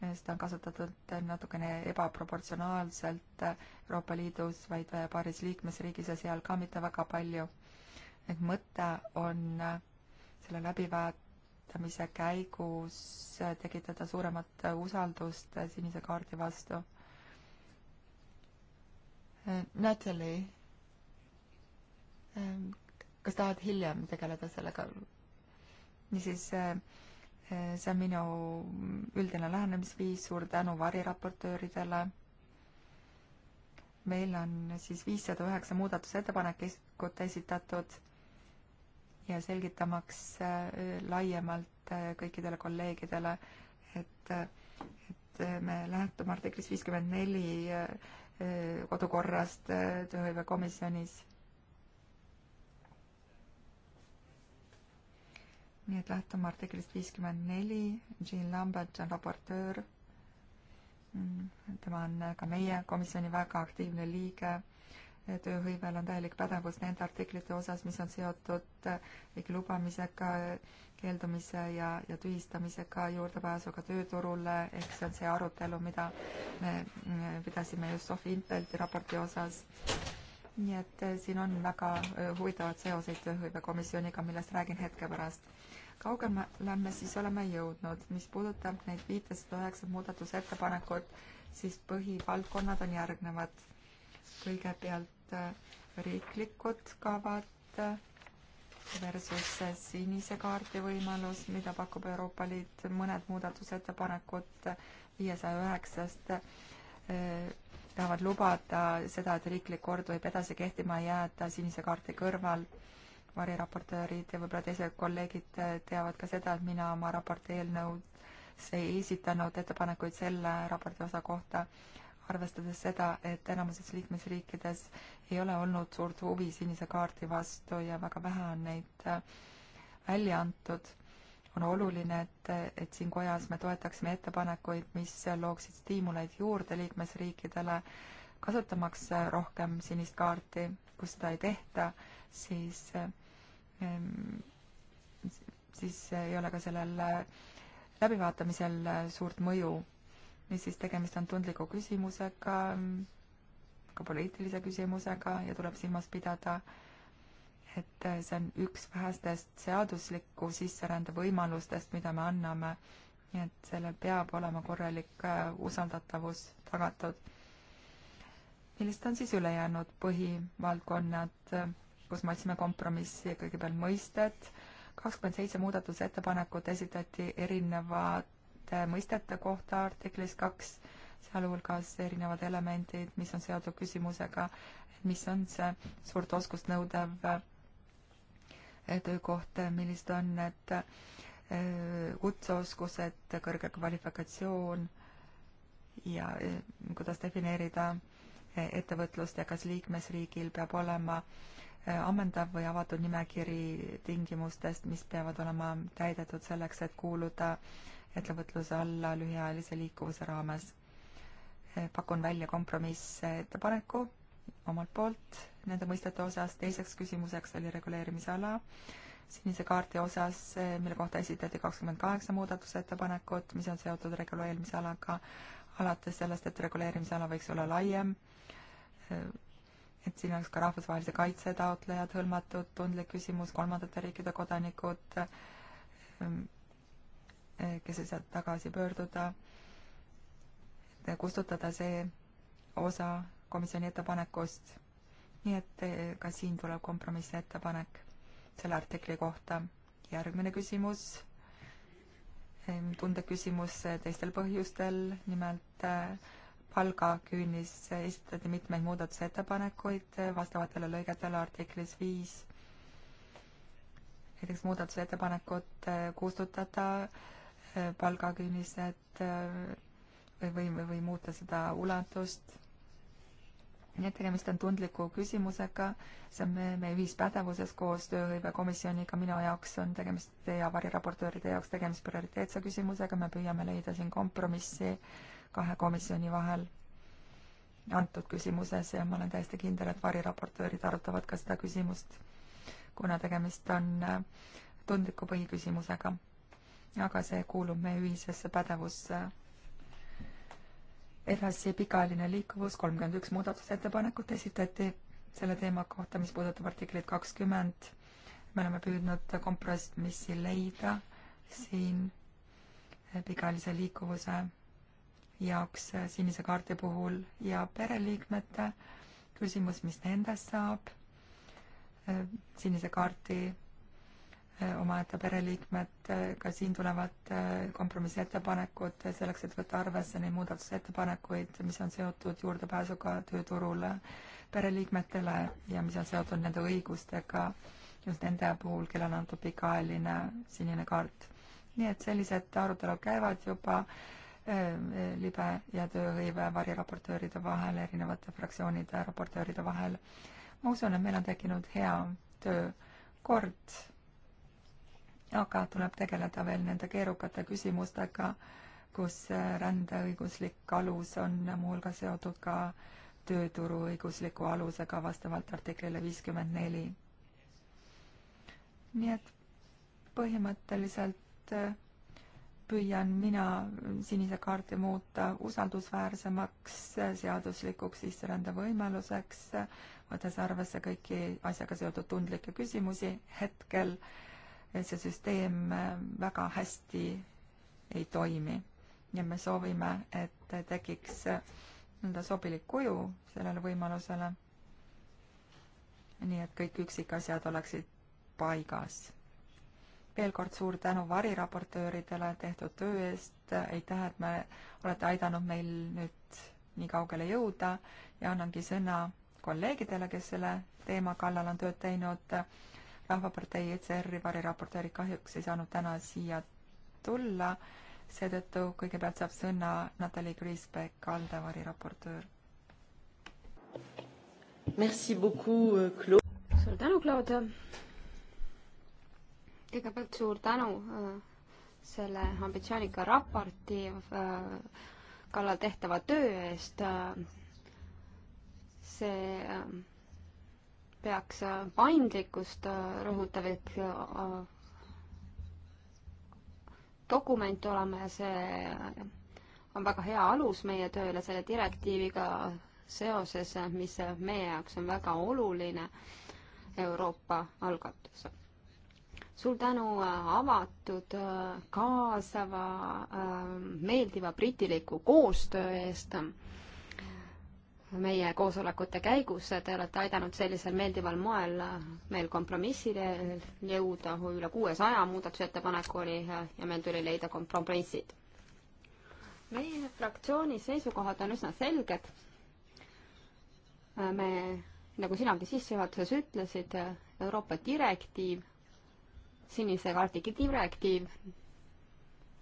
seda on kasutatud natukene ebaproportsionaalselt Euroopa Liidus, vaid paaris liikmesriigis ja seal ka mitte väga palju ehk mõte on äh, selle läbivaatamise käigus äh, tekitada suuremat äh, usaldust sinise kaardi vastu. Natalie, ähm, kas tahad hiljem tegeleda sellega? niisiis, see on minu üldine lähenemisviis, suur tänu variraportööridele meil on siis viissada üheksa muudatusettepanekut esitatud ja selgitamaks äh, laiemalt äh, kõikidele kolleegidele, et, et me lähtume artiklist viiskümmend neli äh, kodukorrast tööhõivekomisjonis. nii et lähtume artiklist viiskümmend neli, Jean Lambert on raportöör, mm, tema on ka meie komisjoni väga aktiivne liige tööhõivel on täielik pädevus nende artiklite osas, mis on seotud kõigi eh, lubamisega, keeldumise ja, ja tühistamisega, juurdepääsuga tööturule, ehk see on see arutelu, mida me pidasime just Sofi Intelti raporti osas. nii et eh, siin on väga eh, huvitavad seoseid tööhõivekomisjoniga, millest räägin hetke pärast kaugemale me siis oleme jõudnud. mis puudutab neid viitesada üheksa muudatusettepanekut, siis põhivaldkonnad on järgnevad. kõigepealt Äh, riiklikud kavad versus sinise kaardi võimalus, mida pakub Euroopa Liit, mõned muudatusettepanekud viiesaja üheksast äh, tahavad lubada seda, et riiklik kord võib edasi kehtima jääda sinise kaardi kõrval. variraportöörid ja võib-olla teised kolleegid äh, teavad ka seda, et mina oma raporti eelnõus ei esitanud ettepanekuid selle raporti osa kohta arvestades seda, et enamuses liikmesriikides ei ole olnud suurt huvi sinise kaardi vastu ja väga vähe on neid äh, välja antud, on oluline, et, et siin kojas me toetaksime ettepanekuid, mis looksid stiimuleid juurde liikmesriikidele, kasutamaks äh, rohkem sinist kaarti, kus seda ei tehta, siis, äh, siis ei ole ka sellel läbivaatamisel suurt mõju mis siis tegemist on tundliku küsimusega, ka poliitilise küsimusega ja tuleb silmas pidada, et see on üks vähestest seadusliku sisserände võimalustest, mida me anname. nii et sellel peab olema korralik äh, usaldatavus tagatud. millised on siis ülejäänud põhivaldkonnad, kus me otsime kompromissi, kõigepealt mõisted, kakskümmend seitse muudatusettepanekut esitati erineva erinevate äh, mõistete kohta artiklis kaks, sealhulgas erinevad elemendid, mis on seotud küsimusega, et mis on see suurt oskust nõudev äh, töökoht, millised on need äh, kutseoskused, kõrge kvalifikatsioon ja kuidas defineerida ettevõtlust ja kas liikmesriigil peab olema ammendav või avatud nimekiri tingimustest, mis peavad olema täidetud selleks, et kuuluda ettevõtluse alla lühiajalise liikuvuse raames. pakun välja kompromissettepaneku omalt poolt nende mõistete osas, teiseks küsimuseks oli reguleerimise ala, sinise kaardi osas, mille kohta esitati kakskümmend kaheksa muudatusettepanekut, mis on seotud reguleerimise alaga, alates sellest, et reguleerimise ala võiks olla laiem, et siin oleks ka rahvusvahelise kaitse taotlejad hõlmatud, tundlik küsimus, kolmandate riikide kodanikud, kes ei saa tagasi pöörduda, kustutada see osa komisjoni ettepanekust. nii et eh, ka siin tuleb kompromissi ettepanek selle artikli kohta. järgmine küsimus, tundeküsimus teistel põhjustel, nimelt eh, palgaküünis esitati mitmeid muudatusettepanekuid vastavatele lõigetele artiklis viis. näiteks muudatusettepanekut eh, kustutada äh, palgakünnised äh, või, või, või muuta seda ulatust. nii et tegemist on tundliku küsimusega, see on meie, meie ühispädevuses koos tööhõivekomisjoniga, minu jaoks on tegemist ja variraportööride jaoks tegemist prioriteetse küsimusega, me püüame leida siin kompromissi kahe komisjoni vahel antud küsimuses ja ma olen täiesti kindel, et variraportöörid arutavad ka seda küsimust, kuna tegemist on äh, tundliku põhiküsimusega aga see kuulub meie ühisesse pädevusse. edasi pikaajaline liikuvus, kolmkümmend üks muudatusettepanekut esitati selle teema kohta, mis puudutab artiklit kakskümmend. me oleme püüdnud kompromissi leida siin pikaajalise liikuvuse jaoks sinise kaardi puhul ja pereliikmete küsimus, mis nendest saab, sinise kaardi Eh, omaette pereliikmed, eh, ka siin tulevad eh, kompromissettepanekud selleks, et võtta arvesse neid muudatusettepanekuid, mis on seotud juurdepääsuga tööturule pereliikmetele ja mis on seotud nende õigustega just nende puhul, kellel on antud pikaajaline sinine kaart. nii et sellised arutelud käivad juba libe ja tööhõive variraportööride vahel, erinevate fraktsioonide raportööride vahel. ma usun, et meil on tekkinud hea töökord aga tuleb tegeleda veel nende keerukate küsimustega, kus äh, rändeõiguslik alus on muuhulgas seotud ka tööturu õigusliku alusega vastavalt artiklile viiskümmend neli. nii et põhimõtteliselt äh, püüan mina sinise kaardi muuta usaldusväärsemaks äh, seaduslikuks sisserände võimaluseks, võttes arvesse kõiki asjaga seotud tundlikke küsimusi hetkel äh, see süsteem äh, väga hästi ei toimi ja me soovime, et tekiks äh, nii-öelda sobilik kuju sellele võimalusele. nii et kõik üksikasjad oleksid paigas. veel kord suur tänu variraportööridele tehtud töö eest, aitäh, et me, olete aidanud meil nüüd nii kaugele jõuda ja annangi sõna kolleegidele, kes selle teema kallal on tööd teinud Rahvapartei ECR-i variraportöörid kahjuks ei saanud täna siia tulla, seetõttu kõigepealt saab sõna Natalja Kriisbeck, ALDE variraportöör. Euh, suur tänu, Claude! kõigepealt suur tänu äh, selle ambitsioonika raporti äh, kallal tehtava töö eest. Äh, see peaks äh, paindlikkust äh, rõhutav ehk äh, dokument olema ja see on väga hea alus meie tööle selle direktiiviga seoses, mis meie jaoks on väga oluline Euroopa algatus. suur tänu avatud, kaasava, meeldiva britiliku koostöö eest meie koosolekute käigus, te olete aidanud sellisel meeldival moel meil kompromissile jõuda, üle kuuesaja muudatusettepaneku oli ja meil tuli leida kompromissid. meie fraktsiooni seisukohad on üsna selged. me, nagu sinagi sissejuhatuses ütlesid, Euroopa direktiiv, sinise kaardi direktiiv,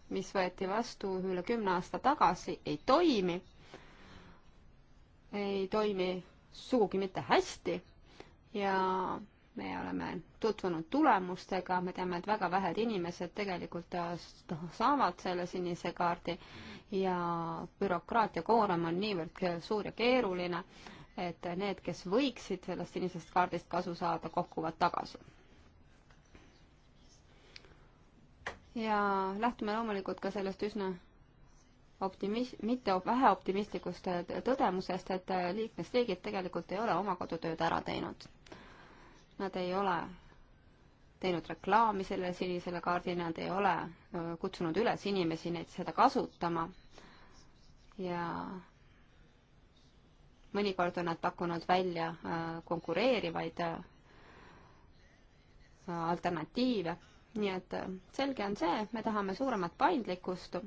mis võeti vastu üle kümne aasta tagasi, ei toimi ei toimi sugugi mitte hästi ja me oleme tutvunud tulemustega, me teame, et väga vähed inimesed tegelikult äh, saavad selle sinise kaardi ja bürokraatia koorem on niivõrd suur ja keeruline, et need, kes võiksid sellest sinisest kaardist kasu saada, kohkuvad tagasi. ja lähtume loomulikult ka sellest üsna optimis-, mitte vähe optimistlikust tõdemusest, et äh, liikmesriigid tegelikult ei ole oma kodutööd ära teinud. Nad ei ole teinud reklaami sellele sinisele kaardile, nad ei ole äh, kutsunud üles inimesi neid seda kasutama ja mõnikord on nad pakkunud välja äh, konkureerivaid alternatiive, nii et selge on see, me tahame suuremat paindlikkust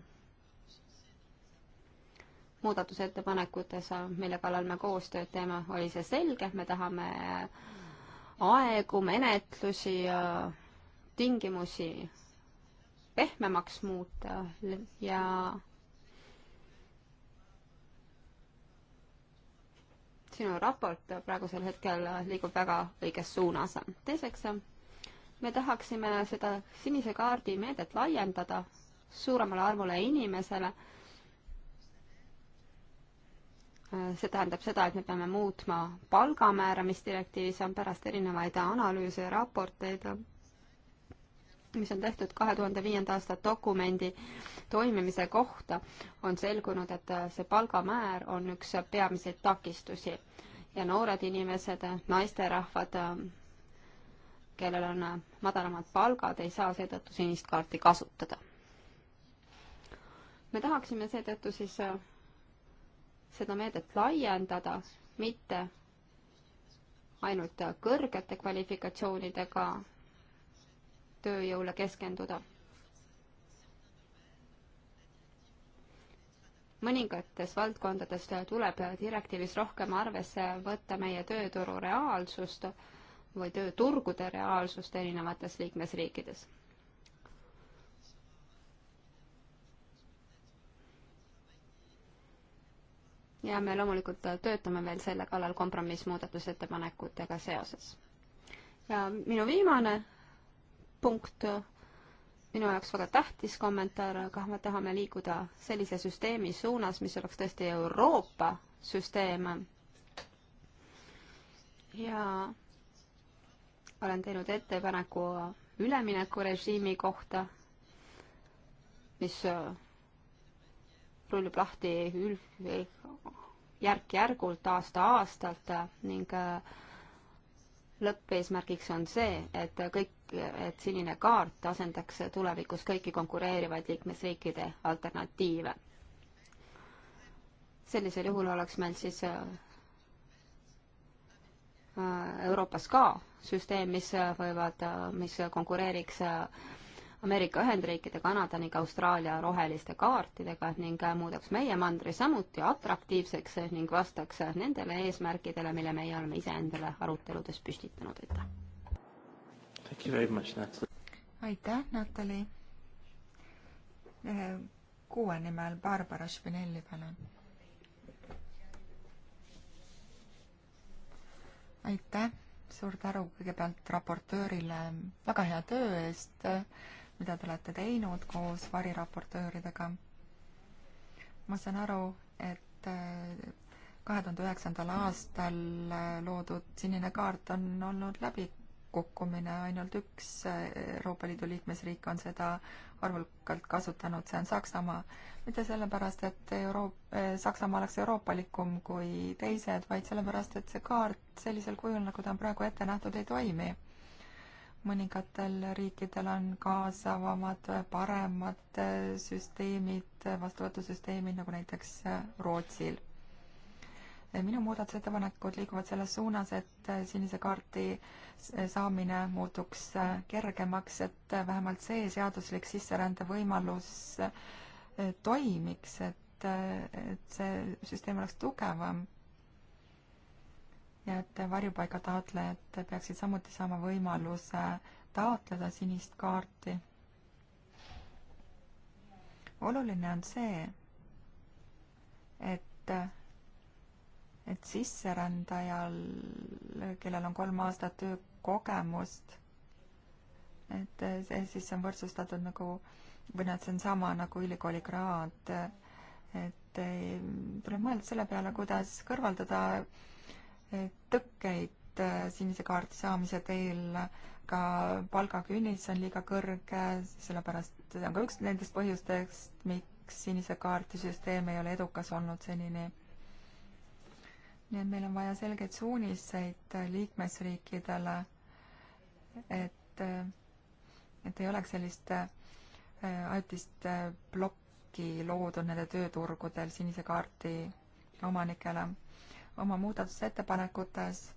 muudatusettepanekutes, mille kallal me koostööd teeme, oli see selge, me tahame aegu, menetlusi, tingimusi pehmemaks muuta ja sinu raport praegusel hetkel liigub väga õiges suunas. teiseks, me tahaksime seda sinise kaardi meedet laiendada suuremale arvule inimesele Äh, see tähendab seda, et me peame muutma palgamäära, mis direktiivis on pärast erinevaid analüüse ja raporteid, mis on tehtud kahe tuhande viienda aasta dokumendi toimimise kohta, on selgunud, et äh, see palgamäär on üks peamiseid takistusi ja noored inimesed, naisterahvad, äh, kellel on madalamad palgad, ei saa seetõttu sinist kaarti kasutada. me tahaksime seetõttu siis seda meedet laiendada, mitte ainult kõrgete kvalifikatsioonidega tööjõule keskenduda. mõningates valdkondades tuleb direktiivis rohkem arvesse võtta meie tööturu reaalsust või tööturgude reaalsust erinevates liikmesriikides ja me loomulikult töötame veel selle kallal kompromissmuudatusettepanekutega seoses. ja minu viimane punkt, minu jaoks väga tähtis kommentaar, aga me tahame liikuda sellise süsteemi suunas, mis oleks tõesti Euroopa süsteem. ja olen teinud ettepaneku üleminekurežiimi kohta, mis rullub lahti järk-järgult, aasta-aastalt ning äh, lõppeesmärgiks on see, et kõik, et sinine kaart asendaks tulevikus kõiki konkureerivaid liikmesriikide alternatiive. sellisel juhul oleks meil siis äh, äh, Euroopas ka süsteem, mis võivad, mis konkureeriks Ameerika Ühendriikide, Kanada ning Austraalia roheliste kaartidega ning äh, muudaks meie mandri samuti atraktiivseks ning vastaks äh, nendele eesmärkidele, mille meie oleme iseendale aruteludes püstitanud, aitäh! aitäh, Natali! kuue nimel Barbara Spinelli, palun! aitäh, suur tänu kõigepealt raportöörile väga hea töö eest, mida te olete teinud koos variraportööridega. ma saan aru, et äh, kahe tuhande üheksandal aastal äh, loodud sinine kaart on olnud läbikukkumine, ainult üks äh, Euroopa Liidu liikmesriik on seda arvukalt kasutanud, see on Saksamaa. mitte sellepärast, et Euroop-, Saksamaa oleks euroopalikum kui teised, vaid sellepärast, et see kaart sellisel kujul, nagu ta on praegu ette nähtud, ei toimi mõningatel riikidel on kaasavamad, paremad süsteemid, vastuvõtusüsteemid, nagu näiteks Rootsil. minu muudatusettepanekud liiguvad selles suunas, et sinise kaardi saamine muutuks kergemaks, et vähemalt see seaduslik sisserände võimalus toimiks, et, et see süsteem oleks tugevam ja et varjupaiga taotlejad peaksid samuti saama võimaluse taotleda sinist kaarti. oluline on see, et, et sisserändajal, kellel on kolm aastat töökogemust, et see siis on võrdsustatud nagu või noh, et see on sama nagu ülikooli kraad, et tuleb mõelda selle peale, kuidas kõrvaldada äh, tõkkeid äh, sinise kaardi saamise teel, ka palgakünnis on liiga kõrge, sellepärast see on ka üks nendest põhjustest, miks sinise kaardi süsteem ei ole edukas olnud senini. nii et meil on vaja selgeid suuniseid liikmesriikidele, et, et ei oleks sellist äh, ajutist äh, plokki loodud nende tööturgudel sinise kaardi omanikele oma muudatusettepanekutes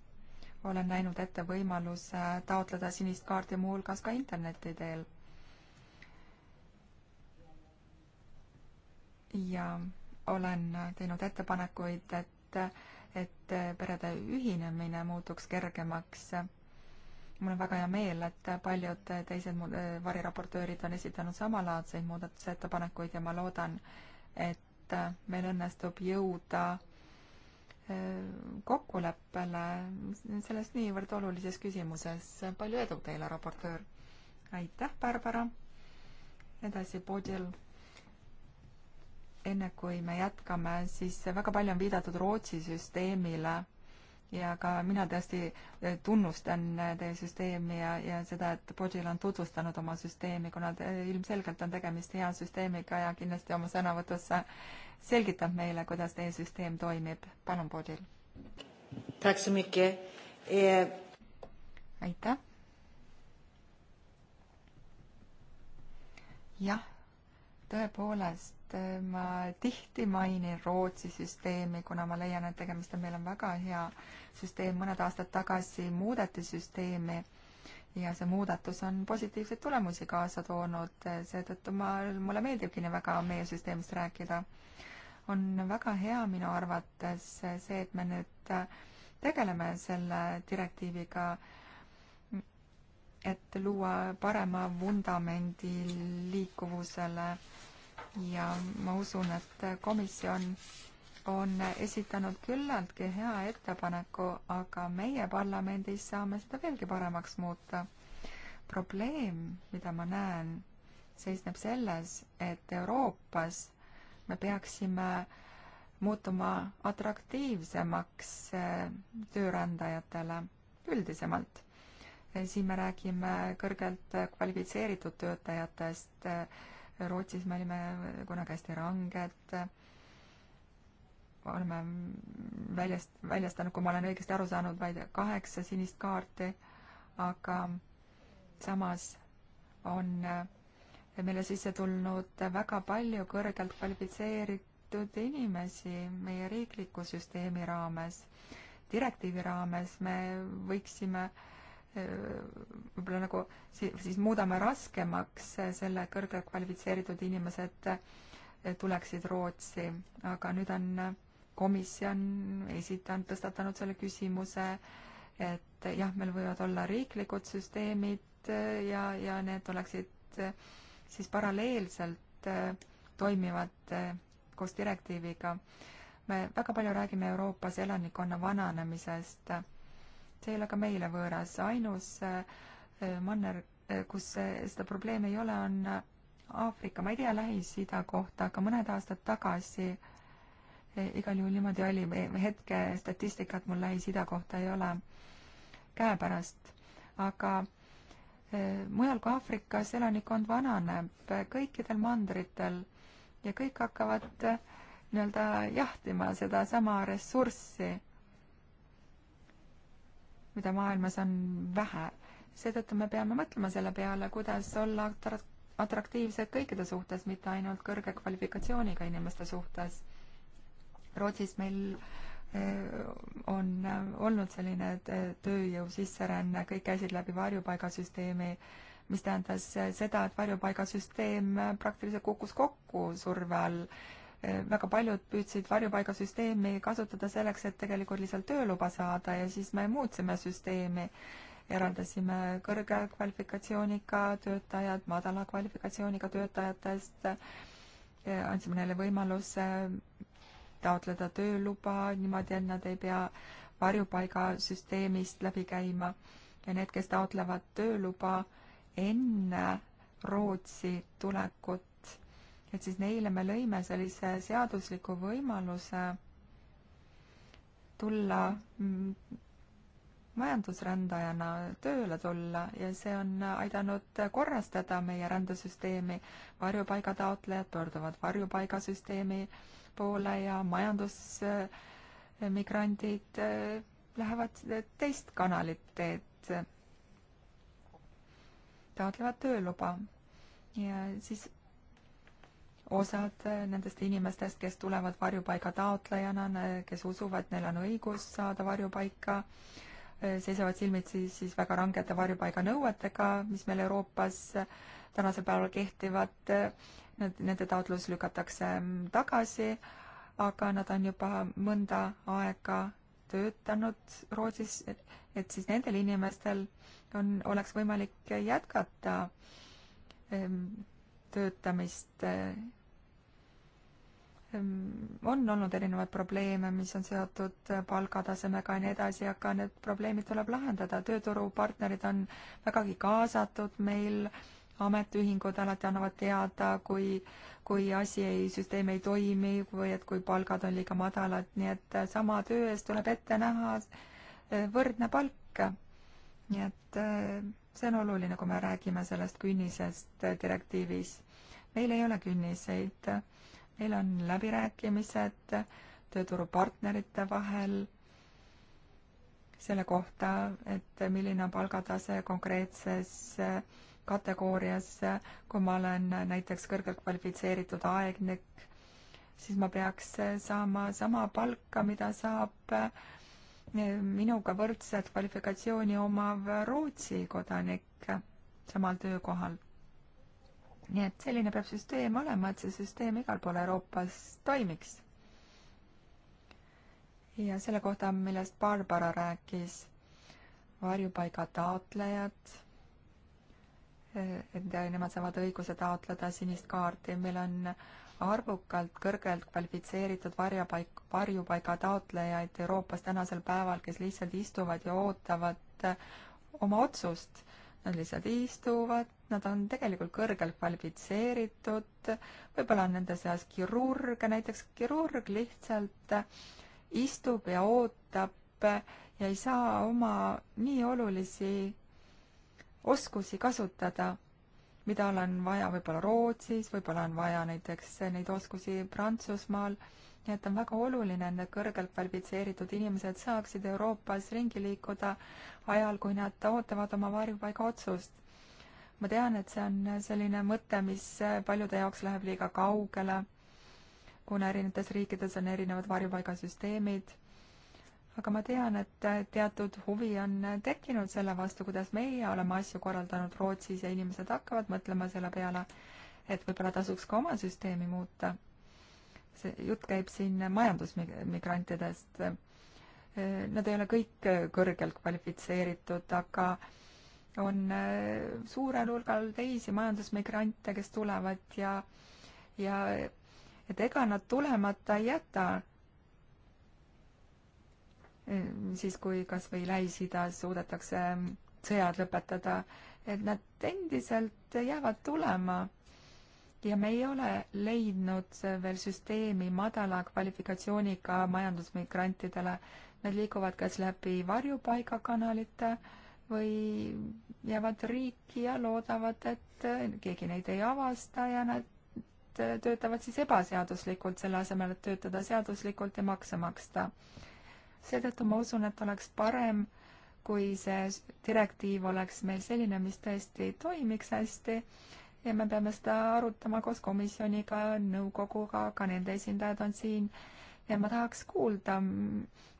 olen näinud ette võimaluse taotleda sinist kaarti muuhulgas ka interneti teel. ja olen teinud ettepanekuid, et, et perede ühinemine muutuks kergemaks. mul on väga hea meel, et paljud teised variraportöörid on esitanud samalaadseid muudatusettepanekuid ja ma loodan, et meil õnnestub jõuda kokkuleppele selles niivõrd olulises küsimuses. palju edu teile, raportöör! aitäh, Barbara! edasi, Bodil. enne kui me jätkame, siis väga palju on viidatud Rootsi süsteemile ja ka mina tõesti eh, tunnustan eh, teie süsteemi ja, ja seda, et Bodil on tutvustanud oma süsteemi, kuna te, eh, ilmselgelt on tegemist hea süsteemiga ja kindlasti oma sõnavõtus selgitab meile, kuidas teie süsteem toimib. palun, Bodil. aitäh. jah, tõepoolest et äh, ma tihti mainin Rootsi süsteemi, kuna ma leian, et tegemist on, meil on väga hea süsteem, mõned aastad tagasi muudeti süsteemi ja see muudatus on positiivseid tulemusi kaasa toonud, seetõttu ma, mulle meeldibki nii väga meie süsteemist rääkida. on väga hea minu arvates see, et me nüüd tegeleme selle direktiiviga, et luua parema vundamendi liikuvusele äh, ja ma usun, et komisjon on esitanud küllaltki hea ettepaneku, aga meie parlamendis saame seda veelgi paremaks muuta. probleem, mida ma näen, seisneb selles, et Euroopas me peaksime muutuma atraktiivsemaks eh, töörändajatele üldisemalt. Eh, siin me räägime kõrgelt kvalifitseeritud töötajatest eh, Rootsis me olime kunagi hästi ranged, oleme väljast, väljastanud, kui ma olen õigesti aru saanud, vaid kaheksa sinist kaarti, aga samas on meile sisse tulnud väga palju kõrgelt kvalifitseeritud inimesi meie riikliku süsteemi raames, direktiivi raames, me võiksime äh, Äh, võib-olla nagu si-, siis muudame raskemaks selle kõrgelt kvalifitseeritud inimesed äh, tuleksid Rootsi, aga nüüd on äh, komisjon esitanud, tõstatanud selle küsimuse, et jah, meil võivad olla riiklikud süsteemid ja, ja need oleksid siis paralleelselt toimivad koos direktiiviga. me väga palju räägime Euroopas elanikkonna vananemisest see ei ole ka meile võõras, ainus eh, manner, eh, kus eh, seda probleemi ei ole, on Aafrika, ma ei tea Lähis-Ida kohta, aga mõned aastad tagasi igal juhul niimoodi oli, hetke statistikat mul Lähis-Ida kohta ei ole käepärast, aga mujal kui Aafrikas elanikkond vananeb kõikidel mandritel ja kõik hakkavad nii-öelda jahtima sedasama ressurssi mida maailmas on vähe. seetõttu me peame mõtlema selle peale, kuidas olla atraktiivsed kõikide suhtes, mitte ainult kõrge kvalifikatsiooniga inimeste suhtes. Rootsis meil eh, on eh, olnud selline eh, tööjõu sisseränne, kõik käisid läbi varjupaigasüsteemi, mis tähendas seda, et varjupaigasüsteem praktiliselt kukkus kokku surve all väga paljud püüdsid varjupaigasüsteemi kasutada selleks, et tegelikult lihtsalt tööluba saada ja siis me muutsime süsteemi. eraldasime kõrge kvalifikatsiooniga töötajad madala kvalifikatsiooniga töötajatest, andsime neile võimaluse taotleda tööluba niimoodi, et nad ei pea varjupaigasüsteemist läbi käima. ja need, kes taotlevad tööluba enne Rootsi tulekut, et siis neile me lõime sellise seadusliku võimaluse tulla mm, majandusrändajana tööle tulla ja see on aidanud korrastada meie rändesüsteemi. varjupaiga taotlejad pöörduvad varjupaigasüsteemi poole ja majandusmigrandid eh, lähevad teist kanalit teed, taotlevad tööluba ja siis osad nendest inimestest, kes tulevad varjupaiga taotlejana, kes usuvad, neil on õigus saada varjupaika, seisavad silmitsi siis väga rangete varjupaiganõuetega, mis meil Euroopas tänasel päeval kehtivad. Need, nende taotlus lükatakse tagasi, aga nad on juba mõnda aega töötanud Rootsis, et siis nendel inimestel on, oleks võimalik jätkata ehm, töötamist Ehm, on olnud erinevaid probleeme, mis on seotud äh, palgatasemega ja nii edasi, aga need probleemid tuleb lahendada, tööturupartnerid on vägagi kaasatud meil, ametiühingud alati annavad teada, kui, kui asi ei, süsteem ei toimi või et kui palgad on liiga madalad, nii et äh, sama töö eest tuleb ette näha äh, võrdne palk. nii et see on oluline, kui me räägime sellest künnisest direktiivis. meil ei ole künniseid meil on läbirääkimised tööturupartnerite vahel selle kohta, et milline on palgatase konkreetses kategoorias, kui ma olen näiteks kõrgelt kvalifitseeritud aegnik, siis ma peaks saama sama palka, mida saab minuga võrdset kvalifikatsiooni omav Rootsi kodanik samal töökohal nii et selline peab süsteem olema, et see süsteem igal pool Euroopas toimiks. ja selle kohta, millest Barbara rääkis, varjupaiga taotlejad, eh, et nemad saavad õiguse taotleda sinist kaarti, meil on arvukalt kõrgelt kvalifitseeritud varjapaik, varjupaiga taotlejaid Euroopas tänasel päeval, kes lihtsalt istuvad ja ootavad eh, oma otsust nad lihtsalt istuvad, nad on tegelikult kõrgelt kvalifitseeritud, võib-olla on nende seas kirurg, näiteks kirurg lihtsalt istub ja ootab ja ei saa oma nii olulisi oskusi kasutada, mida tal on vaja võib-olla Rootsis, võib-olla on vaja näiteks neid oskusi Prantsusmaal nii et on väga oluline, et need kõrgelt kvalifitseeritud inimesed saaksid Euroopas ringi liikuda ajal, kui nad ootavad oma varjupaiga otsust. ma tean, et see on selline mõte, mis paljude jaoks läheb liiga kaugele, kuna erinevates riikides on erinevad varjupaigasüsteemid, aga ma tean, et teatud huvi on tekkinud selle vastu, kuidas meie oleme asju korraldanud Rootsis ja inimesed hakkavad mõtlema selle peale, et võib-olla tasuks ka oma süsteemi muuta see jutt käib siin majandusmigrantidest. Nad ei ole kõik kõrgelt kvalifitseeritud, aga on suurel hulgal teisi majandusmigrante, kes tulevad ja, ja et ega nad tulemata ei jäta. siis, kui kas või Lähis-Idas suudetakse sõjad lõpetada, et nad endiselt jäävad tulema ja me ei ole leidnud veel süsteemi madala kvalifikatsiooniga majandusmigrantidele. Nad liiguvad kas läbi varjupaigakanalite või jäävad riiki ja loodavad, et äh, keegi neid ei avasta ja nad äh, töötavad siis ebaseaduslikult, selle asemel, et töötada seaduslikult ja makse maksta. seetõttu ma usun, et oleks parem, kui see direktiiv oleks meil selline, mis tõesti toimiks hästi ja me peame seda arutama koos komisjoniga, nõukoguga, ka nende esindajad on siin ja ma tahaks kuulda,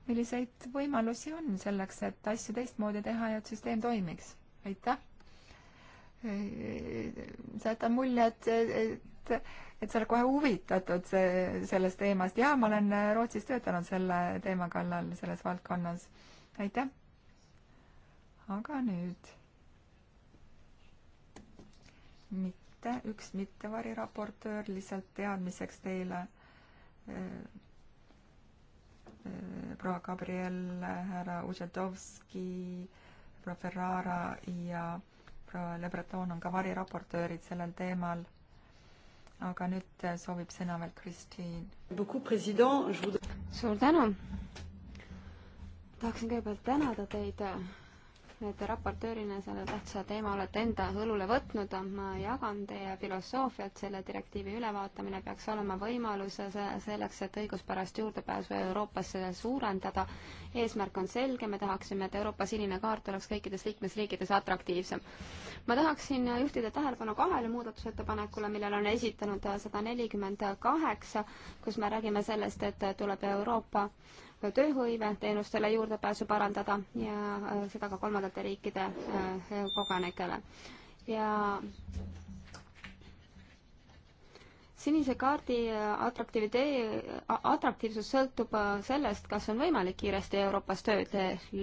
milliseid võimalusi on selleks, et asju teistmoodi teha ja et süsteem toimiks. aitäh! sa jätad mulje, et, et, et sa oled kohe huvitatud see, sellest teemast ja ma olen Rootsis töötanud selle teema kallal selles valdkonnas. aitäh! aga nüüd mitte, üks mitte variraportöör, lihtsalt teadmiseks teile eh, proua Gabriel, härra Udžadovski, proua Ferrara ja proua Le Breton on ka variraportöörid sellel teemal. aga nüüd soovib sõna veel Kristiin. suur tänu! tahaksin kõigepealt tänada teid et raportöörina selle tähtsa teema olete enda õlule võtnud. ma jagan teie filosoofiat, selle direktiivi ülevaatamine peaks olema võimalus selleks, et õiguspärast juurdepääsu Euroopasse suurendada. eesmärk on selge, me tahaksime, et Euroopa sinine kaart oleks kõikides liikmesriikides atraktiivsem. ma tahaksin juhtida tähelepanu kahele muudatusettepanekule, millele on esitanud sada nelikümmend kaheksa, kus me räägime sellest, et tuleb Euroopa tööhõive teenustele juurdepääsu parandada ja äh, seda ka kolmandate riikide äh, kodanikele. ja sinise kaardi äh, atraktiivide-, äh, atraktiivsus sõltub äh, sellest, kas on võimalik kiiresti Euroopas tööd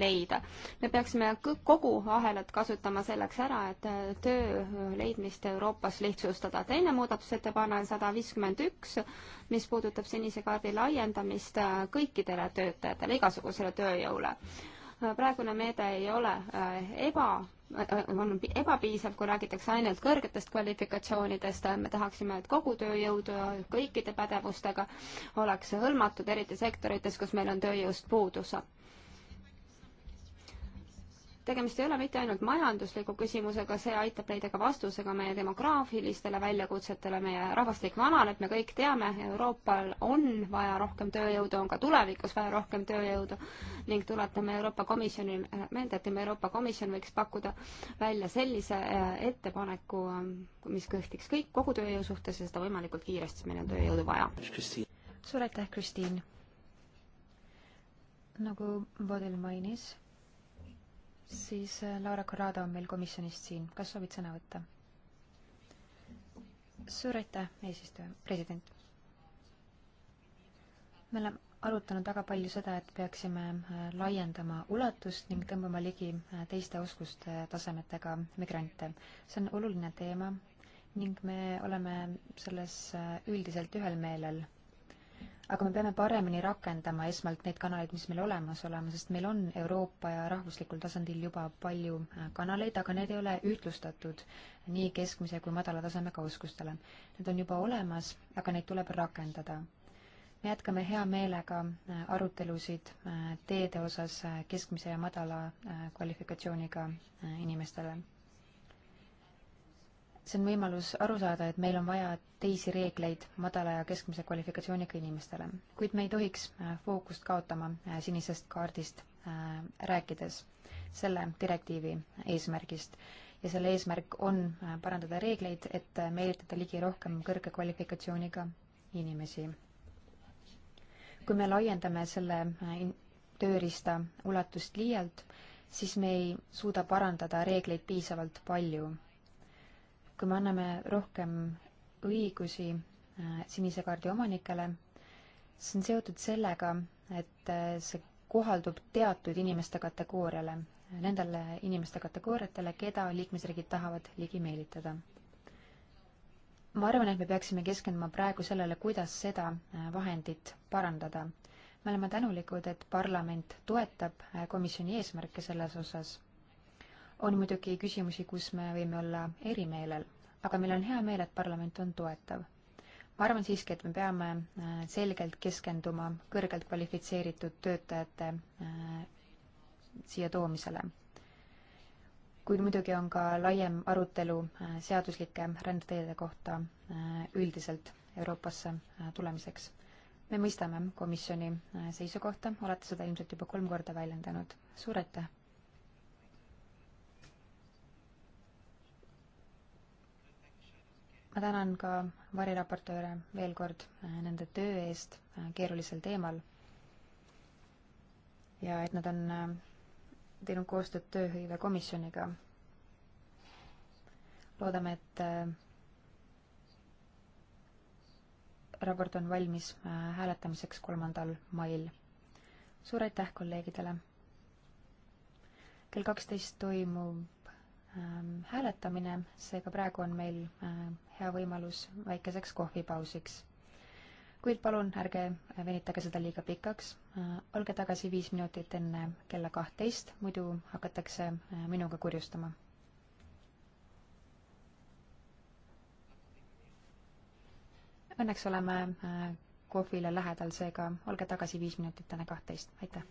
leida. me peaksime kogu ahelat kasutama selleks ära, et töö leidmist Euroopas lihtsustada. teine muudatusettepanek on sada viiskümmend üks, mis puudutab sinise kaardi laiendamist kõikidele töötajatele, igasugusele tööjõule praegune meede ei ole eba, on ebapiisav, kui räägitakse ainult kõrgetest kvalifikatsioonidest, me tahaksime, et kogu tööjõud kõikide pädevustega oleks hõlmatud, eriti sektorites, kus meil on tööjõust puudus tegemist ei ole mitte ainult majandusliku küsimusega, see aitab leida ka vastusega meie demograafilistele väljakutsetele, meie rahvastik vananeb, me kõik teame, Euroopal on vaja rohkem tööjõudu, on ka tulevikus vaja rohkem tööjõudu ning tuletame Euroopa Komisjoni meelde, et Euroopa Komisjon võiks pakkuda välja sellise äh, ettepaneku, äh, mis kõhtiks kõik kogu tööjõu suhtes ja seda võimalikult kiiresti, sest meil on tööjõudu vaja. suur aitäh, Kristiin! nagu Bodil mainis siis äh, Laura Corrado on meil komisjonist siin, kas soovid sõna võtta? suur aitäh, eesistuja, president. me oleme arutanud väga palju seda, et peaksime äh, laiendama ulatust ning tõmbama ligi äh, teiste oskuste tasemetega migrante. see on oluline teema ning me oleme selles üldiselt ühel meelel aga me peame paremini rakendama esmalt neid kanaleid, mis meil olemas olema, sest meil on Euroopa ja rahvuslikul tasandil juba palju äh, kanaleid, aga need ei ole ühtlustatud nii keskmise kui madala tasemega oskustele. Need on juba olemas, aga neid tuleb rakendada. me jätkame hea meelega äh, arutelusid äh, teede osas keskmise ja madala kvalifikatsiooniga inimestele see on võimalus aru saada, et meil on vaja teisi reegleid madala ja keskmise kvalifikatsiooniga inimestele, kuid me ei tohiks äh, fookust kaotama äh, sinisest kaardist äh, rääkides selle direktiivi eesmärgist ja selle eesmärk on parandada reegleid, et meelitada ligi rohkem kõrge kvalifikatsiooniga inimesi. kui me laiendame selle tööriista ulatust liialt, siis me ei suuda parandada reegleid piisavalt palju kui me anname rohkem õigusi äh, sinise kaardi omanikele, see on seotud sellega, et äh, see kohaldub teatud inimeste kategooriale, nendele inimeste kategooriatele, keda liikmesriigid tahavad ligi meelitada. ma arvan, et me peaksime keskenduma praegu sellele, kuidas seda äh, vahendit parandada. me oleme tänulikud, et parlament toetab komisjoni eesmärke selles osas on muidugi küsimusi, kus me võime olla erimeelel, aga meil on hea meel, et parlament on toetav. ma arvan siiski, et me peame äh, selgelt keskenduma kõrgelt kvalifitseeritud töötajate äh, siia toomisele. kuid muidugi on ka laiem arutelu äh, seaduslike rändeteede kohta üldiselt Euroopasse tulemiseks. me mõistame komisjoni seisukohta, olete seda ilmselt juba kolm korda väljendanud. suur aitäh! ma tänan ka variraportööre veel kord äh, nende töö eest äh, keerulisel teemal ja et nad on äh, teinud koostööd tööhõivekomisjoniga. loodame, et raport on valmis hääletamiseks kolmandal mail. suur aitäh kolleegidele! kell kaksteist toimuv Ähm, hääletamine, seega praegu on meil äh, hea võimalus väikeseks kohvipausiks. kuid palun ärge venitage seda liiga pikaks, äh, olge tagasi viis minutit enne kella kahtteist, muidu hakatakse äh, minuga kurjustama. Õnneks oleme kohvile lähedal, seega olge tagasi viis minutit enne kahtteist, aitäh!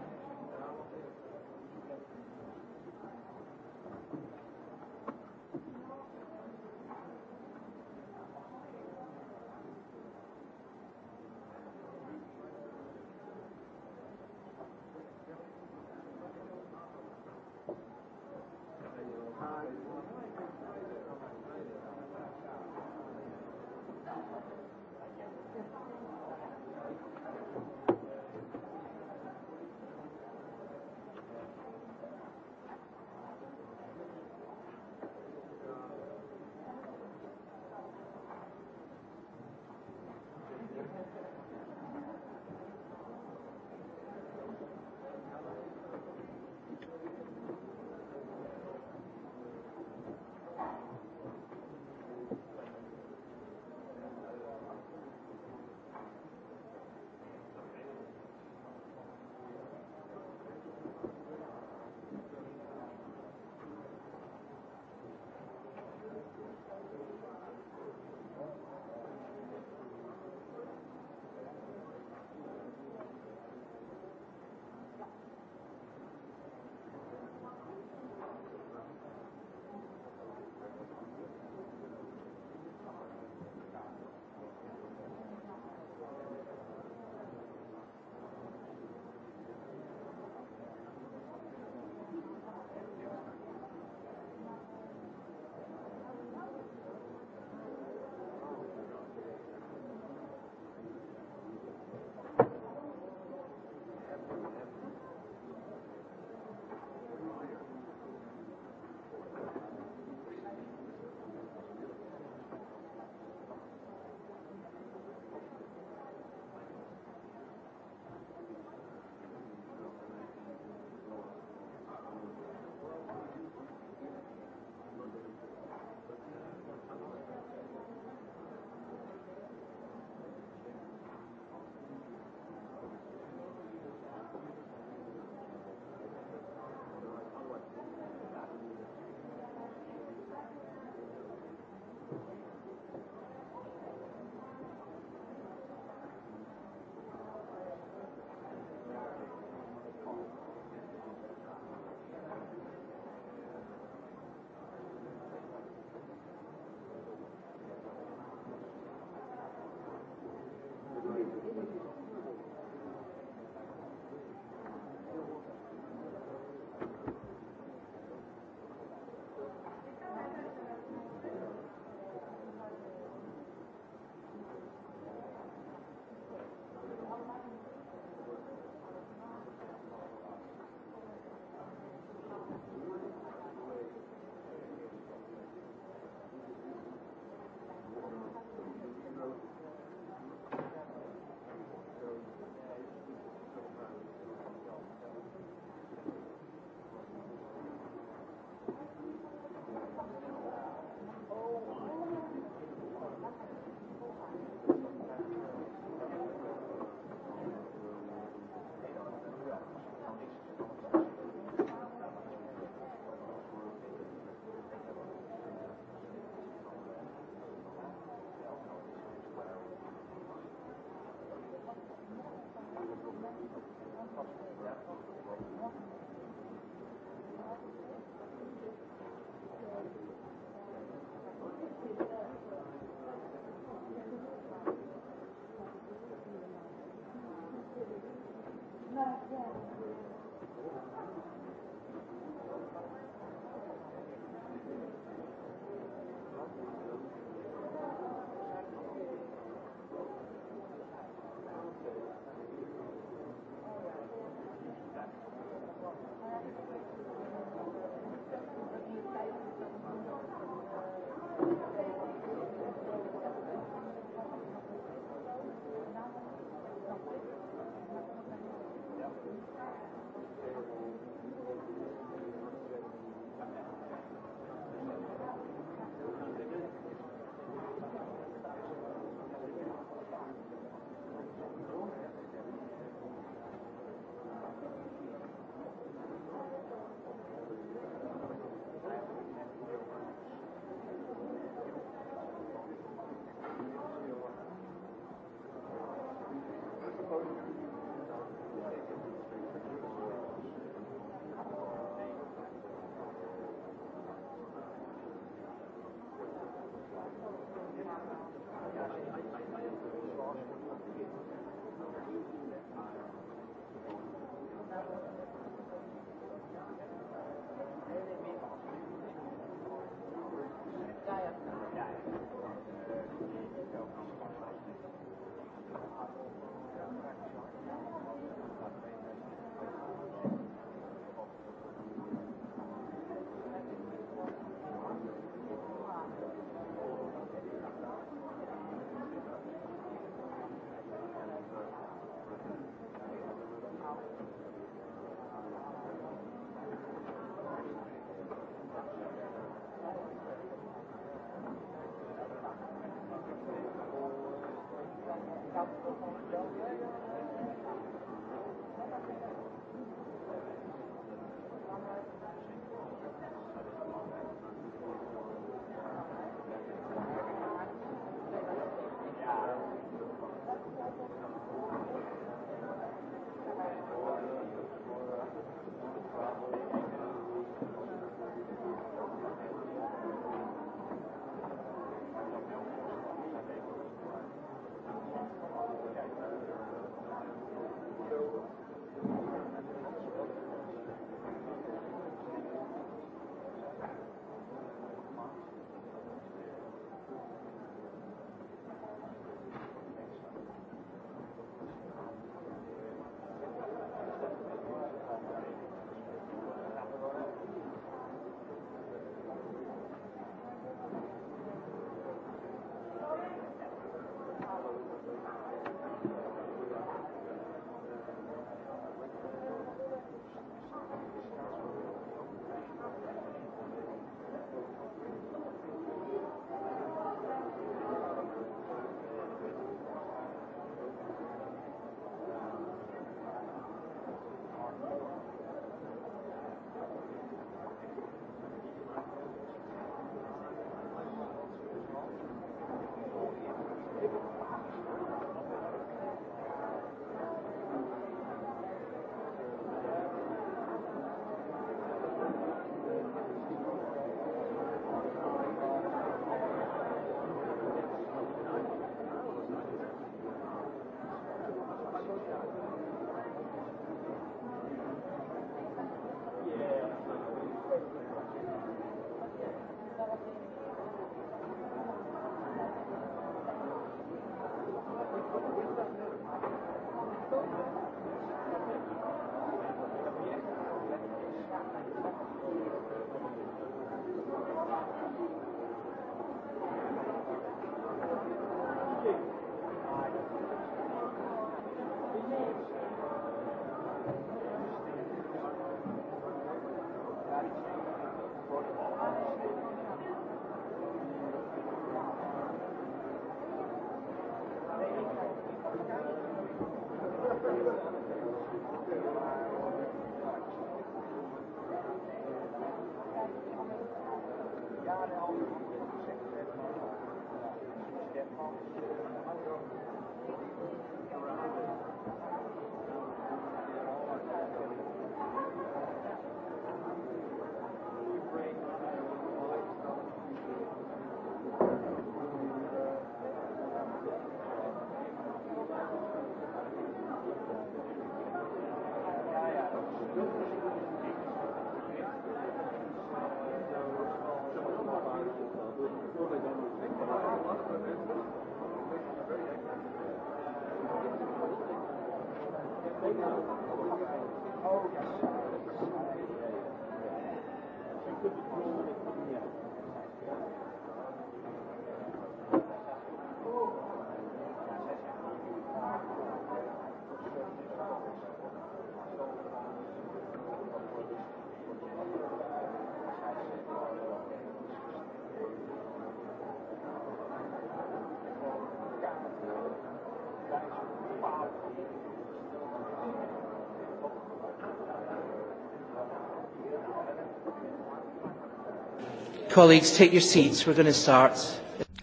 Colleagues, take your seats, we are going to start.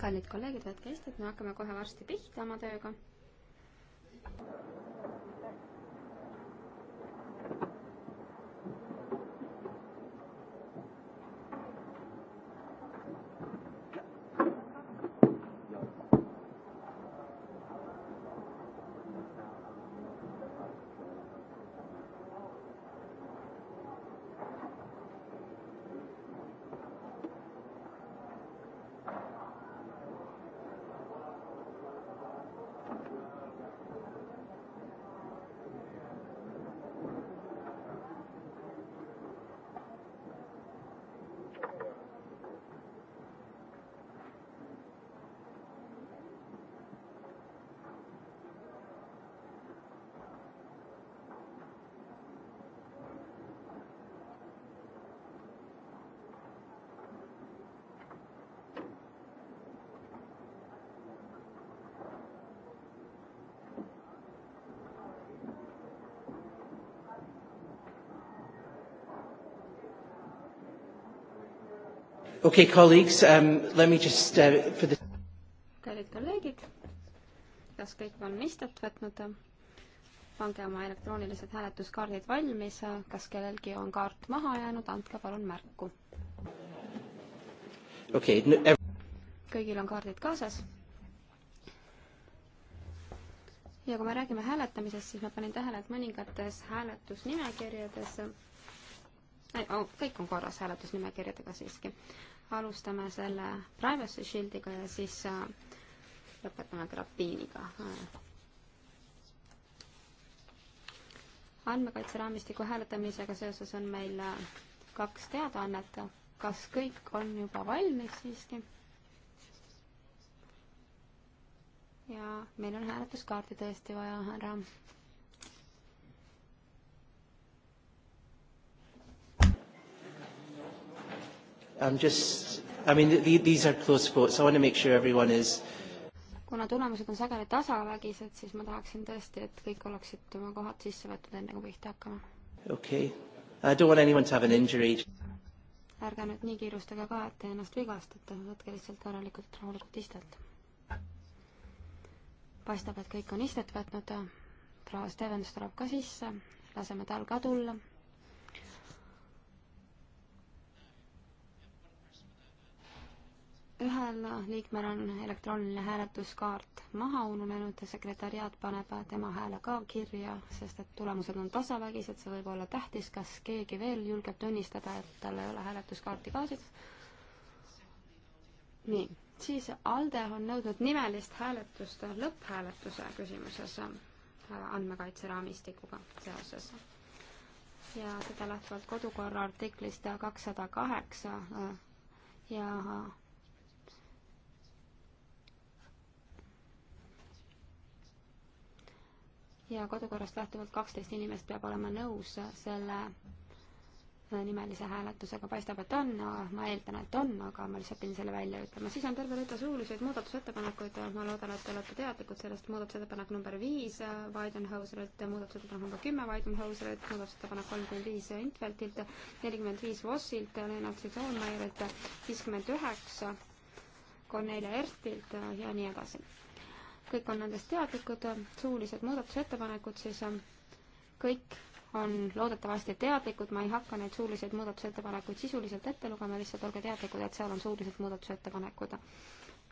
kallid kolleegid, võtke istet, me hakkame kohe varsti pihta oma tööga Okay, colleagues, um, let me just uh, for the kallid kolleegid, kas kõik on istet võtnud? pange oma elektroonilised hääletuskaardid valmis, kas kellelgi on kaart maha jäänud, andke palun märku. okei okay, no,. kõigil on kaardid kaasas? ja kui me räägime hääletamisest, siis ma panin tähele, et mõningates hääletusnimekirjades ei, oh, kõik on korras hääletusnimekirjadega siiski alustame selle Privacy Shieldiga ja siis äh, lõpetame grafiiniga. Äh. andmekaitseraamistiku hääletamisega seoses on meil äh, kaks teadaannet. kas kõik on juba valmis siiski? ja meil on hääletuskaarti tõesti vaja ära I'm just, I mean, these are close votes. I want to make sure everyone is kuna tulemused on sageli tasavägised, siis ma tahaksin tõesti, et kõik oleksid oma kohad sisse võtnud, enne kui pihta hakkame. okei okay., I don't want anyone to have an injury. ärge nüüd nii kiirustage ka, et te ennast vigastate, võtke lihtsalt korralikult rahulikult istet. paistab, et kõik on istet võtnud, proua Stevens tuleb ka sisse, laseme tal ka tulla ühel liikmel on elektrooniline hääletuskaart maha ununenud ja sekretäriaat paneb tema hääle ka kirja, sest et tulemused on tasavägised, see võib olla tähtis, kas keegi veel julgeb tunnistada, et tal ei ole hääletuskaarti kaasas. nii, siis ALDE on nõudnud nimelist hääletust lõpphääletuse küsimuses äh, andmekaitse raamistikuga seoses ja seda lähtuvalt kodukorra artiklist kakssada kaheksa äh, ja ja kodukorrast lähtuvalt kaksteist inimest peab olema nõus selle äh, nimelise hääletusega, paistab, et on no,, ma eeldan, et on, aga ma lihtsalt pidin selle välja ütlema. siis on terve rida suuliseid muudatusettepanekuid, ma loodan, et te olete teadlikud sellest, muudatusettepanek number viis äh, Weidenhauserilt, muudatusettepanek number kümme Weidenhauserilt, muudatusettepanek kolmkümmend viis Intveltilt, nelikümmend viis Vossilt, Lennart Sisoonmaierilt, viiskümmend üheksa Cornelia Ertilt ja nii edasi kõik on nendest teadlikud, suulised muudatusettepanekud siis kõik on loodetavasti teadlikud, ma ei hakka neid suuliseid muudatusettepanekuid sisuliselt ette lugema, lihtsalt olge teadlikud, et seal on suulised muudatusettepanekud.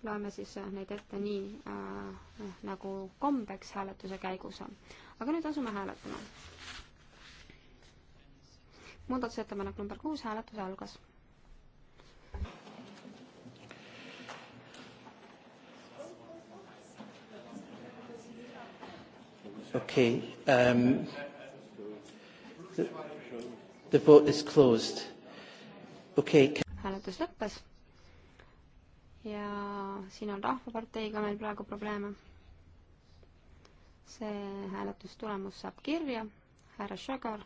loeme siis neid ette nii äh, nagu kombeks hääletuse käigus. aga nüüd asume hääletama. muudatusettepanek number kuus, hääletus algas Okay. Um, the, the vote is closed. Okay. hääletus lõppes. ja siin on Rahvaparteiga meil praegu probleeme. see hääletustulemus saab kirja. härra Šagar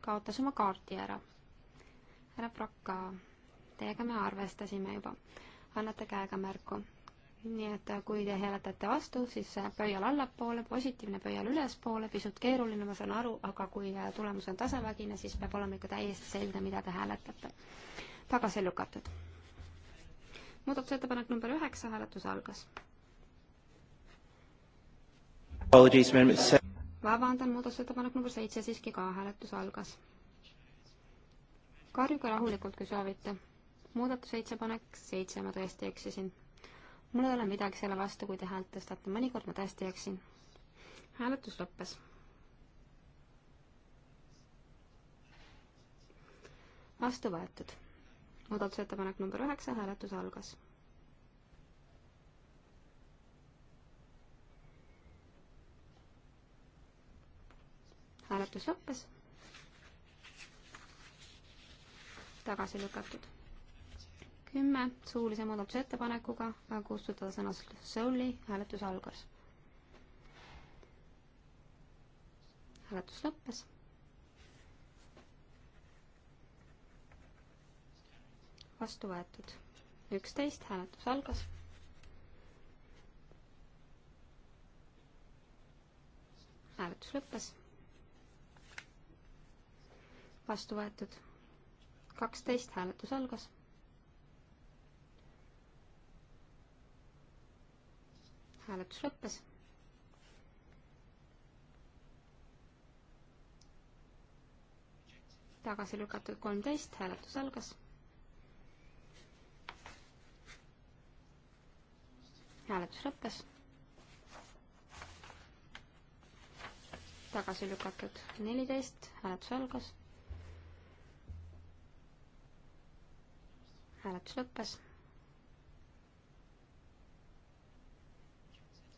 kaotas oma kaardi ära. härra Prokka, teiega me arvestasime juba. annate käega märku nii et äh, kui te hääletate vastu, siis äh, pöial allapoole, positiivne pöial ülespoole, pisut keeruline, ma saan aru, aga kui äh, tulemus on tasavägine, siis peab olema ikka täiesti selge, mida te hääletate. tagasi lükatud. muudatusettepanek number üheksa, hääletus algas. vabandan, muudatusettepanek number seitse siiski ka, hääletus algas. karjuge rahulikult, kui soovite. muudatusettepanek seitse, ma tõesti eksisin mul ei ole midagi selle vastu, kui te häält tõstate, mõnikord ma tõesti eksin. hääletus lõppes. vastu võetud. muudatusettepanek number üheksa, hääletus algas. hääletus lõppes. tagasi lükatud kümme suulise muudatusettepanekuga kustutada sõna solely, hääletus algas. hääletus lõppes. vastu võetud üksteist, hääletus algas. hääletus lõppes. vastu võetud kaksteist, hääletus algas hääletus lõppes. tagasi lükatud kolmteist, hääletus algas. hääletus lõppes. tagasi lükatud neliteist, hääletus algas. hääletus lõppes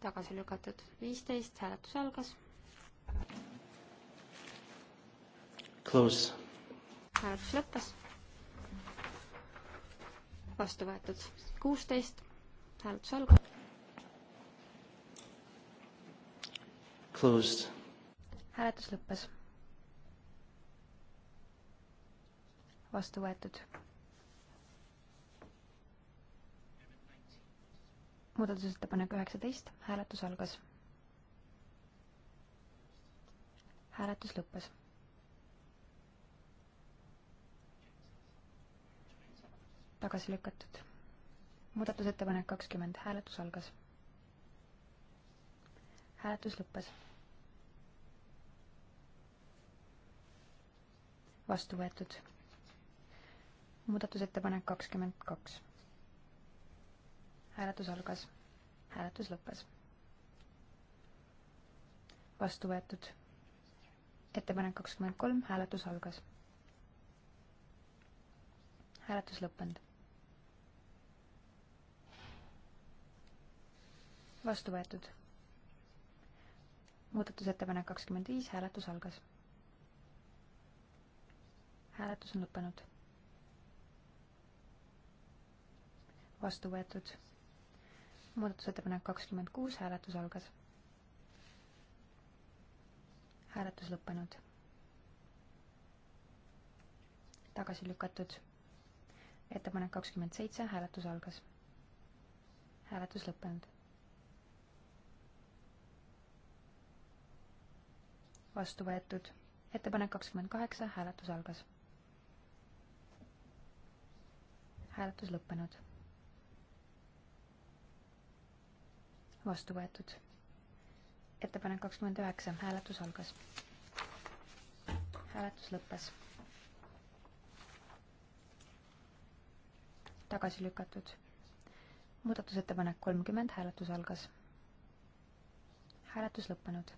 tagasi lükatud. viisteist, hääletus algas. Close. hääletus lõppes. vastu võetud. kuusteist, hääletus algas. Closed. hääletus lõppes. vastu võetud muudatusettepanek üheksateist, hääletus algas. hääletus lõppes. tagasi lükatud. muudatusettepanek kakskümmend, hääletus algas. hääletus lõppes. vastu võetud. muudatusettepanek kakskümmend kaks hääletus algas, hääletus lõppes. vastu võetud. ettepanek kakskümmend kolm, hääletus algas. hääletus lõppenud. vastu võetud. muudatusettepanek kakskümmend viis, hääletus algas. hääletus on lõppenud. vastu võetud muudatusettepanek kakskümmend kuus, hääletus algas. hääletus lõppenud. tagasi lükatud. ettepanek kakskümmend seitse, hääletus algas. hääletus lõppenud. vastu võetud. ettepanek kakskümmend kaheksa, hääletus algas. hääletus lõppenud vastu võetud. ettepanek kakskümmend üheksa, hääletus algas. hääletus lõppes. tagasi lükatud. muudatusettepanek kolmkümmend, hääletus algas. hääletus lõppenud.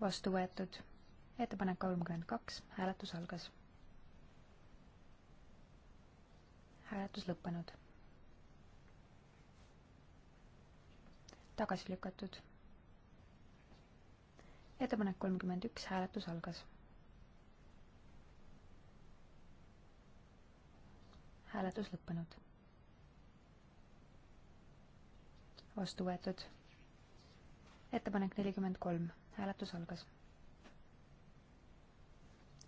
vastu võetud. ettepanek kolmkümmend kaks, hääletus algas. hääletus lõppenud tagasi lükatud. ettepanek kolmkümmend üks, hääletus algas. hääletus lõppenud. vastu võetud. ettepanek nelikümmend kolm, hääletus algas.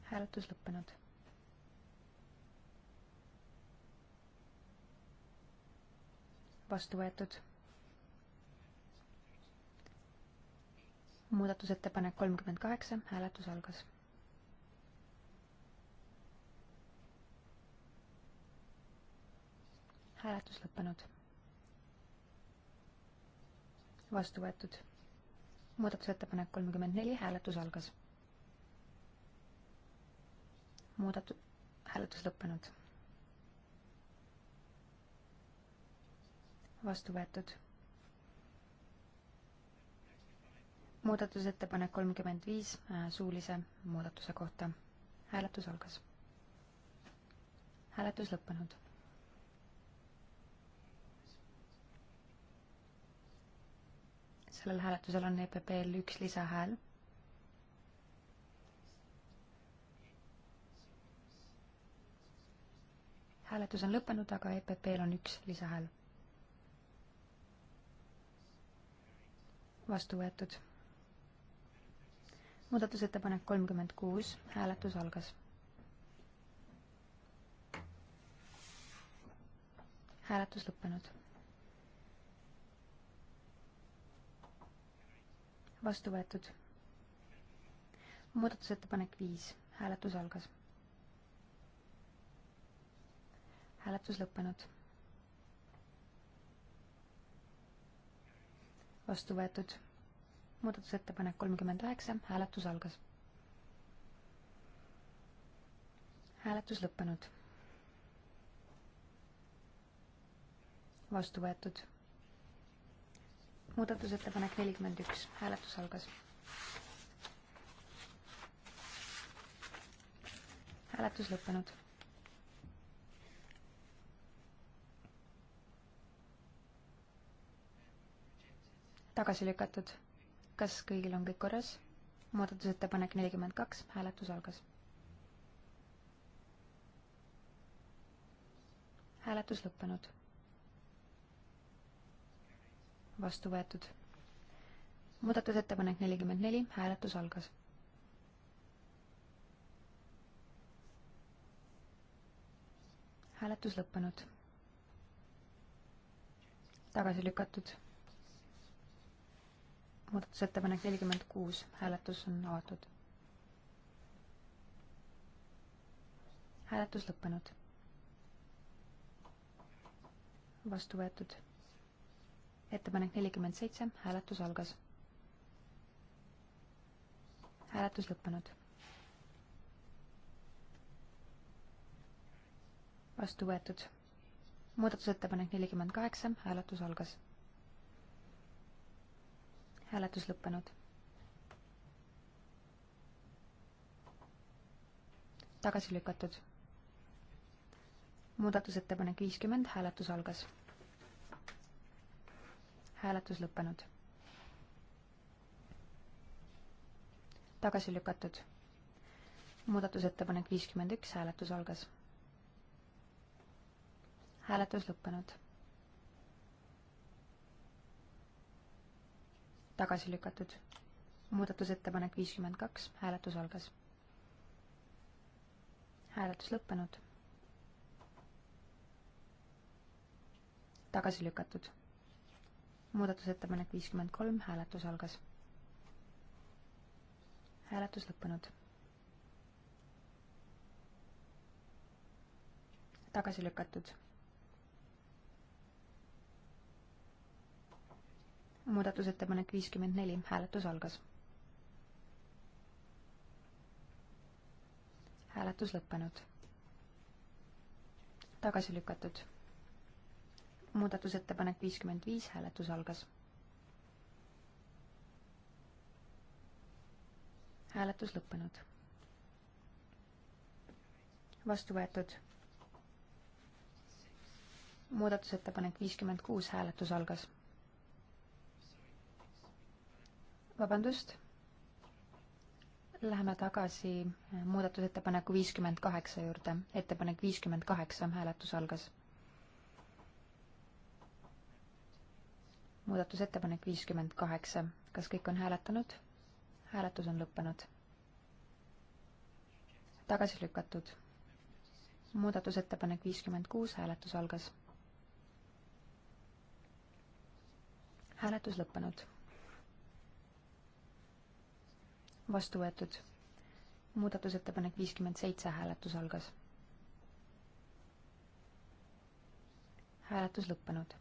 hääletus lõppenud vastu võetud. muudatusettepanek kolmkümmend kaheksa, hääletus algas. hääletus lõppenud. vastu võetud. muudatusettepanek kolmkümmend neli, hääletus algas. muudatu-, hääletus lõppenud. vastu võetud muudatusettepanek kolmkümmend viis äh, suulise muudatuse kohta. hääletus algas. hääletus lõppenud. sellel hääletusel on EPP-l üks lisahääl. hääletus on lõppenud, aga EPP-l on üks lisahääl. vastu võetud muudatusettepanek kolmkümmend kuus, hääletus algas. hääletus lõppenud. vastu võetud. muudatusettepanek viis, hääletus algas. hääletus lõppenud. vastu võetud muudatusettepanek kolmkümmend üheksa, hääletus algas. hääletus lõppenud. vastu võetud. muudatusettepanek nelikümmend üks, hääletus algas. hääletus lõppenud tagasi lükatud kas kõigil on kõik korras? muudatusettepanek nelikümmend kaks, hääletus algas. hääletus lõppenud. vastu võetud. muudatusettepanek nelikümmend neli, hääletus algas. hääletus lõppenud. tagasi lükatud muudatusettepanek nelikümmend kuus, hääletus on avatud. hääletus lõppenud. vastu võetud. ettepanek nelikümmend seitse, hääletus algas. hääletus lõppenud. vastu võetud. muudatusettepanek nelikümmend kaheksa, hääletus algas hääletus lõppenud. tagasi lükatud. muudatusettepanek viiskümmend, hääletus algas. hääletus lõppenud. tagasi lükatud. muudatusettepanek viiskümmend üks, hääletus algas. hääletus lõppenud tagasi lükatud. muudatusettepanek viiskümmend kaks, hääletus algas. hääletus lõppenud. tagasi lükatud. muudatusettepanek viiskümmend kolm, hääletus algas. hääletus lõppenud. tagasi lükatud muudatusettepanek viiskümmend neli, hääletus algas. hääletus lõppenud. tagasi lükatud. muudatusettepanek viiskümmend viis, hääletus algas. hääletus lõppenud. vastu võetud. muudatusettepanek viiskümmend kuus, hääletus algas vabandust. Läheme tagasi muudatusettepaneku viiskümmend kaheksa juurde. ettepanek viiskümmend kaheksa, hääletus algas. muudatusettepanek viiskümmend kaheksa, kas kõik on hääletanud? hääletus on lõppenud. tagasi lükatud. muudatusettepanek viiskümmend kuus, hääletus algas. hääletus lõppenud vastu võetud. muudatusettepanek viiskümmend seitse, hääletus algas. hääletus lõppenud.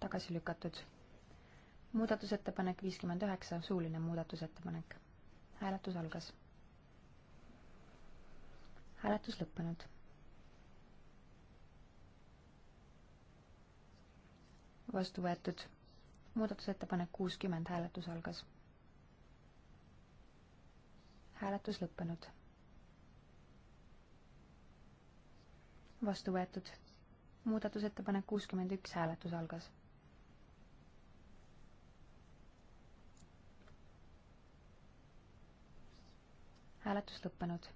tagasi lükatud. muudatusettepanek viiskümmend üheksa, suuline muudatusettepanek. hääletus algas. hääletus lõppenud. vastu võetud muudatusettepanek kuuskümmend hääletus algas hääletus lõppenud. vastu võetud. muudatusettepanek kuuskümmend üks, hääletus algas. hääletus lõppenud.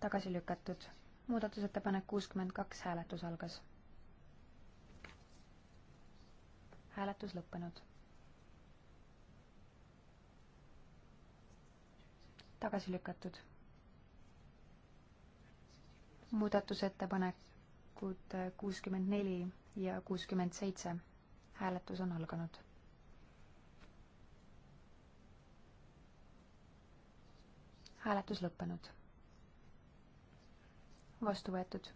tagasi lükatud. muudatusettepanek kuuskümmend kaks, hääletus algas. hääletus lõppenud tagasi lükatud. muudatusettepanekud kuuskümmend neli ja kuuskümmend seitse. hääletus on alganud. hääletus lõppenud. vastu võetud.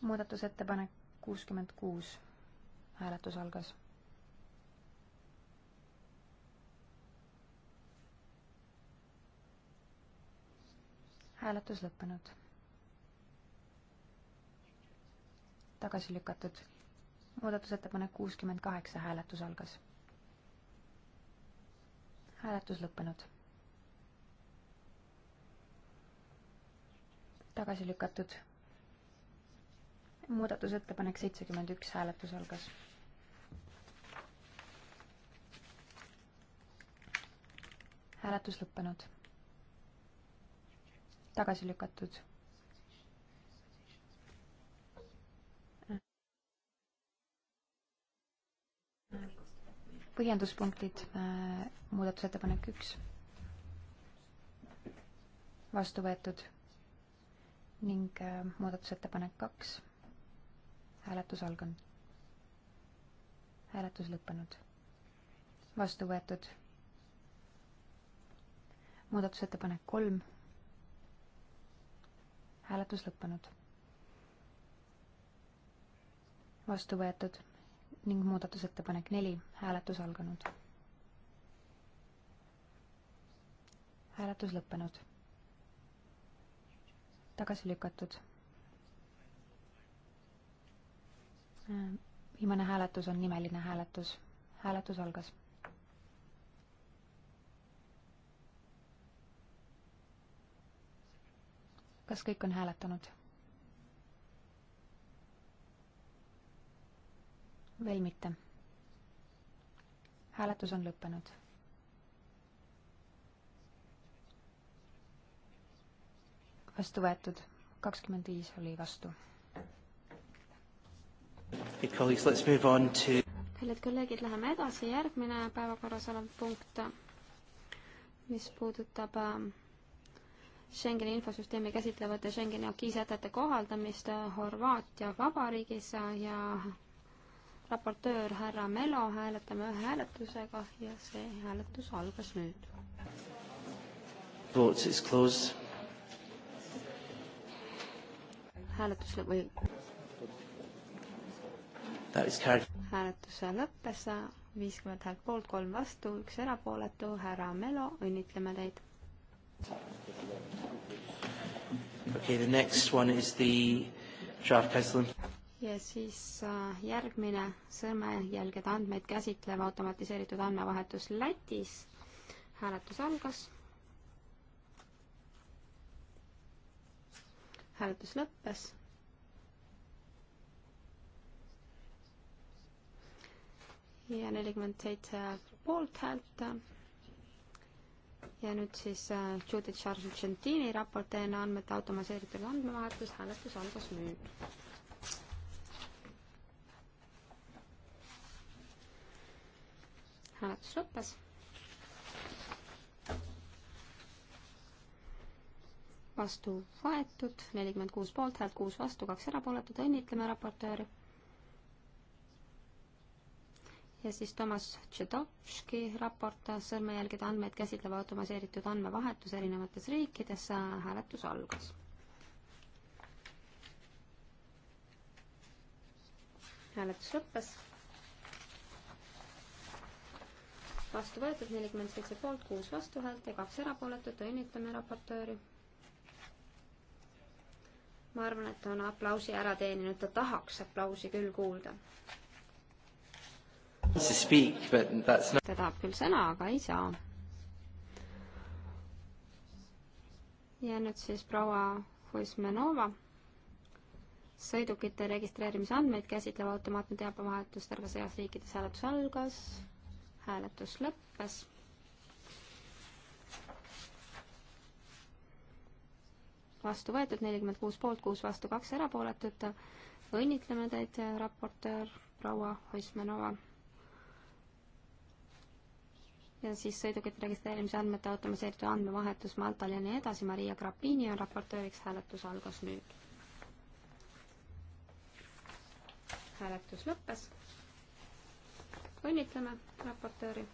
muudatusettepanek kuuskümmend kuus. hääletus algas hääletus lõppenud. tagasi lükatud. muudatusettepanek kuuskümmend kaheksa, hääletus algas. hääletus lõppenud. tagasi lükatud. muudatusettepanek seitsekümmend üks, hääletus algas hääletus lõppenud tagasi lükatud. põhjenduspunktid, äh, muudatusettepanek üks, vastu võetud ning äh, muudatusettepanek kaks, hääletus alganud, hääletus lõppenud, vastu võetud muudatusettepanek kolm hääletus lõppenud. vastu võetud ning muudatusettepanek neli, hääletus alganud. hääletus lõppenud. tagasi lükatud. viimane hääletus on nimeline hääletus. hääletus algas kas kõik on hääletanud? veel mitte. hääletus on lõppenud. vastu võetud, kakskümmend viis oli vastu. kallid kolleegid, läheme edasi, järgmine päevakorras olev punkt, mis puudutab äh, Schengeni infosüsteemi käsitlevate Schengeni akiisätete kohaldamist äh, Horvaatia vabariigis äh, ja raportöör härra Melo hääletame ühe hääletusega ja see hääletus algas nüüd. hääletus või hääletuse lõppes äh, viiskümmend häält poolt, kolm vastu, üks erapooletu, härra Melo, õnnitleme teid Okay, the next one is the draft president. ja siis äh, järgmine sõrmejälgede andmeid käsitlev automatiseeritud andmevahetus Lätis. hääletus algas. hääletus lõppes. ja nelikümmend seitse poolthäält ja nüüd siis äh, Judith Sargentini raport DNA andmete automatiseeritud andmevahetus, hääletus algas nüüd. hääletus lõppes. vastu võetud, nelikümmend kuus poolthäält, kuus vastu, kaks erapooletut, õnnitleme raportööri ja siis Tomas Tšedovski raport sõrmejälgede andmeid käsitleva automatiseeritud andmevahetus erinevates riikides, hääletus algas. hääletus lõppes. vastu võetud nelikümmend seitse poolt, kuus vastuhäält ja kaks erapooletut, õnnitleme raportööri. ma arvan, et ta on aplausi ära teeninud, ta tahaks aplausi küll kuulda Speak, not... ta tahab küll sõna, aga ei saa. ja nüüd siis proua Husmenova. sõidukite registreerimise andmeid käsitleva automaatne teabevahetus terves eas riikides hääletus algas, hääletus lõppes. vastu võetud nelikümmend kuus poolt, kuus vastu, kaks erapooletut. õnnitleme teid, raportöör proua Husmenova ja siis sõidukite registreerimise andmete automatiseeritud andmevahetus Maltal ja nii edasi. Maria Grappini on raportööriks, hääletus algas nüüd. hääletus lõppes. õnnitleme raportööri.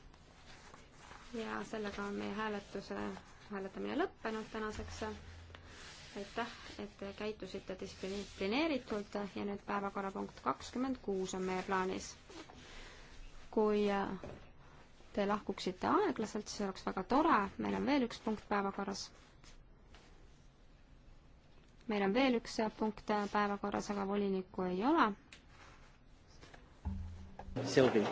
ja sellega on meie hääletuse, hääletamine lõppenud tänaseks. aitäh, et te käitusite distsiplineeritult ja nüüd päevakorrapunkt kakskümmend kuus on meie plaanis. kui te lahkuksite aeglaselt, see oleks väga tore, meil on veel üks punkt päevakorras. meil on veel üks punkt päevakorras, aga volinikku ei ole. Silvi.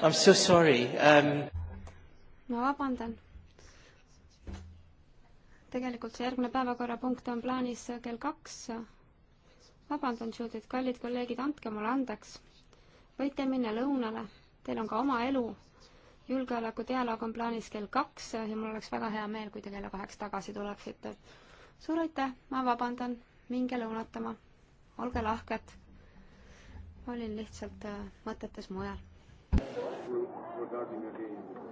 I am so sorry um.... ma vabandan. tegelikult see järgmine päevakorrapunkt on plaanis kell kaks. vabandan, Judith, kallid kolleegid, andke mulle andeks. võite minna lõunale, teil on ka oma elu. julgeolekudialoog on plaanis kell kaks ja mul oleks väga hea meel, kui te kella kaheks tagasi tuleksite. suur aitäh, ma vabandan, minge lõunatama. olge lahked olin lihtsalt äh, mõtetes mujal regarding again